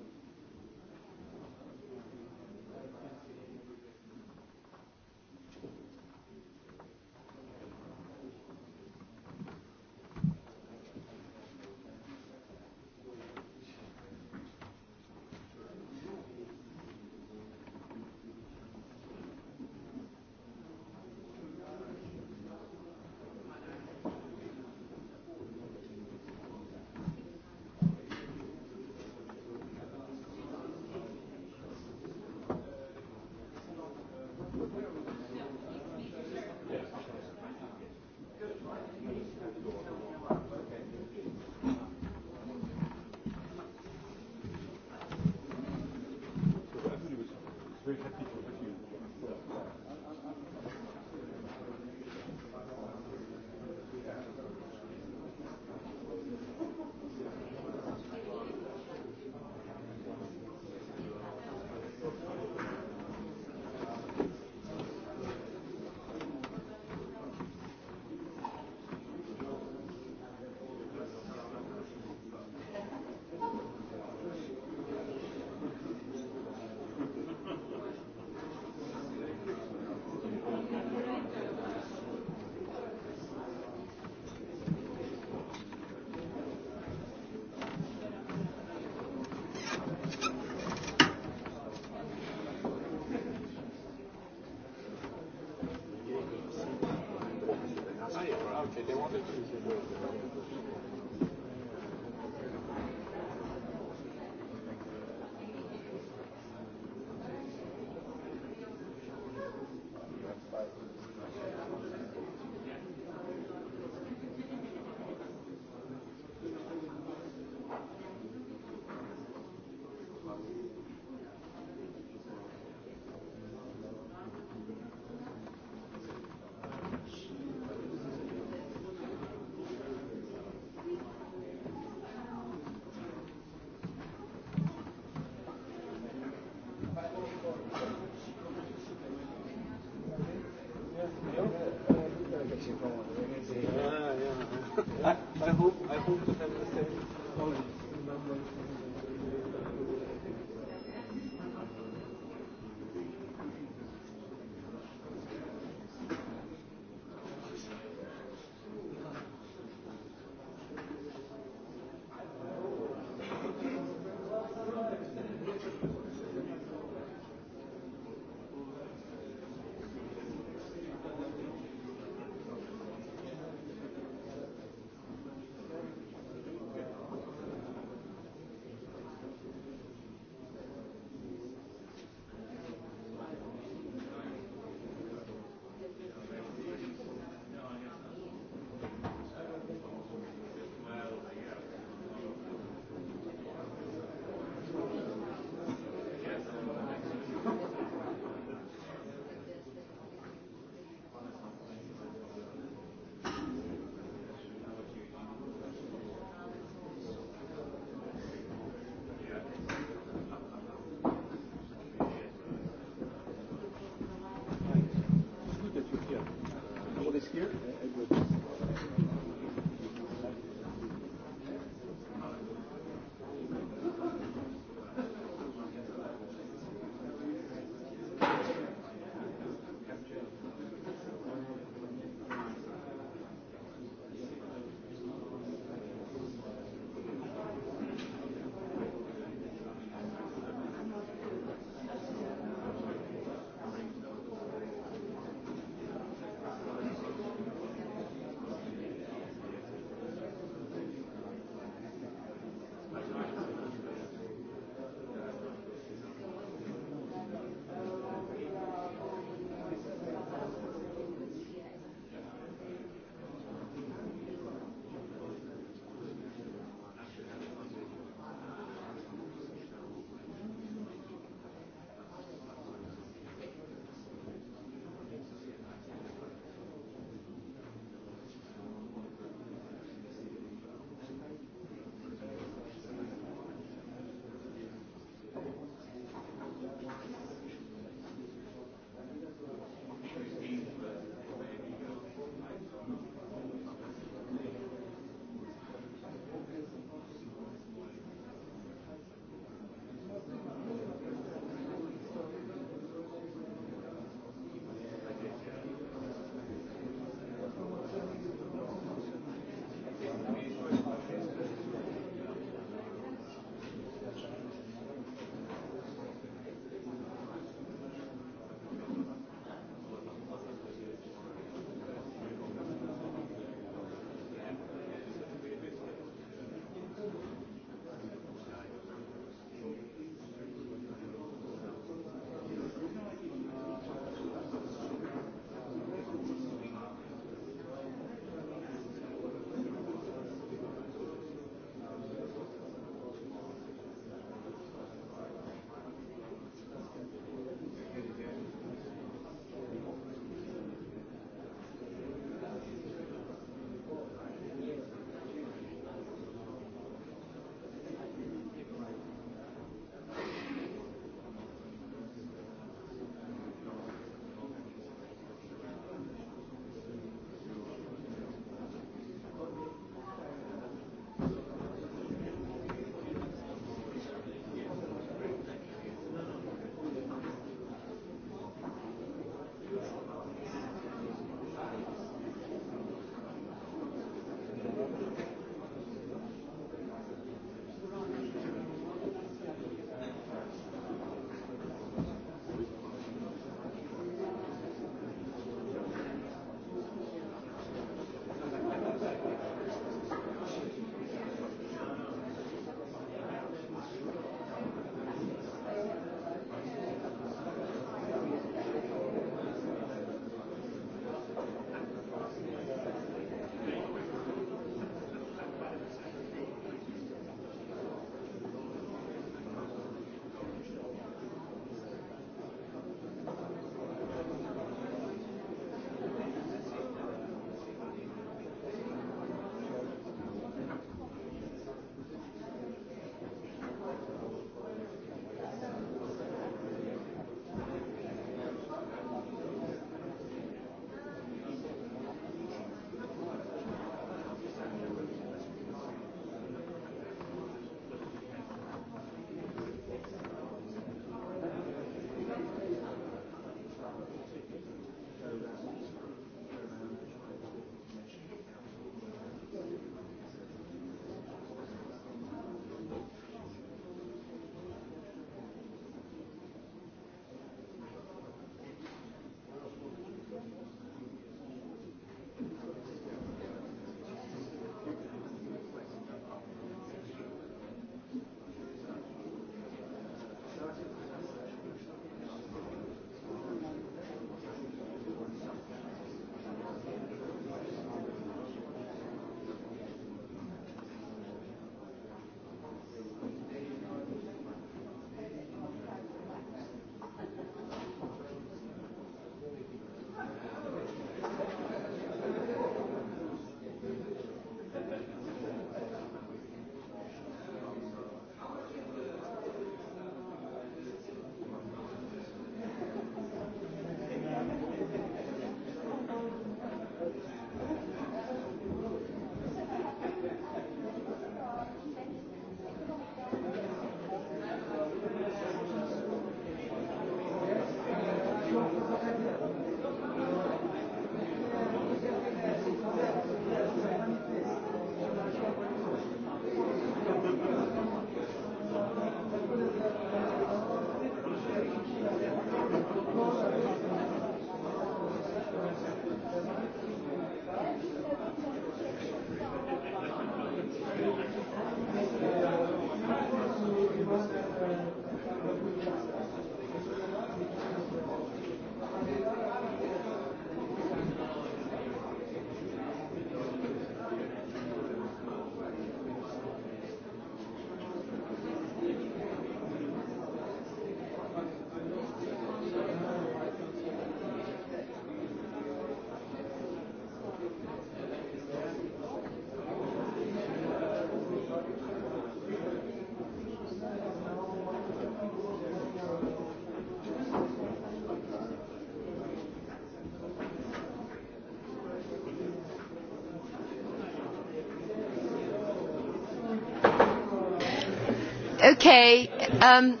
Okay, um...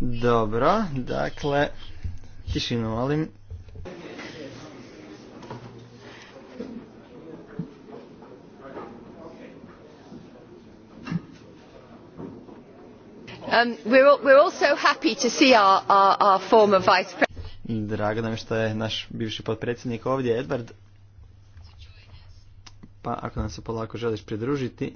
Dobro, dakle, tišinu molim. Um, we're, we're also happy to see our, our, former vice president. Drago nam što je naš bivši potpredsjednik ovdje, Edward. Pa ako nam se polako želiš pridružiti,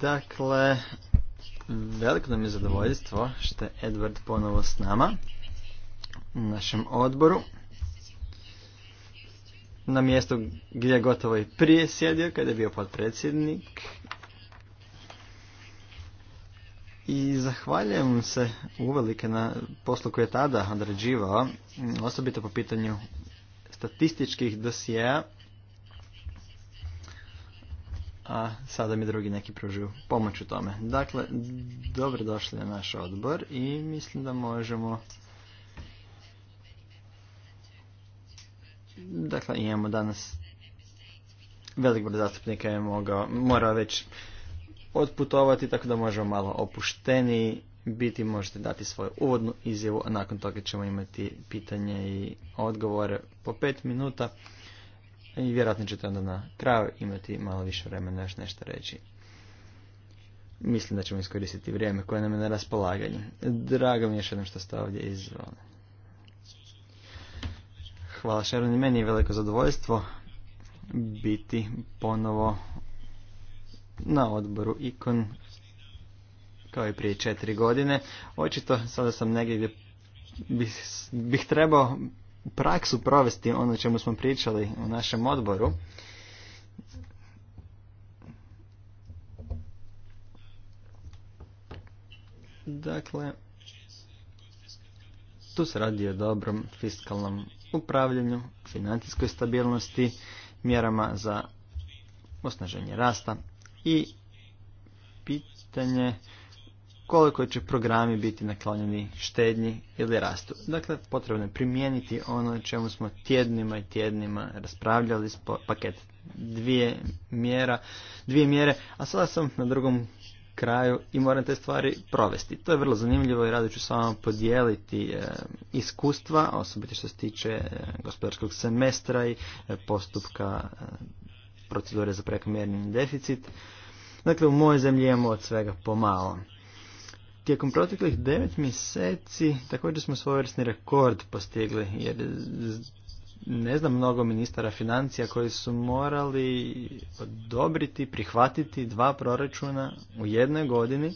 Dakle, veliko nam je zadovoljstvo što je Edward ponovo s nama u našem odboru. Na mjestu gdje je gotovo i prije sjedio kada je bio potpredsjednik. I zahvaljujem se uvelike na poslu koju je tada odrađivao, osobito po pitanju statističkih dosijeja a sada mi drugi neki pružuju pomoć u tome. Dakle, dobro došli na naš odbor i mislim da možemo... Dakle, imamo danas velik broj zastupnika je mogao, morao već otputovati, tako da možemo malo opušteni, biti, možete dati svoju uvodnu izjavu, a nakon toga ćemo imati pitanje i odgovore po pet minuta i vjerojatno ćete onda na kraju imati malo više vremena još nešto reći. Mislim da ćemo iskoristiti vrijeme koje nam je na raspolaganju. Drago mi je još jednom što ste ovdje izvali. Hvala Sharon i meni je veliko zadovoljstvo biti ponovo na odboru ikon kao i prije četiri godine. Očito sada sam negdje gdje bih, bih trebao praksu provesti ono čemu smo pričali u našem odboru. Dakle, tu se radi o dobrom fiskalnom upravljanju, financijskoj stabilnosti, mjerama za osnaženje rasta i pitanje koliko će programi biti naklonjeni štednji ili rastu. Dakle, potrebno je primijeniti ono čemu smo tjednima i tjednima raspravljali paket dvije, mjera, dvije mjere, a sada sam na drugom kraju i moram te stvari provesti. To je vrlo zanimljivo i rado ću s vama podijeliti e, iskustva, osobito što se tiče e, gospodarskog semestra i e, postupka procedure za prekomjerni deficit. Dakle, u mojoj zemlji imamo od svega pomalo. Tijekom proteklih devet mjeseci također smo svojevrsni rekord postigli jer ne znam mnogo ministara financija koji su morali odobriti, prihvatiti dva proračuna u jednoj godini. E,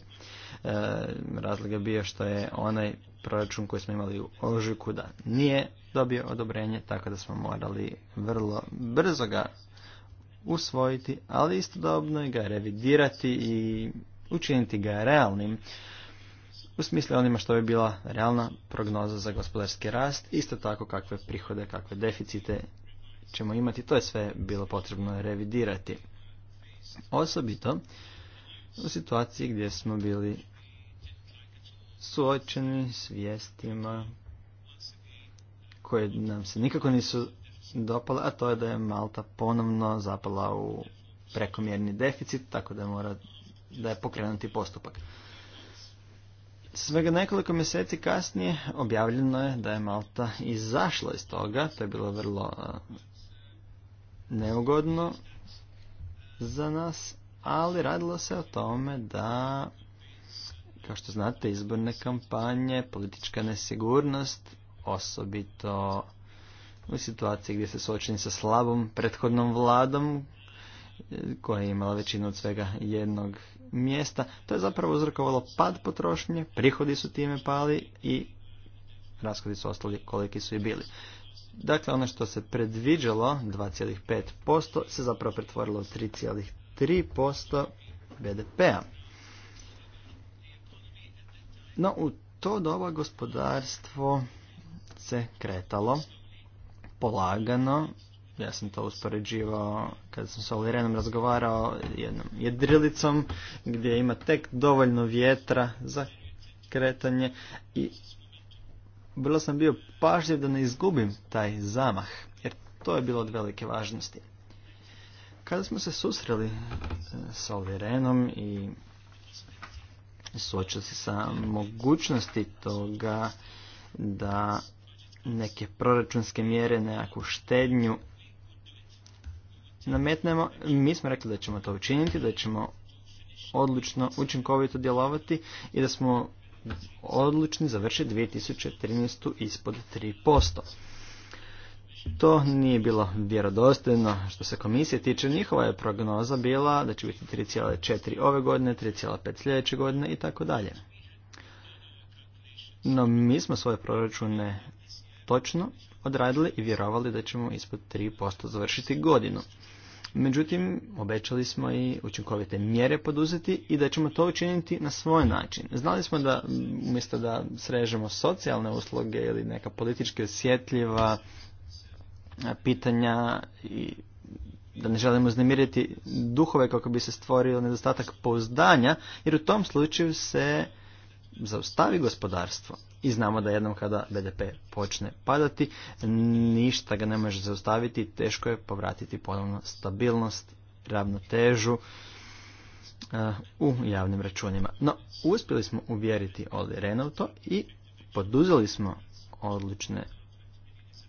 razlog je bio što je onaj proračun koji smo imali u ožujku da nije dobio odobrenje, tako da smo morali vrlo brzo ga usvojiti, ali istodobno ga revidirati i učiniti ga realnim u smislu onima što bi bila realna prognoza za gospodarski rast, isto tako kakve prihode, kakve deficite ćemo imati, to je sve bilo potrebno revidirati. Osobito u situaciji gdje smo bili suočeni s vijestima koje nam se nikako nisu dopale, a to je da je Malta ponovno zapala u prekomjerni deficit, tako da mora da je pokrenuti postupak. Svega nekoliko mjeseci kasnije objavljeno je da je Malta izašla iz toga, to je bilo vrlo neugodno za nas, ali radilo se o tome da, kao što znate, izborne kampanje, politička nesigurnost, osobito u situaciji gdje se suočeni sa slabom prethodnom vladom e, koja je imala većinu od svega jednog mjesta. To je zapravo uzrokovalo pad potrošnje, prihodi su time pali i rashodi su ostali koliki su i bili. Dakle, ono što se predviđalo, 2,5%, se zapravo pretvorilo u 3,3% BDP-a. No, u to doba gospodarstvo se kretalo polagano ja sam to uspoređivao kada sam sa Olirenom razgovarao jednom jedrilicom gdje ima tek dovoljno vjetra za kretanje i vrlo sam bio pažljiv da ne izgubim taj zamah jer to je bilo od velike važnosti. Kada smo se susreli eh, sa Olirenom i suočili se sa mogućnosti toga da neke proračunske mjere, nekakvu štednju nametnemo, mi smo rekli da ćemo to učiniti, da ćemo odlično, učinkovito djelovati i da smo odlični završiti 2013. ispod 3%. To nije bilo vjerodostojno što se komisije tiče. Njihova je prognoza bila da će biti 3,4 ove godine, 3,5 sljedeće godine i tako dalje. No mi smo svoje proračune točno odradili i vjerovali da ćemo ispod 3% završiti godinu. Međutim, obećali smo i učinkovite mjere poduzeti i da ćemo to učiniti na svoj način. Znali smo da mm, umjesto da srežemo socijalne usluge ili neka politički osjetljiva e, pitanja i da ne želimo znamiriti duhove kako bi se stvorio nedostatak pouzdanja, jer u tom slučaju se zaustavi gospodarstvo i znamo da jednom kada BDP počne padati, ništa ga ne može zaustaviti, teško je povratiti ponovno stabilnost, ravnotežu eh, u javnim računima. No, uspjeli smo uvjeriti Oli Renovto i poduzeli smo odlične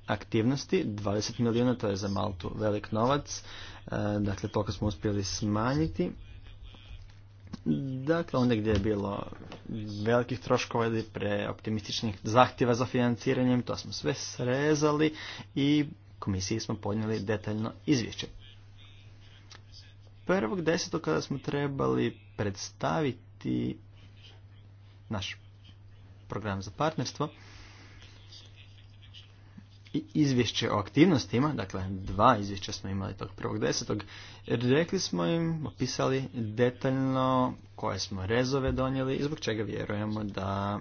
aktivnosti, 20 milijuna, to je za Maltu velik novac, eh, dakle toliko smo uspjeli smanjiti Dakle, onda gdje je bilo velikih troškova ili preoptimističnih zahtjeva za financiranjem, to smo sve srezali i komisiji smo podnijeli detaljno izvješće. Prvog desetog kada smo trebali predstaviti naš program za partnerstvo, izvješće o aktivnostima, dakle dva izvješća smo imali tog prvog desetog, rekli smo im, opisali detaljno koje smo rezove donijeli i zbog čega vjerujemo da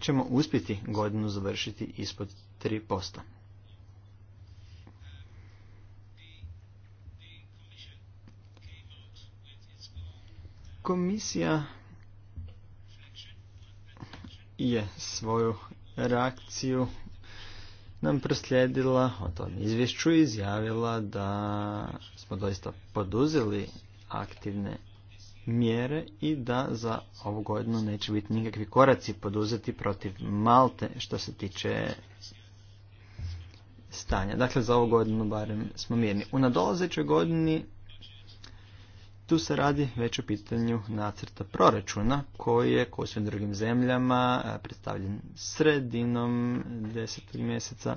ćemo uspjeti godinu završiti ispod 3%. Komisija je svoju reakciju nam proslijedila o tom izvješću i izjavila da smo doista poduzeli aktivne mjere i da za ovu godinu neće biti nikakvi koraci poduzeti protiv Malte što se tiče stanja. Dakle, za ovu godinu barem smo mirni. U nadolazećoj godini tu se radi već o pitanju nacrta proračuna koji je, kao svim drugim zemljama, predstavljen sredinom desetog mjeseca.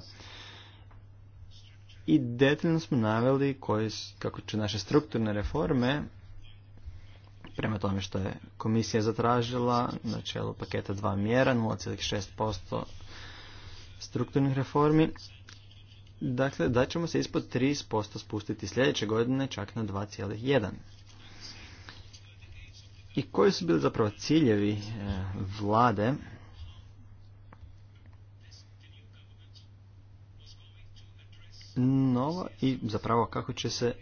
I detaljno smo naveli koji, kako će naše strukturne reforme prema tome što je komisija zatražila na čelu paketa dva mjera 0,6% strukturnih reformi dakle da ćemo se ispod 3% spustiti sljedeće godine čak na 2,1% i koji su bili zapravo ciljevi e, vlade nova i zapravo kako će se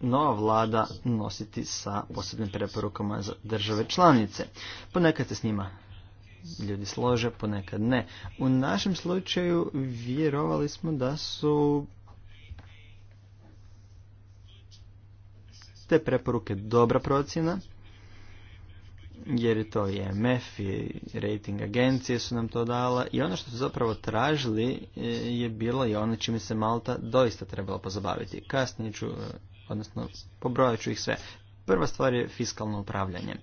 nova vlada nositi sa posebnim preporukama za države članice. Ponekad se s njima ljudi slože, ponekad ne. U našem slučaju vjerovali smo da su te preporuke dobra procjena jer je to i e MF i rating agencije su nam to dala i ono što su zapravo tražili e, je bilo i ono čime se Malta doista trebala pozabaviti. Kasnije ću, e, odnosno pobrojat ću ih sve. Prva stvar je fiskalno upravljanje.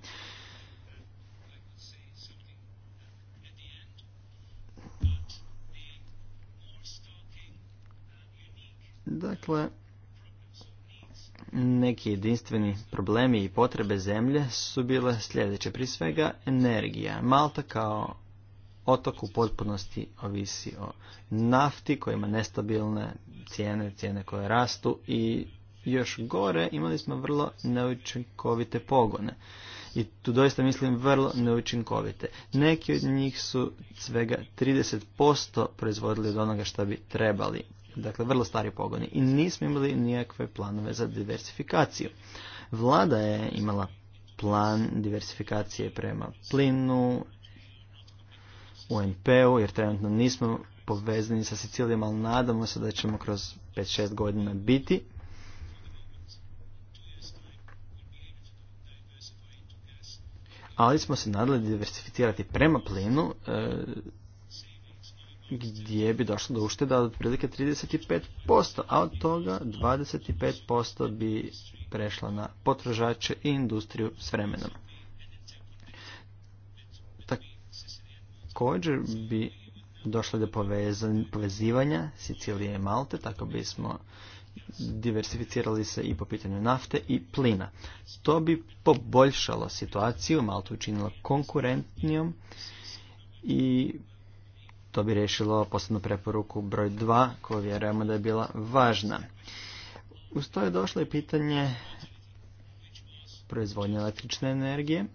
Dakle, neki jedinstveni problemi i potrebe zemlje su bile sljedeće. Prije svega energija. Malta kao otok u potpunosti ovisi o nafti koja ima nestabilne cijene, cijene koje rastu i još gore imali smo vrlo neučinkovite pogone. I tu doista mislim vrlo neučinkovite. Neki od njih su svega 30% proizvodili od onoga što bi trebali dakle vrlo stari pogoni i nismo imali nikakve planove za diversifikaciju. Vlada je imala plan diversifikacije prema plinu, UNP-u, jer trenutno nismo povezani sa Sicilijom, ali nadamo se da ćemo kroz 5-6 godina biti. Ali smo se nadali diversificirati prema plinu, e, gdje bi došlo do ušteda od prilike 35%, a od toga 25% bi prešla na potrošače i industriju s vremenom. Također bi došlo do povezivanja Sicilije i Malte, tako bismo diversificirali se i po pitanju nafte i plina. To bi poboljšalo situaciju, Maltu učinilo konkurentnijom i to bi riješilo posebnu preporuku broj 2 koju vjerujemo da je bila važna. Uz to je došlo i pitanje proizvodnje električne energije.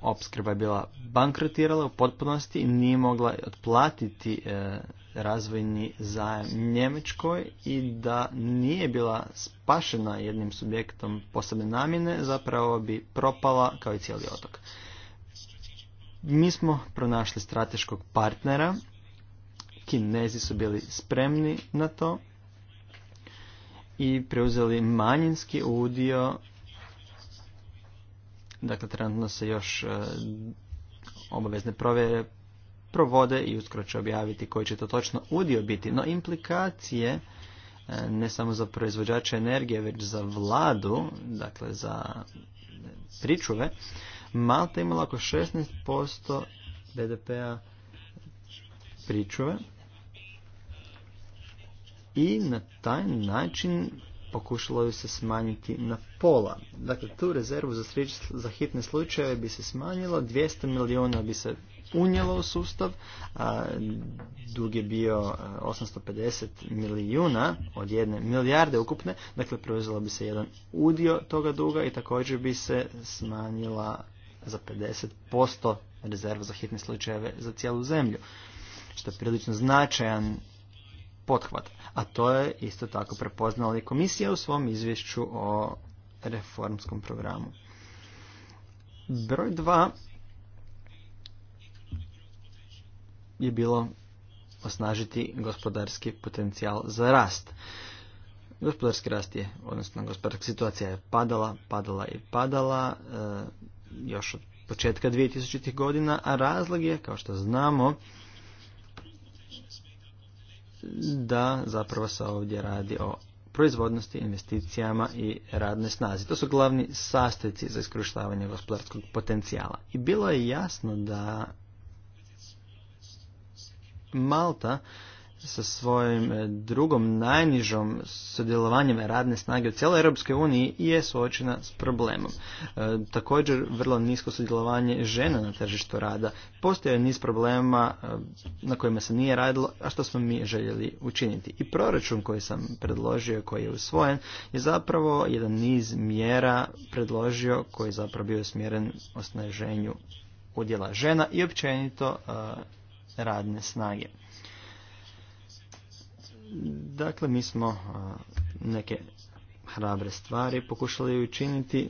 opskrba je bila bankrotirala u potpunosti i nije mogla otplatiti e, razvojni zajem Njemačkoj i da nije bila spašena jednim subjektom posebne namjene, zapravo bi propala kao i cijeli otok. Mi smo pronašli strateškog partnera, Kinezi su bili spremni na to i preuzeli manjinski udio, dakle trenutno se još e, obavezne provjere provode i uskoro će objaviti koji će to točno udio biti, no implikacije e, ne samo za proizvođače energije, već za vladu, dakle za pričuve, Malta imala oko 16% BDP-a pričuve i na taj način pokušalo bi se smanjiti na pola. Dakle, tu rezervu za, za hitne slučajeve bi se smanjilo, 200 milijuna bi se unijelo u sustav, a, dug je bio 850 e, milijuna od jedne milijarde ukupne, dakle preuzela bi se jedan udio toga duga i također bi se smanjila za 50% rezerva za hitne slučajeve za cijelu zemlju, što je prilično značajan pothvat. A to je isto tako prepoznala i komisija u svom izvješću o reformskom programu. Broj 2 je bilo osnažiti gospodarski potencijal za rast. Gospodarski rast je, odnosno gospodarska situacija je padala, padala i padala. E, još od početka 2000. godina, a razlog je, kao što znamo, da zapravo se ovdje radi o proizvodnosti, investicijama i radnoj snazi. To su glavni sastojci za iskorištavanje gospodarskog potencijala. I bilo je jasno da Malta sa svojim e, drugom najnižom sudjelovanjem radne snage u cijeloj Europskoj uniji je suočena s problemom. E, također vrlo nisko sudjelovanje žena na tržištu rada. Postoje niz problema e, na kojima se nije radilo, a što smo mi željeli učiniti. I proračun koji sam predložio, koji je usvojen, je zapravo jedan niz mjera predložio koji je zapravo bio smjeren osnaženju udjela žena i općenito radne snage. Dakle, mi smo neke hrabre stvari pokušali učiniti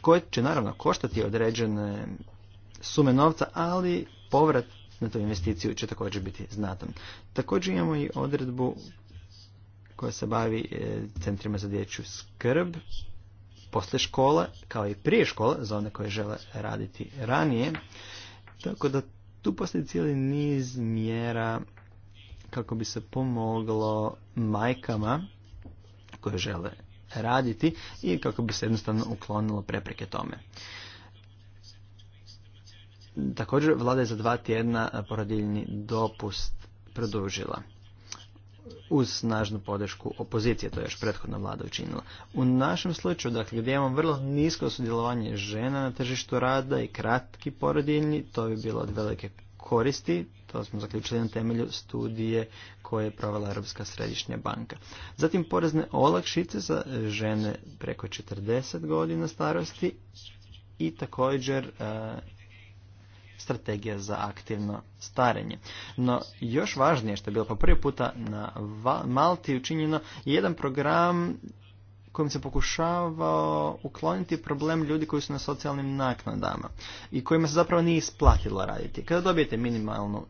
koje će naravno koštati određene sume novca, ali povrat na tu investiciju će također biti znatan. Također imamo i odredbu koja se bavi e, centrima za dječju skrb poslije škole, kao i prije škole, za one koje žele raditi ranije. Tako da tu postoji cijeli niz mjera kako bi se pomoglo majkama koje žele raditi i kako bi se jednostavno uklonilo prepreke tome. Također, vlada je za dva tjedna porodiljni dopust produžila uz snažnu podršku opozicije, to je još prethodna vlada učinila. U našem slučaju, dakle, gdje imamo vrlo nisko sudjelovanje žena na tržištu rada i kratki porodiljni, to bi bilo od velike koristi, to smo zaključili na temelju studije koje je provela Europska središnja banka. Zatim porezne olakšice za žene preko 40 godina starosti i također e, strategija za aktivno starenje. No, još važnije što je bilo po prvi puta na Malti učinjeno jedan program kojim se pokušava ukloniti problem ljudi koji su na socijalnim naknadama i kojima se zapravo nije isplatilo raditi. Kada dobijete minimalnu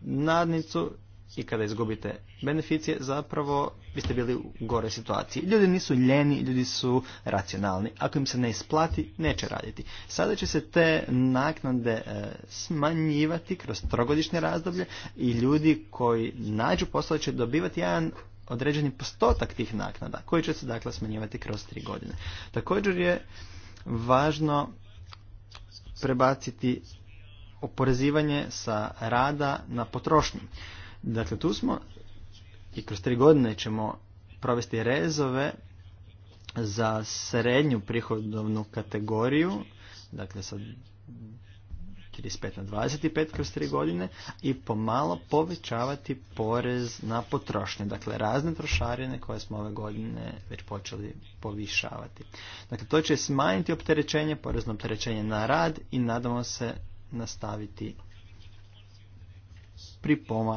nadnicu i kada izgubite beneficije, zapravo biste bili u gore situaciji. Ljudi nisu ljeni, ljudi su racionalni. Ako im se ne isplati, neće raditi. Sada će se te naknade e, smanjivati kroz trogodišnje razdoblje i ljudi koji nađu posao će dobivati jedan određeni postotak tih naknada koji će se dakle smanjivati kroz tri godine. Također je važno prebaciti oporezivanje sa rada na potrošnju. Dakle, tu smo i kroz tri godine ćemo provesti rezove za srednju prihodovnu kategoriju, dakle sa 35 na 25 kroz 3 godine i pomalo povećavati porez na potrošnje. Dakle, razne trošarine koje smo ove godine već počeli povišavati. Dakle, to će smanjiti opterećenje, porezno opterećenje na rad i nadamo se nastaviti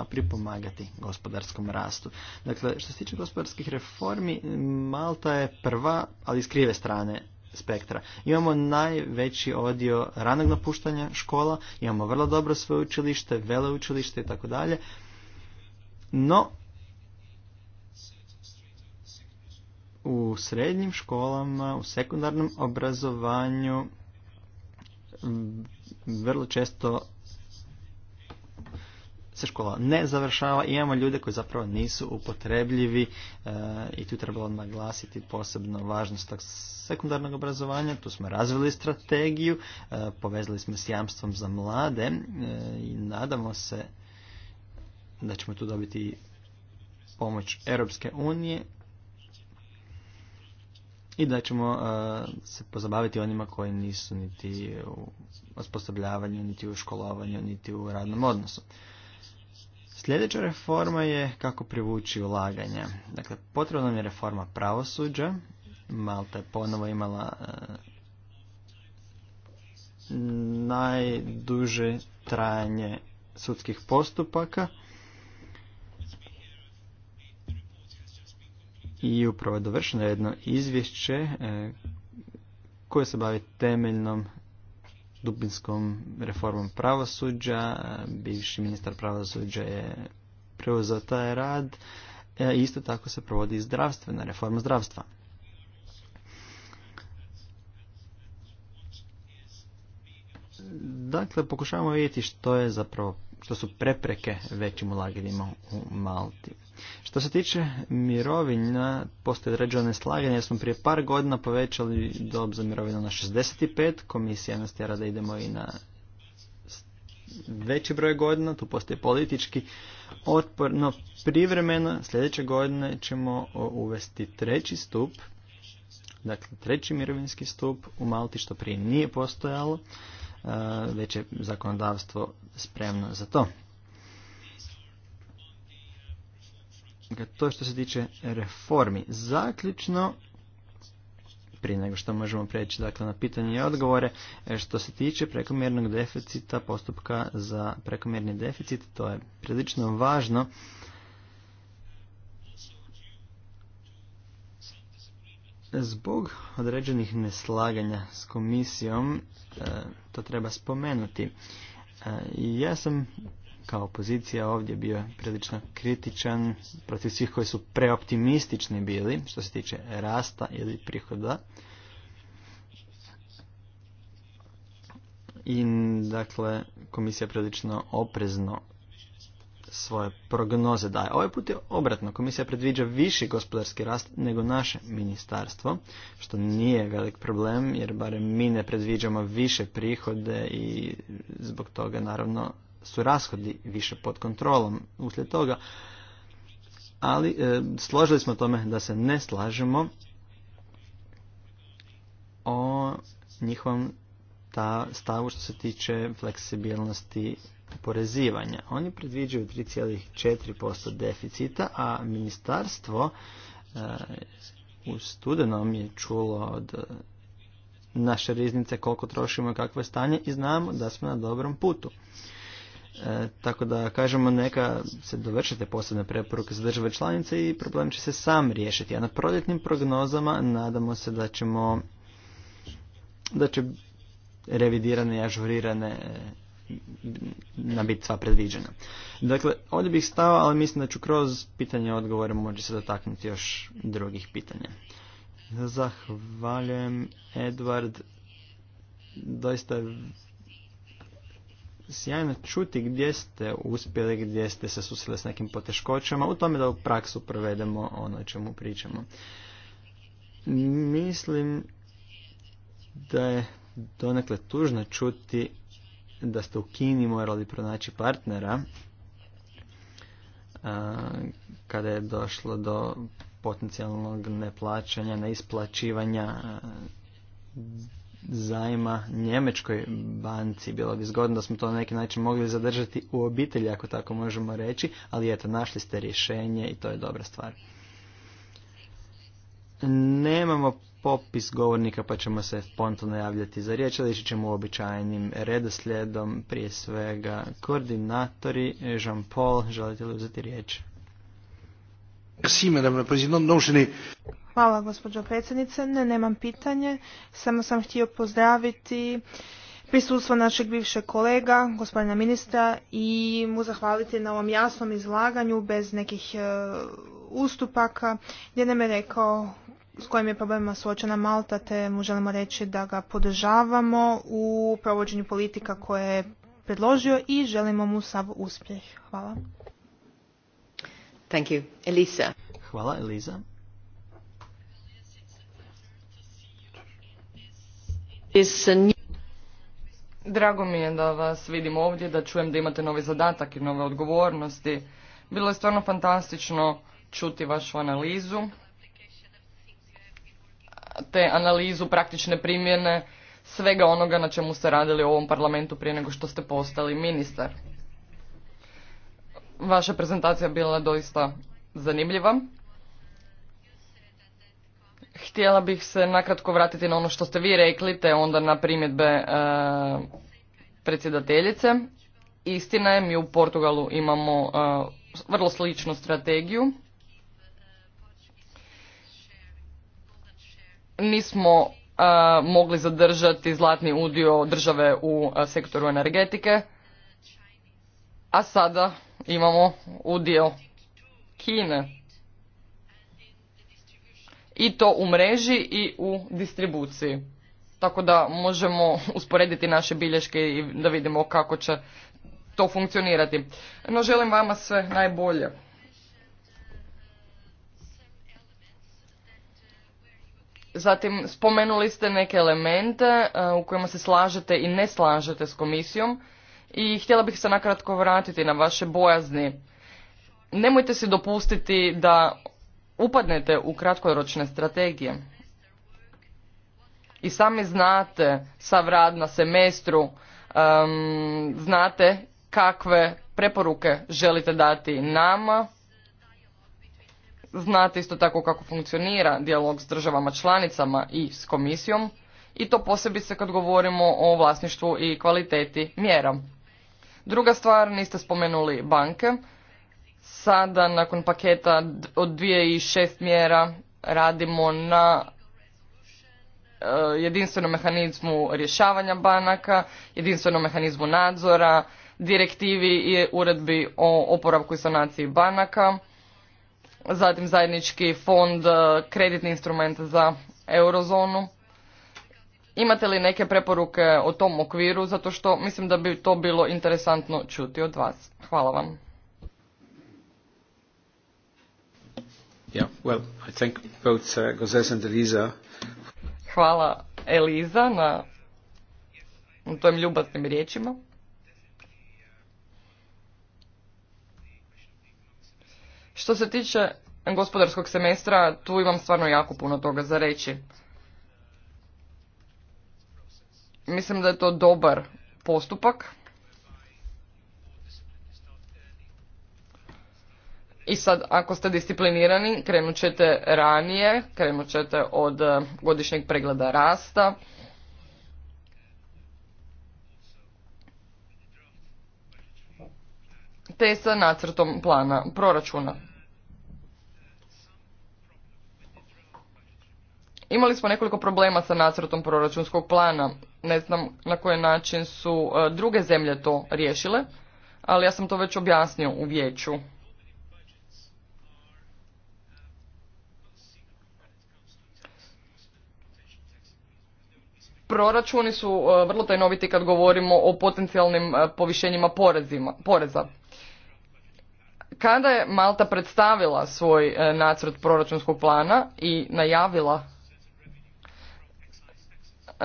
pripomagati gospodarskom rastu. Dakle, što se tiče gospodarskih reformi, Malta je prva, ali s krive strane spektra. Imamo najveći odio ranog napuštanja škola, imamo vrlo dobro sveučilište, veleučilište i tako dalje. No, u srednjim školama, u sekundarnom obrazovanju vrlo često se škola ne završava i imamo ljude koji zapravo nisu upotrebljivi e, i tu trebalo naglasiti posebno važnost sekundarnog obrazovanja. Tu smo razvili strategiju, e, povezali smo s jamstvom za mlade e, i nadamo se da ćemo tu dobiti pomoć Europske unije i da ćemo se pozabaviti onima koji nisu niti u osposobljavanju, niti u školovanju, niti u radnom odnosu. Sljedeća reforma je kako privući ulaganja. Dakle, potrebna je reforma pravosuđa. Malta je ponovo imala e, najduže trajanje sudskih postupaka i upravo je dovršeno jedno izvješće e, koje se bavi temeljnom dubinskom reformom pravosuđa. Bivši ministar pravosuđa je preuzeo taj rad. E, isto tako se provodi i zdravstvena reforma zdravstva. Dakle, pokušavamo vidjeti što je zapravo što su prepreke većim ulaganjima u Malti. Što se tiče mirovina, postoje određene slaganje jer smo prije par godina povećali dob za mirovinu na 65, komisija nas tjera da idemo i na veći broj godina, tu postoji politički otpor, no privremeno sljedeće godine ćemo uvesti treći stup, dakle treći mirovinski stup u Malti što prije nije postojalo već je zakonodavstvo spremno za to. Dakle, to što se tiče reformi. Zaključno, prije nego što možemo preći dakle, na pitanje i odgovore, e, što se tiče prekomjernog deficita, postupka za prekomjerni deficit, to je prilično važno Zbog određenih neslaganja s komisijom, e, to treba spomenuti. E, ja sam kao opozicija ovdje bio prilično kritičan protiv svih koji su preoptimistični bili što se tiče rasta ili prihoda. I dakle, komisija prilično oprezno svoje prognoze daje. Ovaj put je obratno. Komisija predviđa viši gospodarski rast nego naše ministarstvo, što nije velik problem, jer barem mi ne predviđamo više prihode i zbog toga naravno su rashodi više pod kontrolom uslijed toga. Ali e, složili smo tome da se ne slažemo o njihovom ta stavu što se tiče fleksibilnosti oporezivanja. Oni predviđaju 3,4% deficita, a ministarstvo eh, u studenom je čulo od eh, naše riznice koliko trošimo i kakvo je stanje i znamo da smo na dobrom putu. E, tako da kažemo neka se dovršite posebne preporuke za države članice i problem će se sam riješiti. A na proljetnim prognozama nadamo se da ćemo da će revidirane i ažurirane na biti sva predviđena. Dakle, ovdje bih stao, ali mislim da ću kroz pitanje odgovore moći se dotaknuti još drugih pitanja. Zahvaljujem, Edward. Doista je sjajno čuti gdje ste uspjeli, gdje ste se susreli s nekim poteškoćama, u tome da u praksu provedemo ono o čemu pričamo. Mislim da je donekle tužno čuti da ste u Kini morali pronaći partnera kada je došlo do potencijalnog neplaćanja, neisplaćivanja zajma njemečkoj banci. Bilo bi zgodno da smo to na neki način mogli zadržati u obitelji, ako tako možemo reći, ali eto, našli ste rješenje i to je dobra stvar. Nemamo popis govornika pa ćemo se spontano javljati za riječ, ali ići ćemo uobičajenim redoslijedom, prije svega koordinatori, Jean-Paul, želite li uzeti riječ? Hvala gospođo predsjednice, ne, nemam pitanje, samo sam htio pozdraviti prisustvo našeg bivšeg kolega, gospodina ministra, i mu zahvaliti na ovom jasnom izlaganju bez nekih e, ustupaka, gdje nam je rekao s kojim je problemima suočena Malta, te mu želimo reći da ga podržavamo u provođenju politika koje je predložio i želimo mu sav uspjeh. Hvala. Thank you. Elisa. Hvala, Elisa. Drago mi je da vas vidim ovdje, da čujem da imate novi zadatak i nove odgovornosti. Bilo je stvarno fantastično čuti vašu analizu te analizu praktične primjene svega onoga na čemu ste radili u ovom parlamentu prije nego što ste postali ministar. Vaša prezentacija bila doista zanimljiva. Htjela bih se nakratko vratiti na ono što ste vi rekli, te onda na primjedbe e, predsjedateljice. Istina je, mi u Portugalu imamo e, vrlo sličnu strategiju nismo e, mogli zadržati zlatni udio države u e, sektoru energetike, a sada imamo udio Kine. I to u mreži i u distribuciji. Tako da možemo usporediti naše bilješke i da vidimo kako će to funkcionirati. No želim vama sve najbolje. Zatim spomenuli ste neke elemente e, u kojima se slažete i ne slažete s komisijom i htjela bih se nakratko vratiti na vaše bojazni. Nemojte si dopustiti da upadnete u kratkoročne strategije. I sami znate sav rad na semestru, znate kakve preporuke želite dati nama Znate isto tako kako funkcionira dijalog s državama članicama i s komisijom i to posebice kad govorimo o vlasništvu i kvaliteti mjera. Druga stvar, niste spomenuli banke. Sada, nakon paketa od dvije i šest mjera, radimo na e, jedinstvenom mehanizmu rješavanja banaka, jedinstvenom mehanizmu nadzora, direktivi i uredbi o oporavku i sanaciji banaka zatim zajednički fond, e, kreditni instrument za eurozonu. Imate li neke preporuke o tom okviru, zato što mislim da bi to bilo interesantno čuti od vas. Hvala vam. well, I both, uh, and Hvala Eliza na, tojim riječima. Što se tiče gospodarskog semestra, tu imam stvarno jako puno toga za reći. Mislim da je to dobar postupak. I sad, ako ste disciplinirani, krenut ćete ranije, krenut ćete od e, godišnjeg pregleda rasta. Te sa nacrtom plana proračuna. Imali smo nekoliko problema sa nacrtom proračunskog plana. Ne znam na koji način su e, druge zemlje to riješile, ali ja sam to već objasnio u vijeću. Proračuni su e, vrlo tajnoviti kad govorimo o potencijalnim e, povišenjima poreza. Kada je Malta predstavila svoj nacrt proračunskog plana i najavila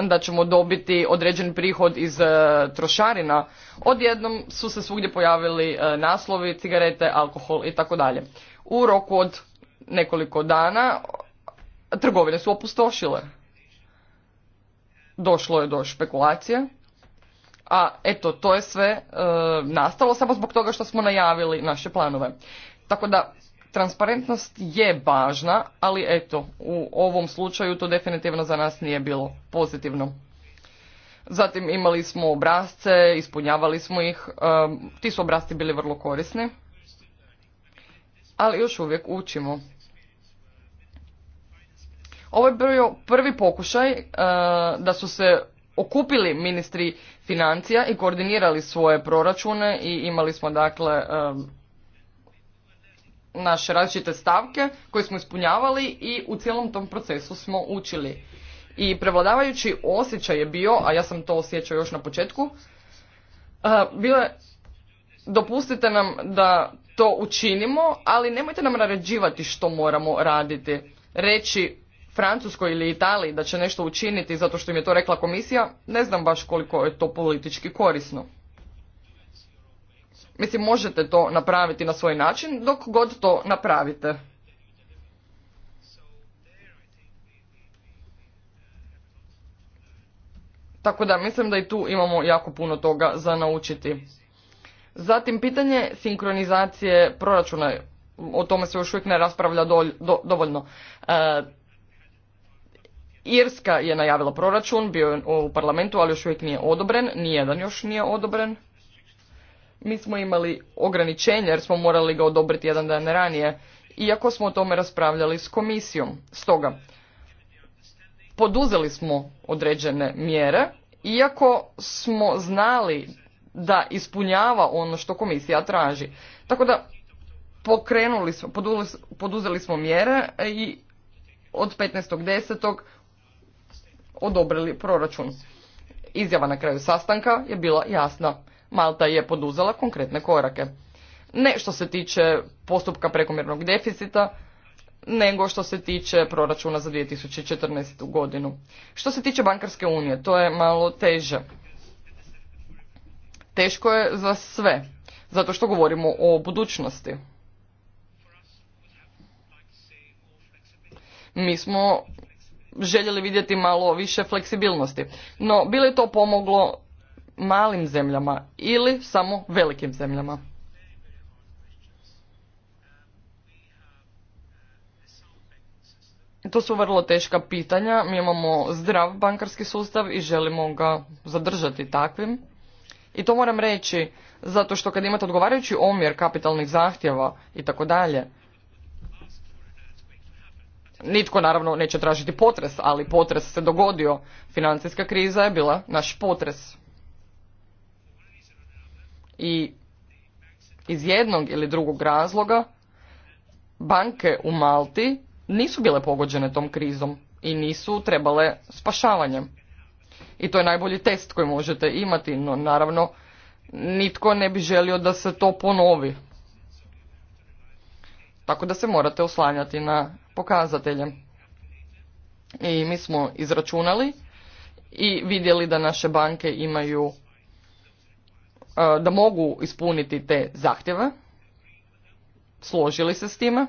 da ćemo dobiti određen prihod iz e, trošarina, odjednom su se svugdje pojavili e, naslovi, cigarete, alkohol i tako dalje. U roku od nekoliko dana e, trgovine su opustošile. Došlo je do špekulacije. A eto, to je sve nastalo samo zbog toga što smo najavili naše planove. Tako da transparentnost je važna, ali eto, u ovom slučaju to definitivno za nas nije bilo pozitivno. Zatim imali smo obrazce, ispunjavali smo ih, um, ti su obrazci bili vrlo korisni, ali još uvijek učimo. Ovo je bio prvi pokušaj uh, da su se okupili ministri financija i koordinirali svoje proračune i imali smo dakle um, naše različite stavke koje smo ispunjavali i u cijelom tom procesu smo učili. I prevladavajući osjećaj je bio, a ja sam to osjećao još na početku, uh, bilo je dopustite nam da to učinimo, ali nemojte nam naređivati što moramo raditi. Reći Francuskoj ili Italiji da će nešto učiniti zato što im je to rekla komisija, ne znam baš koliko je to politički korisno. Mislim, možete to napraviti na svoj način dok god to napravite. Tako da mislim da i tu imamo jako puno toga za naučiti. Zatim pitanje sinkronizacije proračuna, o tome se još uvijek ne raspravlja dovoljno. E, Irska je najavila proračun, bio je u parlamentu, ali još uvijek nije odobren, nijedan još nije odobren mi smo imali ograničenje jer smo morali ga odobriti jedan dan ranije, iako smo o tome raspravljali s komisijom. Stoga, poduzeli smo određene mjere, iako smo znali da ispunjava ono što komisija traži. Tako da, pokrenuli smo, poduzeli smo mjere i od 15.10. odobrili proračun. Izjava na kraju sastanka je bila jasna. Malta je poduzela konkretne korake. Ne što se tiče postupka prekomjernog deficita, nego što se tiče proračuna za 2014. godinu. Što se tiče bankarske unije, to je malo teže. Teško je za sve, zato što govorimo o budućnosti. Mi smo željeli vidjeti malo više fleksibilnosti, no bi li to pomoglo malim zemljama ili samo velikim zemljama? To su vrlo teška pitanja. Mi imamo zdrav bankarski sustav i želimo ga zadržati takvim. I to moram reći, zato što kad imate odgovarajući omjer kapitalnih zahtjeva i tako dalje, nitko naravno neće tražiti potres, ali potres se dogodio. Financijska kriza je bila naš potres. I iz jednog ili drugog razloga banke u Malti nisu bile pogođene tom krizom i nisu trebale spašavanje. I to je najbolji test koji možete imati, no naravno nitko ne bi želio da se to ponovi. Tako da se morate oslanjati na pokazatelje. I mi smo izračunali i vidjeli da naše banke imaju E, da mogu ispuniti te zahtjeve, složili se s time.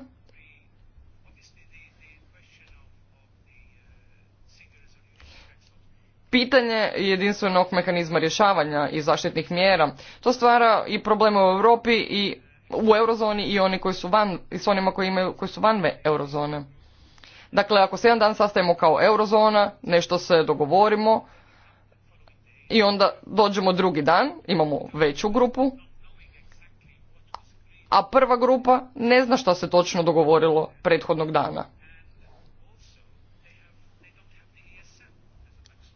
Pitanje jedinstvenog mehanizma rješavanja i zaštitnih mjera, to stvara i probleme u Europi i u eurozoni i oni koji su van, i s onima koji, imaju, koji su van eurozone. Dakle, ako se jedan dan sastajemo kao eurozona, nešto se dogovorimo, i onda dođemo drugi dan, imamo veću grupu, a prva grupa ne zna šta se točno dogovorilo prethodnog dana.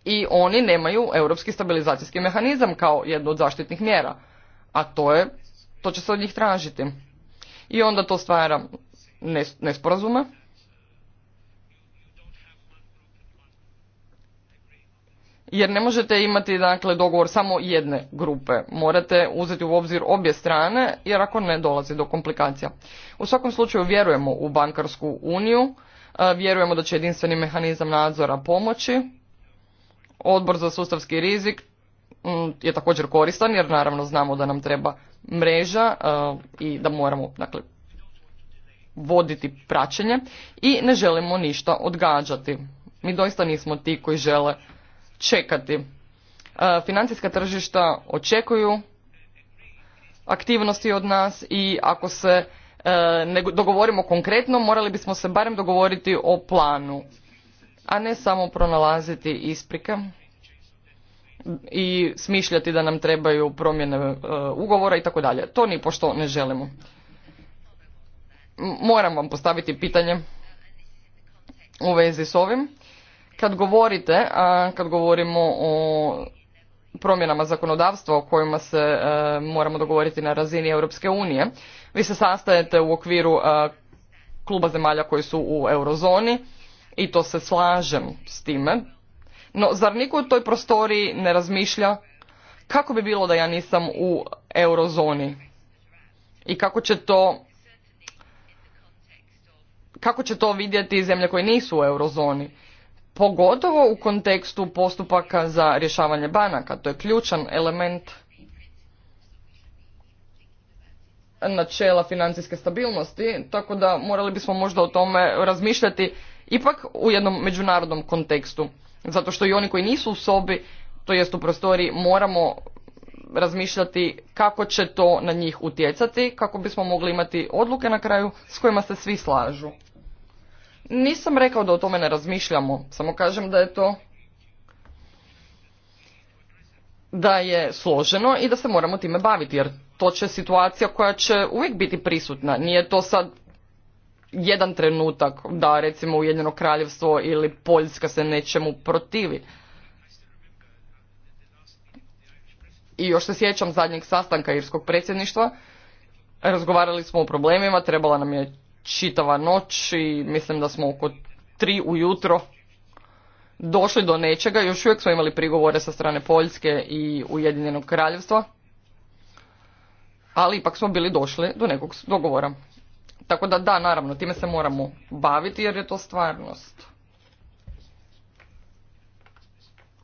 I oni nemaju europski stabilizacijski mehanizam kao jednu od zaštitnih mjera, a to je, to će se od njih tražiti. I onda to stvara nesporazume. jer ne možete imati dakle dogovor samo jedne grupe. Morate uzeti u obzir obje strane jer ako ne dolazi do komplikacija. U svakom slučaju vjerujemo u bankarsku uniju, e, vjerujemo da će jedinstveni mehanizam nadzora pomoći. Odbor za sustavski rizik mm, je također koristan jer naravno znamo da nam treba mreža e, i da moramo dakle voditi praćenje i ne želimo ništa odgađati. Mi doista nismo ti koji žele čekati. E, financijska tržišta očekuju aktivnosti od nas i ako se e, ne dogovorimo konkretno, morali bismo se barem dogovoriti o planu, a ne samo pronalaziti isprike i smišljati da nam trebaju promjene e, ugovora i tako dalje. To ni pošto ne želimo. Moram vam postaviti pitanje u vezi s ovim. Kad govorite, a kad govorimo o promjenama zakonodavstva o kojima se e, moramo dogovoriti na razini Europske unije, vi se sastajete u okviru e, kluba zemalja koji su u eurozoni i to se slažem s time. No, zar niko u toj prostoriji ne razmišlja kako bi bilo da ja nisam u eurozoni i kako će to kako će to vidjeti zemlje koje nisu u eurozoni pogotovo u kontekstu postupaka za rješavanje banaka. To je ključan element načela financijske stabilnosti, tako da morali bismo možda o tome razmišljati ipak u jednom međunarodnom kontekstu. Zato što i oni koji nisu u sobi, to jest u prostoriji, moramo razmišljati kako će to na njih utjecati, kako bismo mogli imati odluke na kraju s kojima se svi slažu. Nisam rekao da o tome ne razmišljamo, samo kažem da je to da je složeno i da se moramo time baviti, jer to će situacija koja će uvijek biti prisutna. Nije to sad jedan trenutak da recimo Ujedinjeno kraljevstvo ili Poljska se nečemu protivi. I još se sjećam zadnjeg sastanka irskog predsjedništva. Razgovarali smo o problemima, trebala nam je čitava noć i mislim da smo oko tri ujutro došli do nečega. Još uvijek smo imali prigovore sa strane Poljske i Ujedinjenog kraljevstva, ali ipak smo bili došli do nekog dogovora. Tako da da, naravno, time se moramo baviti jer je to stvarnost.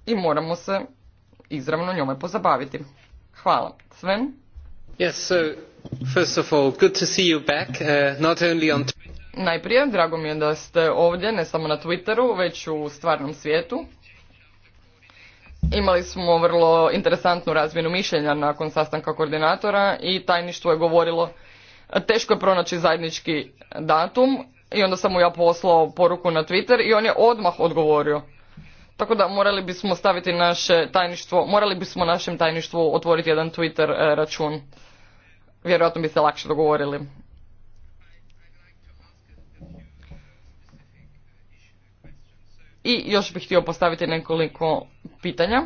I moramo se izravno njome pozabaviti. Hvala. Sven? Najprije, drago mi je da ste ovdje, ne samo na Twitteru, već u stvarnom svijetu. Imali smo vrlo interesantnu razmjenu mišljenja nakon sastanka koordinatora i tajništvo je govorilo teško je pronaći zajednički datum i onda sam mu ja poslao poruku na Twitter i on je odmah odgovorio. Tako da morali bismo staviti naše tajništvo, morali bismo našem tajništvu otvoriti jedan Twitter e, račun vjerojatno bi se lakše dogovorili. I još bih htio postaviti nekoliko pitanja.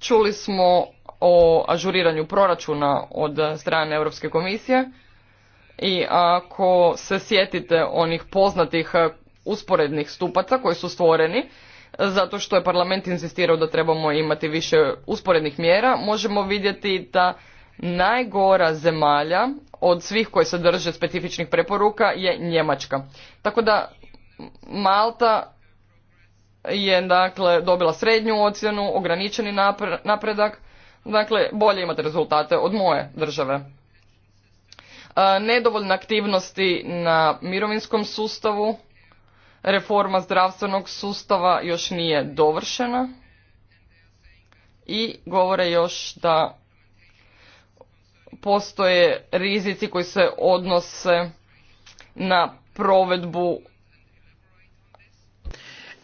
Čuli smo o ažuriranju proračuna od strane Europske komisije i ako se sjetite onih poznatih usporednih stupaca koji su stvoreni, zato što je parlament insistirao da trebamo imati više usporednih mjera, možemo vidjeti da najgora zemalja od svih koje se drže specifičnih preporuka je Njemačka. Tako da Malta je dakle dobila srednju ocjenu, ograničeni napredak, dakle bolje imate rezultate od moje države. E, nedovoljne aktivnosti na mirovinskom sustavu, reforma zdravstvenog sustava još nije dovršena i govore još da postoje rizici koji se odnose na provedbu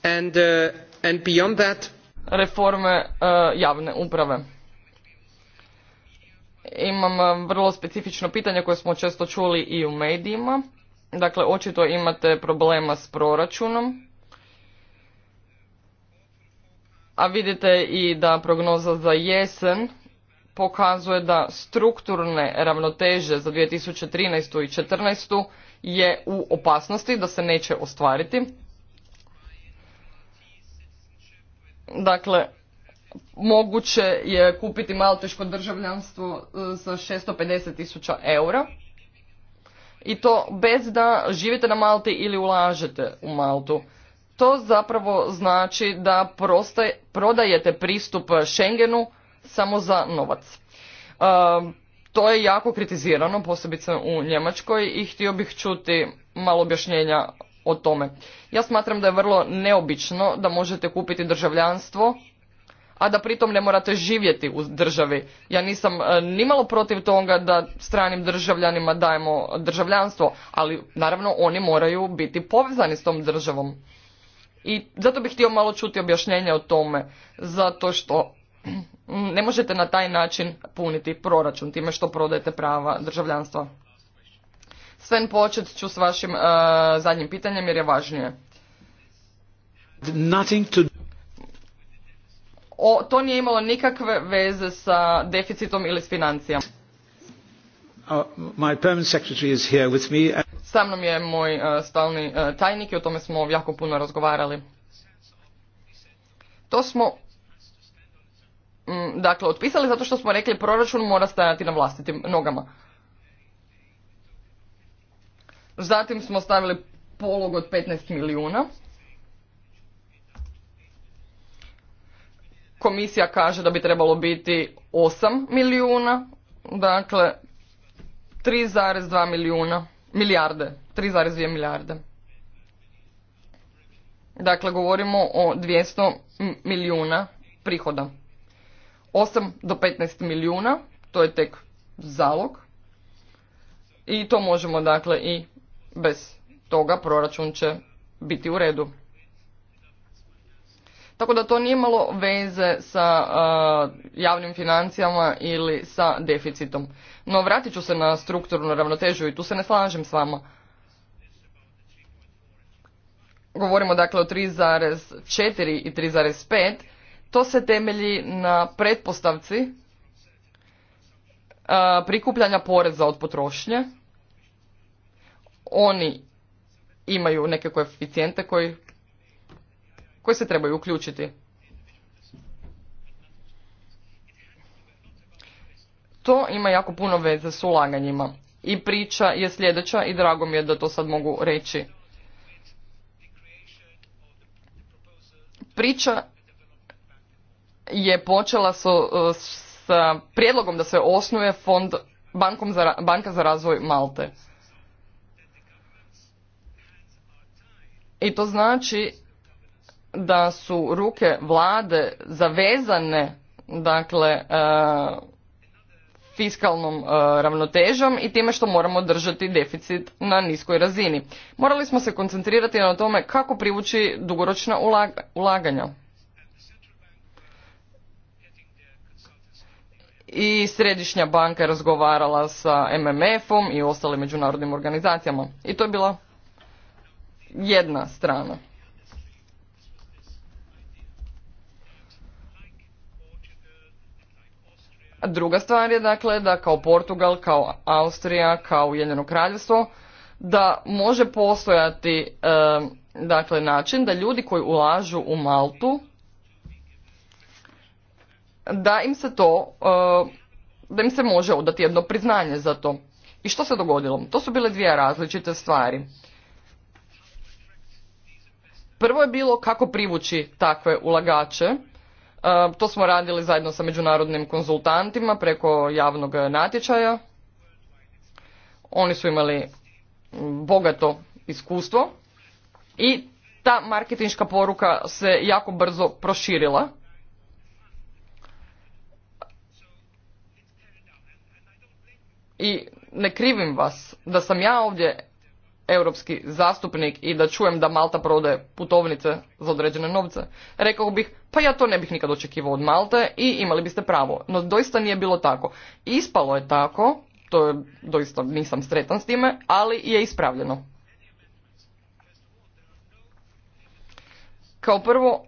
and, uh, and beyond that... reforme uh, javne uprave. Imam uh, vrlo specifično pitanje koje smo često čuli i u medijima. Dakle, očito imate problema s proračunom. A vidite i da prognoza za jesen pokazuje da strukturne ravnoteže za 2013. i 2014. je u opasnosti da se neće ostvariti. Dakle, moguće je kupiti malteško državljanstvo e, za 650 tisuća eura i to bez da živite na Malti ili ulažete u Maltu. To zapravo znači da prodajete pristup Schengenu samo za novac. E, to je jako kritizirano, posebice u Njemačkoj i htio bih čuti malo objašnjenja o tome. Ja smatram da je vrlo neobično da možete kupiti državljanstvo, a da pritom ne morate živjeti u državi. Ja nisam e, nimalo protiv toga da stranim državljanima dajemo državljanstvo, ali naravno oni moraju biti povezani s tom državom. I zato bih htio malo čuti objašnjenje o tome, zato što ne možete na taj način puniti proračun time što prodajete prava državljanstva. Sven, počet ću s vašim e, zadnjim pitanjem jer je važnije. To... O, to nije imalo nikakve veze sa deficitom ili s financijama. Oh, my Sa mnom je moj e, stalni e, tajnik i o tome smo jako puno razgovarali. To smo Mm, dakle, otpisali zato što smo rekli proračun mora stajati na vlastitim nogama. Zatim smo stavili polog od 15 milijuna. Komisija kaže da bi trebalo biti 8 milijuna, dakle 3,2 milijuna, milijarde, 3,2 milijarde. Dakle, govorimo o 200 milijuna prihoda. 8 do 15 milijuna, to je tek zalog. I to možemo dakle i bez toga proračun će biti u redu. Tako da to nije imalo veze sa javnim financijama ili sa deficitom. No vratit ću se na strukturnu ravnotežu i tu se ne slažem s vama. Govorimo dakle o 3,4 i 3,5 to se temelji na pretpostavci e, prikupljanja poreza od potrošnje. Oni imaju neke koeficijente koji, koji se trebaju uključiti. To ima jako puno veze s ulaganjima. I priča je sljedeća i drago mi je da to sad mogu reći. Priča je počela e, sa s prijedlogom da se osnuje fond bankom za, Banka za razvoj Malte. I to znači da su ruke vlade zavezane dakle e, fiskalnom e, ravnotežom i time što moramo držati deficit na niskoj razini. Morali smo se koncentrirati na tome kako privući dugoročna ulaganja. i Središnja banka je razgovarala sa MMF-om i ostalim međunarodnim organizacijama. I to je bila jedna strana. Druga stvar je dakle da kao Portugal, kao Austrija, kao Ujedinjeno kraljevstvo da može postojati eh, dakle način da ljudi koji ulažu u Maltu da im se to, eh, da im se može odati jedno priznanje za to. I što se dogodilo? To su bile dvije različite stvari. Prvo je bilo kako privući takve ulagače. Eh, to smo radili zajedno sa međunarodnim konzultantima preko javnog natječaja. Oni su imali bogato iskustvo i ta marketinška poruka se jako brzo proširila i ne krivim vas da sam ja ovdje europski zastupnik i da čujem da Malta prodaje putovnice za određene novce, rekao bih pa ja to ne bih nikad očekivao od Malte i imali biste pravo. No doista nije bilo tako. Ispalo je tako, to je, doista nisam sretan s time, ali je ispravljeno. Kao prvo,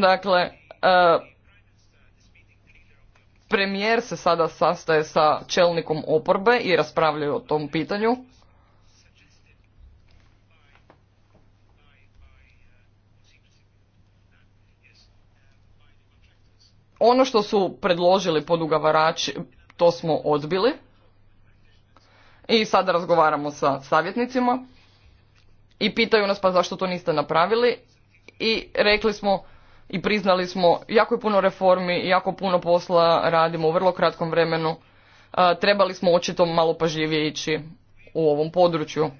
dakle, e, Premijer se sada sastaje sa čelnikom oporbe i raspravljaju o tom pitanju. Ono što su predložili podugavarači, to smo odbili. I sada razgovaramo sa savjetnicima i pitaju nas pa zašto to niste napravili i rekli smo i priznali smo jako puno reformi jako puno posla radimo u vrlo kratkom vremenu. E, trebali smo očito malo pažljivije ići u ovom području.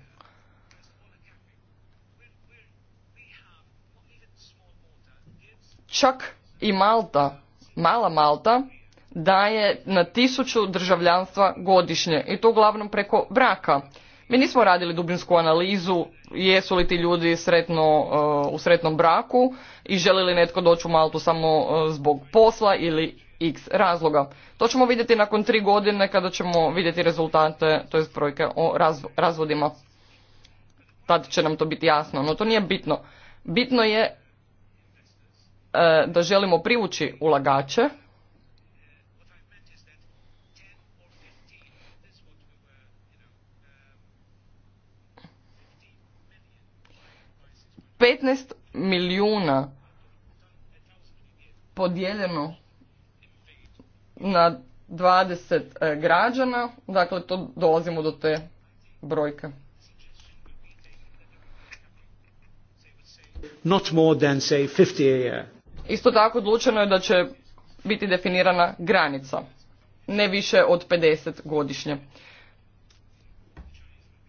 Čak i Malta, mala Malta, daje na tisuću državljanstva godišnje i to uglavnom preko braka. Mi nismo radili dubinsku analizu jesu li ti ljudi sretno, uh, u sretnom braku i želi li netko doći u Maltu samo uh, zbog posla ili x razloga. To ćemo vidjeti nakon tri godine kada ćemo vidjeti rezultate, to je brojke o razvodima. Tad će nam to biti jasno, no to nije bitno. Bitno je uh, da želimo privući ulagače 15 milijuna podijeljeno na 20 e, građana, dakle to dolazimo do te brojke. Not more than, say, 50 Isto tako odlučeno je da će biti definirana granica, ne više od 50 godišnje.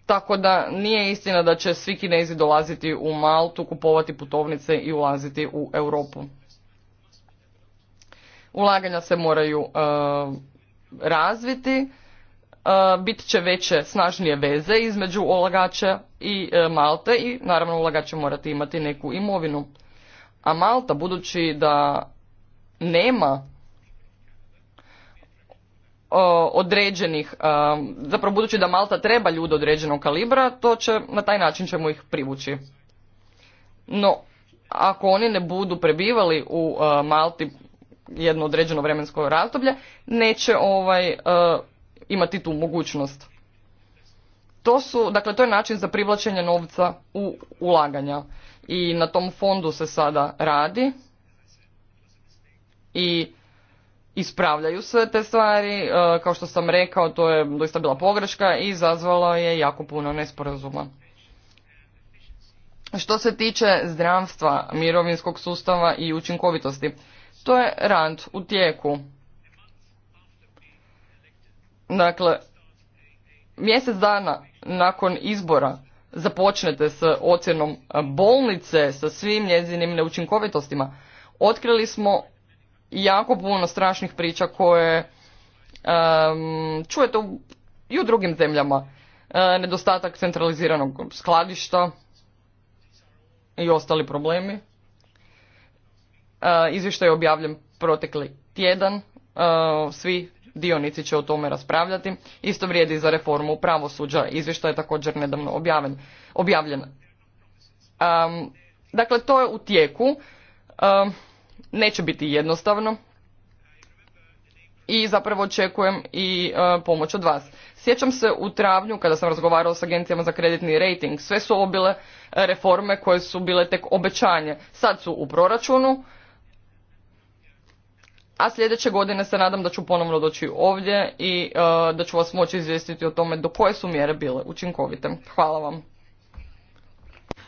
Tako da nije istina da će svi kinezi dolaziti u Maltu, kupovati putovnice i ulaziti u Europu. Ulaganja se moraju e, razviti, e, bit će veće, snažnije veze između ulagača i e, Malte i naravno ulagač morati imati neku imovinu. A Malta, budući da nema određenih, zapravo budući da Malta treba ljude određenog kalibra, to će, na taj način ćemo ih privući. No, ako oni ne budu prebivali u Malti jedno određeno vremensko razdoblje, neće ovaj, imati tu mogućnost. To su, dakle, to je način za privlačenje novca u ulaganja. I na tom fondu se sada radi. I ispravljaju sve te stvari. E, kao što sam rekao, to je doista bila pogreška i izazvalo je jako puno nesporazuma. Što se tiče zdravstva, mirovinskog sustava i učinkovitosti, to je rand u tijeku. Dakle, mjesec dana nakon izbora započnete s ocjenom bolnice sa svim njezinim neučinkovitostima. Otkrili smo jako puno strašnih priča koje um, čujete u, i u drugim zemljama. E, nedostatak centraliziranog skladišta i ostali problemi. E, izvještaj je objavljen protekli tjedan. E, svi dionici će o tome raspravljati. Isto vrijedi za reformu pravosuđa. Izvještaj je također nedavno objavljen. dakle, to je u tijeku neće biti jednostavno i zapravo očekujem i e, pomoć od vas. Sjećam se u travnju kada sam razgovarao s agencijama za kreditni rating, sve su ovo bile reforme koje su bile tek obećanje. Sad su u proračunu, a sljedeće godine se nadam da ću ponovno doći ovdje i e, da ću vas moći izvijestiti o tome do koje su mjere bile učinkovite. Hvala vam.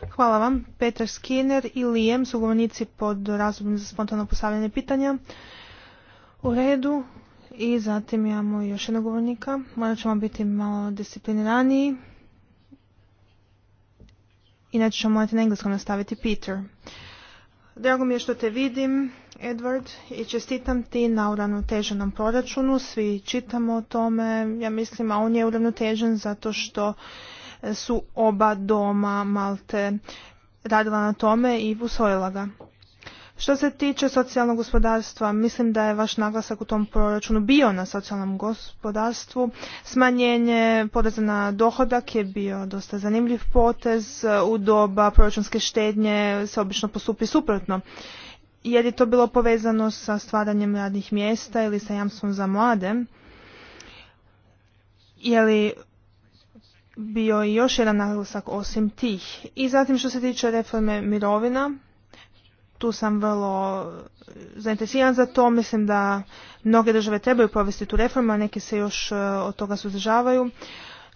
Hvala vam. Petar Skinner i Lijem su govornici pod razumom za spontano postavljanje pitanja. U redu. I zatim imamo još jednog govornika. Morat ćemo biti malo disciplinirani. Inače ćemo morati na engleskom nastaviti Peter. Drago mi je što te vidim, Edward, i čestitam ti na uravnoteženom proračunu. Svi čitamo o tome, ja mislim, a on je uravnotežen zato što su oba doma Malte radila na tome i usvojila ga. Što se tiče socijalnog gospodarstva, mislim da je vaš naglasak u tom proračunu bio na socijalnom gospodarstvu. Smanjenje poreza na dohodak je bio dosta zanimljiv potez. U doba proračunske štednje se obično postupi suprotno. Jer je to bilo povezano sa stvaranjem radnih mjesta ili sa jamstvom za mlade. Je li bio i još jedan naglasak osim tih. I zatim što se tiče reforme mirovina, tu sam vrlo zainteresiran za to. Mislim da mnoge države trebaju provesti tu reformu, a neke se još e, od toga suzdržavaju.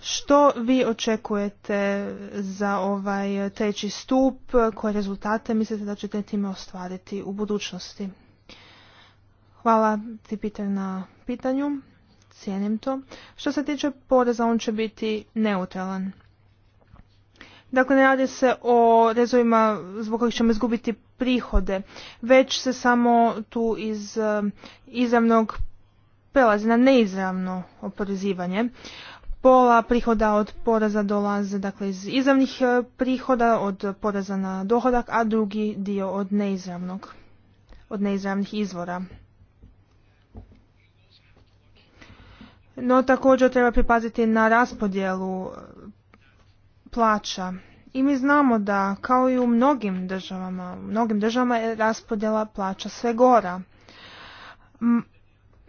Što vi očekujete za ovaj treći stup? Koje rezultate mislite da ćete time ostvariti u budućnosti? Hvala ti Peter na pitanju cijenim to. Što se tiče poreza, on će biti neutralan. Dakle, ne radi se o rezovima zbog kojih ćemo izgubiti prihode, već se samo tu iz um, izravnog prelazi na neizravno oporezivanje. Pola prihoda od poreza dolaze dakle, iz izravnih uh, prihoda od poreza na dohodak, a drugi dio od neizravnog, od neizravnih izvora. No također treba pripaziti na raspodjelu e, plaća. I mi znamo da kao i u mnogim državama, u mnogim državama je raspodjela plaća sve gora.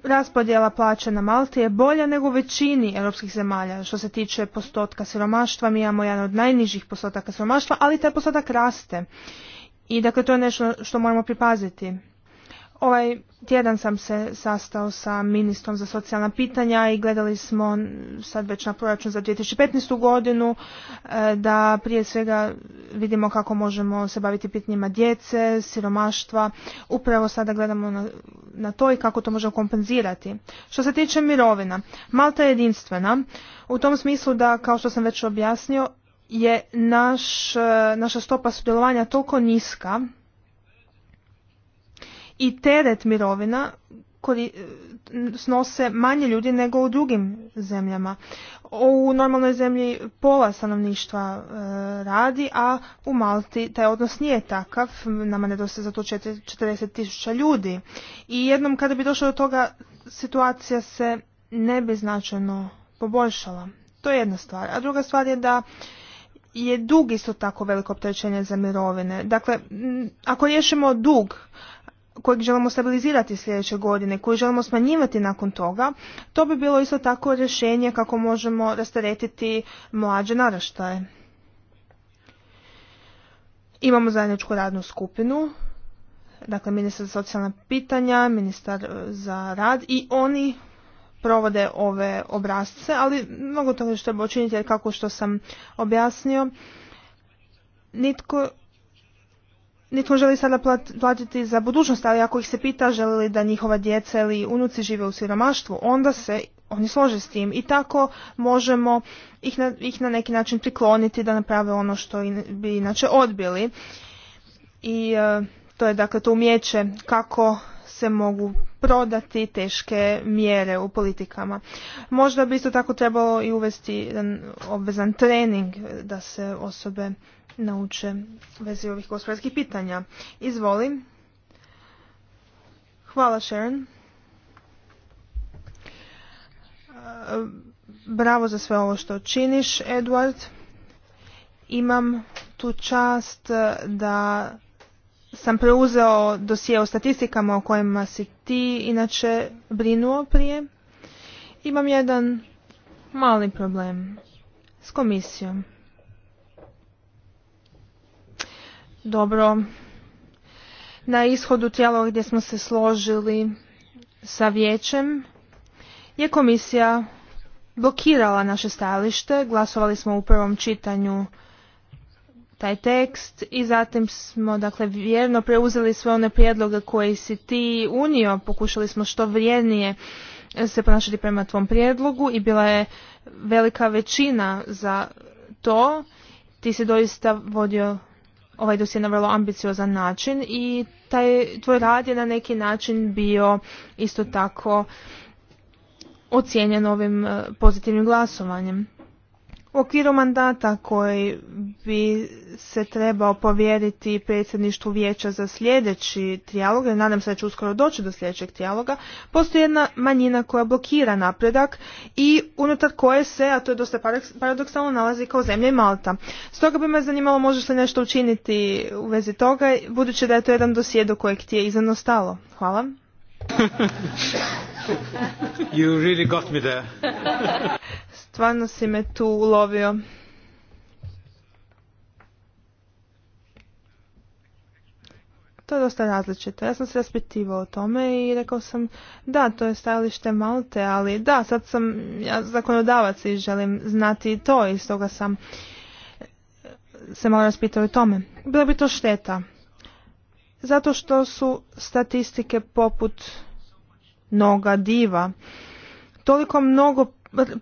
raspodjela plaća na Malti je bolja nego u većini europskih zemalja. Što se tiče postotka siromaštva, mi imamo jedan od najnižih postotaka siromaštva, ali taj postotak raste. I dakle to je nešto što moramo pripaziti. Ovaj tjedan sam se sastao sa ministrom za socijalna pitanja i gledali smo sad već na proračun za 2015. godinu e, da prije svega vidimo kako možemo se baviti pitanjima djece, siromaštva. Upravo sada gledamo na, na to i kako to možemo kompenzirati. Što se tiče mirovina, Malta je jedinstvena u tom smislu da, kao što sam već objasnio, je naš, e, naša stopa sudjelovanja toliko niska i teret mirovina e, snose manje ljudi nego u drugim zemljama. U normalnoj zemlji pola stanovništva e, radi, a u Malti taj odnos nije takav, nama nedostaje za to 40 tisuća ljudi. I jednom kada bi došlo do toga, situacija se ne bi značajno poboljšala. To je jedna stvar. A druga stvar je da je dug isto tako veliko opterećenje za mirovine. Dakle, ako riješimo dug, kojeg želimo stabilizirati sljedeće godine, koji želimo smanjivati nakon toga, to bi bilo isto tako rješenje kako možemo rasteretiti mlađe naraštaje. Imamo zajedničku radnu skupinu, dakle ministar za socijalna pitanja, ministar e, za rad i oni provode ove obrazce, ali mnogo toga što treba učiniti jer kako što sam objasnio, nitko nitko želi sada platiti za budućnost, ali ako ih se pita želi li da njihova djeca ili unuci žive u siromaštvu, onda se oni slože s tim i tako možemo ih na, ih na neki način prikloniti da naprave ono što bi inače odbili. I e, to je dakle to umjeće kako se mogu prodati teške mjere u politikama. Možda bi isto tako trebalo i uvesti obvezan trening da se osobe nauče vezi ovih gospodarskih pitanja. Izvolim. Hvala Sharon. E, bravo za sve ovo što činiš, Edward. Imam tu čast e, da sam preuzeo dosije o statistikama o kojima si ti inače brinuo prije. Imam jedan mali problem s komisijom. Dobro, na ishodu tijela gdje smo se složili sa vijećem je komisija blokirala naše stajalište. Glasovali smo u prvom čitanju taj tekst i zatim smo dakle vjerno preuzeli sve one prijedloge koje si ti unio. Pokušali smo što vrijednije se ponašati prema tvom prijedlogu i bila je velika većina za to. Ti si doista vodio ovaj dosje na vrlo ambiciozan način i taj tvoj rad je na neki način bio isto tako ocijenjen ovim eh, pozitivnim glasovanjem. U okviru mandata koji bi se trebao povjeriti predsjedništvu vijeća za sljedeći trijalog, jer nadam se da će uskoro doći do sljedećeg trijaloga, postoji jedna manjina koja blokira napredak i unutar koje se, a to je dosta paradoksalno, nalazi kao zemlja i Malta. Stoga bi me zanimalo može li nešto učiniti u vezi toga, budući da je to jedan dosjedo do kojeg ti je izanostalo. Hvala. Stvarno si me tu ulovio. To je dosta različito. Ja sam se raspitivao o tome i rekao sam da, to je stajalište Malte, ali da, sad sam ja zakonodavac i želim znati to i stoga sam se malo raspitao o tome. Bila bi to šteta. Zato što su statistike poput noga diva. Toliko mnogo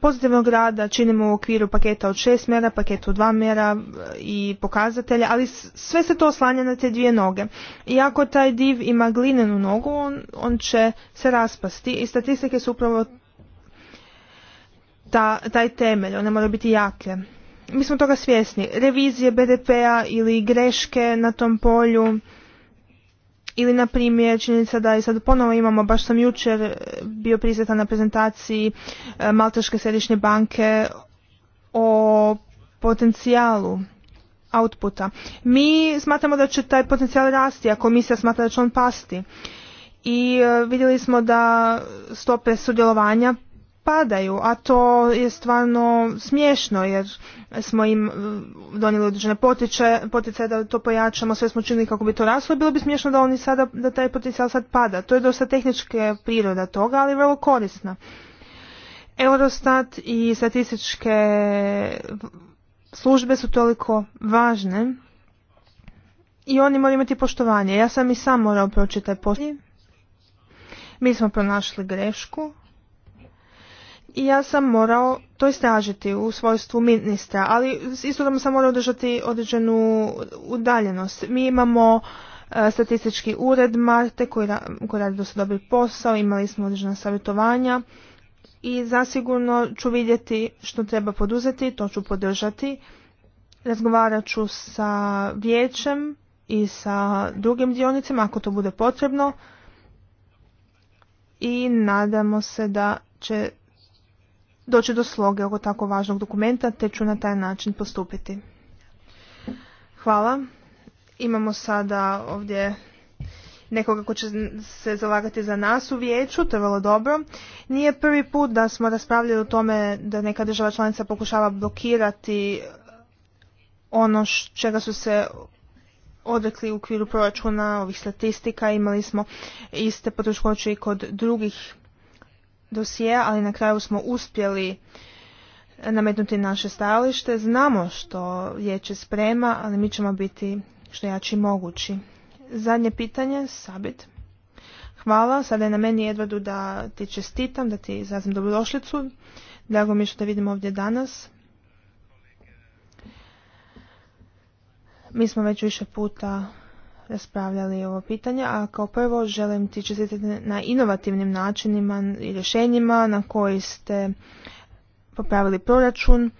pozitivnog rada činimo u okviru paketa od šest mjera, od dva mjera e, i pokazatelja, ali sve se to oslanja na te dvije noge. Iako taj div ima glinenu nogu, on, on će se raspasti i statistike su upravo taj temelj, one moraju biti jake. Mi smo toga svjesni. Revizije BDP-a ili greške na tom polju ili, na primjer, činjenica da i sad ponovo imamo, baš sam jučer e, bio prisjetan na prezentaciji e, Maltaške središnje banke o potencijalu outputa. Mi smatramo da će taj potencijal rasti, a komisija smatra da će on pasti. I e, vidjeli smo da stope sudjelovanja padaju, a to je stvarno smiješno jer smo im e, donijeli određene poticaje da to pojačamo, sve smo činili kako bi to raslo, bilo bi smiješno da oni sada, da taj potencijal sad pada. To je dosta tehnička priroda toga, ali vrlo korisna. Eurostat i statističke službe su toliko važne i oni moraju imati poštovanje. Ja sam i sam morao proći taj Mi smo pronašli grešku i ja sam morao to istražiti u svojstvu ministra, ali istodobno sam morao održati određenu udaljenost. Mi imamo e, statistički ured Marte koji, ra koji radi dosta dobri posao, imali smo određena savjetovanja i zasigurno ću vidjeti što treba poduzeti, to ću podržati. Razgovarat ću sa vijećem i sa drugim dionicima ako to bude potrebno i nadamo se da će doći do sloge oko tako važnog dokumenta, te ću na taj način postupiti. Hvala. Imamo sada ovdje nekoga ko će se zalagati za nas u vijeću, to je vrlo dobro. Nije prvi put da smo raspravljali o tome da neka država članica pokušava blokirati ono čega su se odrekli u okviru proračuna ovih statistika. Imali smo iste potroškoće i kod drugih dosije, ali na kraju smo uspjeli nametnuti naše stajalište. Znamo što vijeće sprema, ali mi ćemo biti što jači mogući. Zadnje pitanje, Sabit. Hvala, sada je na meni Edvardu da ti čestitam, da ti izrazim dobrodošlicu. Drago mi je što te vidimo ovdje danas. Mi smo već više puta raspravljali ovo pitanje, a kao prvo želim ti čestitati na inovativnim načinima i rješenjima na koji ste popravili proračun.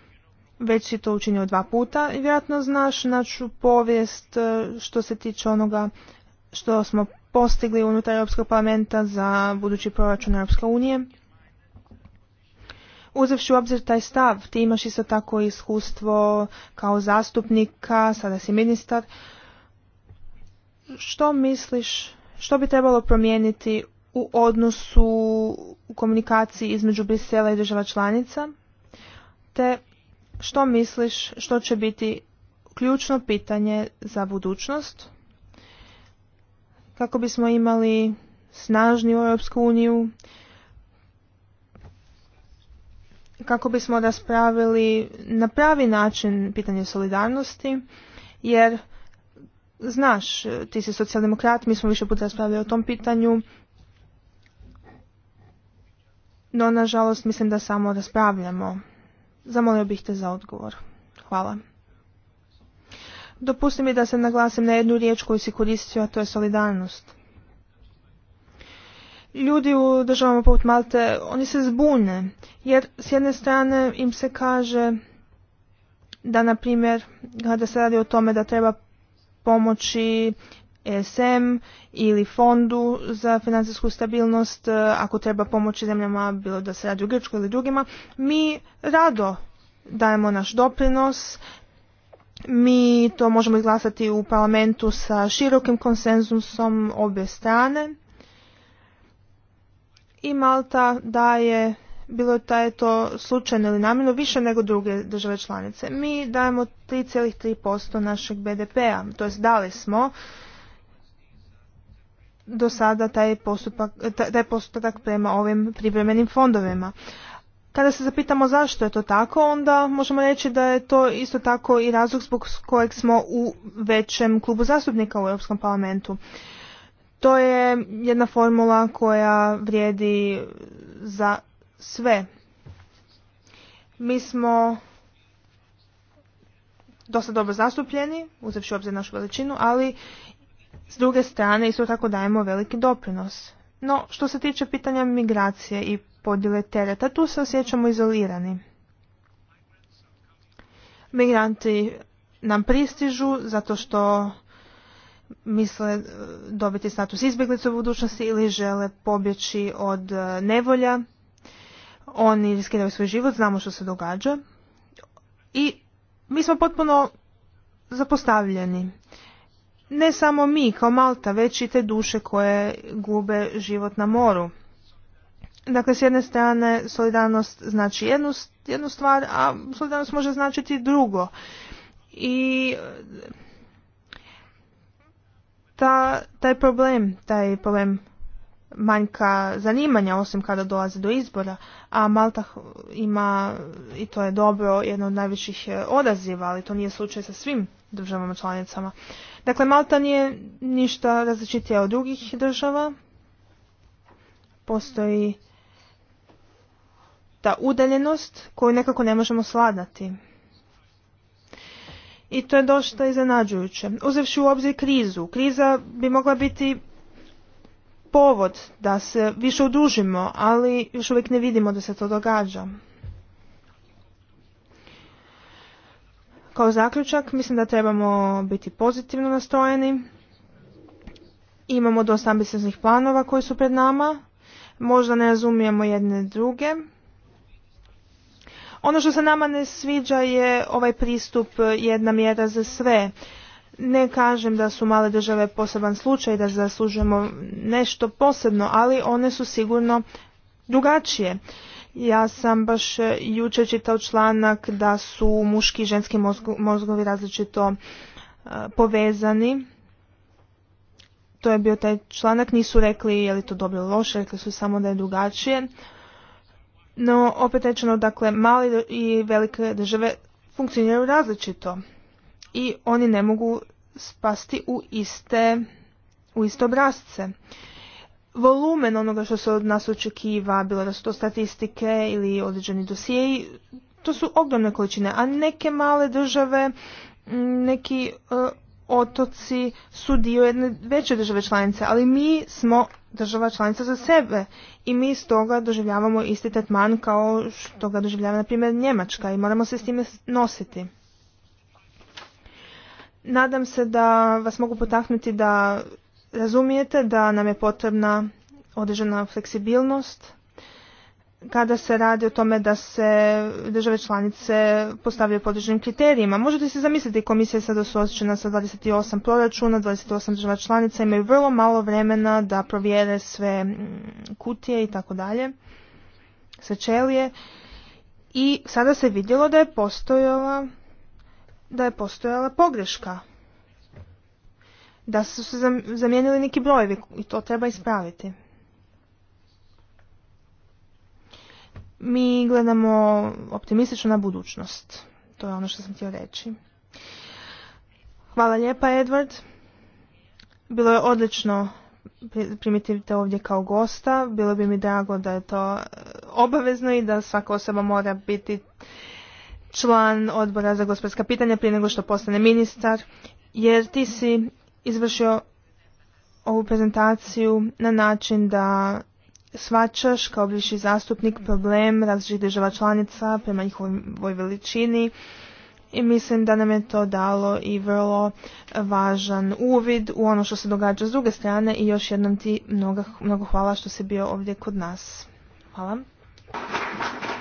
Već si to učinio dva puta i vjerojatno znaš našu povijest e, što se tiče onoga što smo postigli unutar Europskog parlamenta za budući proračun Europske unije. Uzevši u obzir taj stav, ti imaš isto tako iskustvo kao zastupnika, sada si ministar, što misliš, što bi trebalo promijeniti u odnosu u komunikaciji između Brisela i država članica? Te što misliš, što će biti ključno pitanje za budućnost? Kako bismo imali snažniju Europsku uniju? Kako bismo raspravili na pravi način pitanje solidarnosti? Jer znaš, e, ti si socijaldemokrat, mi smo više puta raspravljali o tom pitanju, no nažalost mislim da samo raspravljamo. Zamolio bih te za odgovor. Hvala. Dopusti mi da se naglasim na jednu riječ koju si koristio, a to je solidarnost. Ljudi u državama poput Malte, oni se zbune, jer s jedne strane im se kaže da, na primjer, kada se radi o tome da treba pomoći ESM ili fondu za financijsku stabilnost, e, ako treba pomoći zemljama, bilo da se radi o Grčkoj ili drugima, mi rado dajemo naš doprinos, mi to možemo izglasati u parlamentu sa širokim konsenzusom obje strane i Malta daje bilo da je to slučajno ili namjerno više nego druge države članice. Mi dajemo 3,3% našeg BDP-a, to jest dali smo do sada taj, postupak, taj postupak prema ovim privremenim fondovima. Kada se zapitamo zašto je to tako, onda možemo reći da je to isto tako i razlog zbog kojeg smo u većem klubu zastupnika u Europskom parlamentu. To je jedna formula koja vrijedi za sve. Mi smo dosta dobro zastupljeni, uzevši obzir našu veličinu, ali s druge strane isto tako dajemo veliki doprinos. No, što se tiče pitanja migracije i podjele tereta, tu se osjećamo izolirani. Migranti nam pristižu zato što misle dobiti status izbjeglice u budućnosti ili žele pobjeći od nevolja oni riskiraju svoj život, znamo što se događa i mi smo potpuno zapostavljeni. Ne samo mi kao Malta, već i te duše koje gube život na moru. Dakle, s jedne strane solidarnost znači jednu, jednu stvar, a solidarnost može značiti drugo. I e, taj problem, taj problem manjka zanimanja osim kada dolazi do izbora, a Malta ima, i to je dobro, jedno od najvećih e, odaziva, ali to nije slučaj sa svim državama članicama. Dakle, Malta nije ništa različitija od drugih država. Postoji ta udaljenost koju nekako ne možemo sladati. I to je dosta iznenađujuće. Uzevši u obzir krizu, kriza bi mogla biti povod da se više udužimo, ali još uvijek ne vidimo da se to događa. Kao zaključak mislim da trebamo biti pozitivno nastrojeni. Imamo dosta ambicioznih planova koji su pred nama. Možda ne razumijemo jedne druge. Ono što se nama ne sviđa je ovaj pristup jedna mjera za sve. Ne kažem da su male države poseban slučaj, da zaslužujemo nešto posebno, ali one su sigurno drugačije. Ja sam baš e, jučer čitao članak da su muški i ženski mozgovi različito e, povezani. To je bio taj članak, nisu rekli je li to dobro ili loše, rekli su samo da je drugačije. No, opet rečeno, dakle, male i velike države funkcioniraju različito i oni ne mogu spasti u iste, u iste obrazce. Volumen onoga što se od nas očekiva, bilo da su to statistike ili određeni dosijeji, to su ogromne količine, a neke male države, neki e, otoci su dio jedne veće države članice, ali mi smo država članica za sebe i mi stoga doživljavamo isti tretman kao što ga doživljava na primjer Njemačka i moramo se s time nositi. Nadam se da vas mogu potaknuti da razumijete da nam je potrebna određena fleksibilnost kada se radi o tome da se države članice postavljaju po određenim kriterijima. Možete se zamisliti, komisija je sada suočena sa 28 proračuna, 28 država članica imaju vrlo malo vremena da provjere sve mm, kutije i tako dalje, sve čelije. I sada se vidjelo da je postojala da je postojala pogreška. Da su se zamijenili neki brojevi i to treba ispraviti. Mi gledamo optimistično na budućnost. To je ono što sam htio reći. Hvala lijepa, Edward. Bilo je odlično primiti te ovdje kao gosta. Bilo bi mi drago da je to e, obavezno i da svaka osoba mora biti član odbora za gospodarska pitanja prije nego što postane ministar, jer ti si izvršio ovu prezentaciju na način da svačaš kao bivši zastupnik problem različitih država članica prema njihovoj veličini i mislim da nam je to dalo i vrlo važan uvid u ono što se događa s druge strane i još jednom ti mnogo, mnogo hvala što si bio ovdje kod nas. Hvala.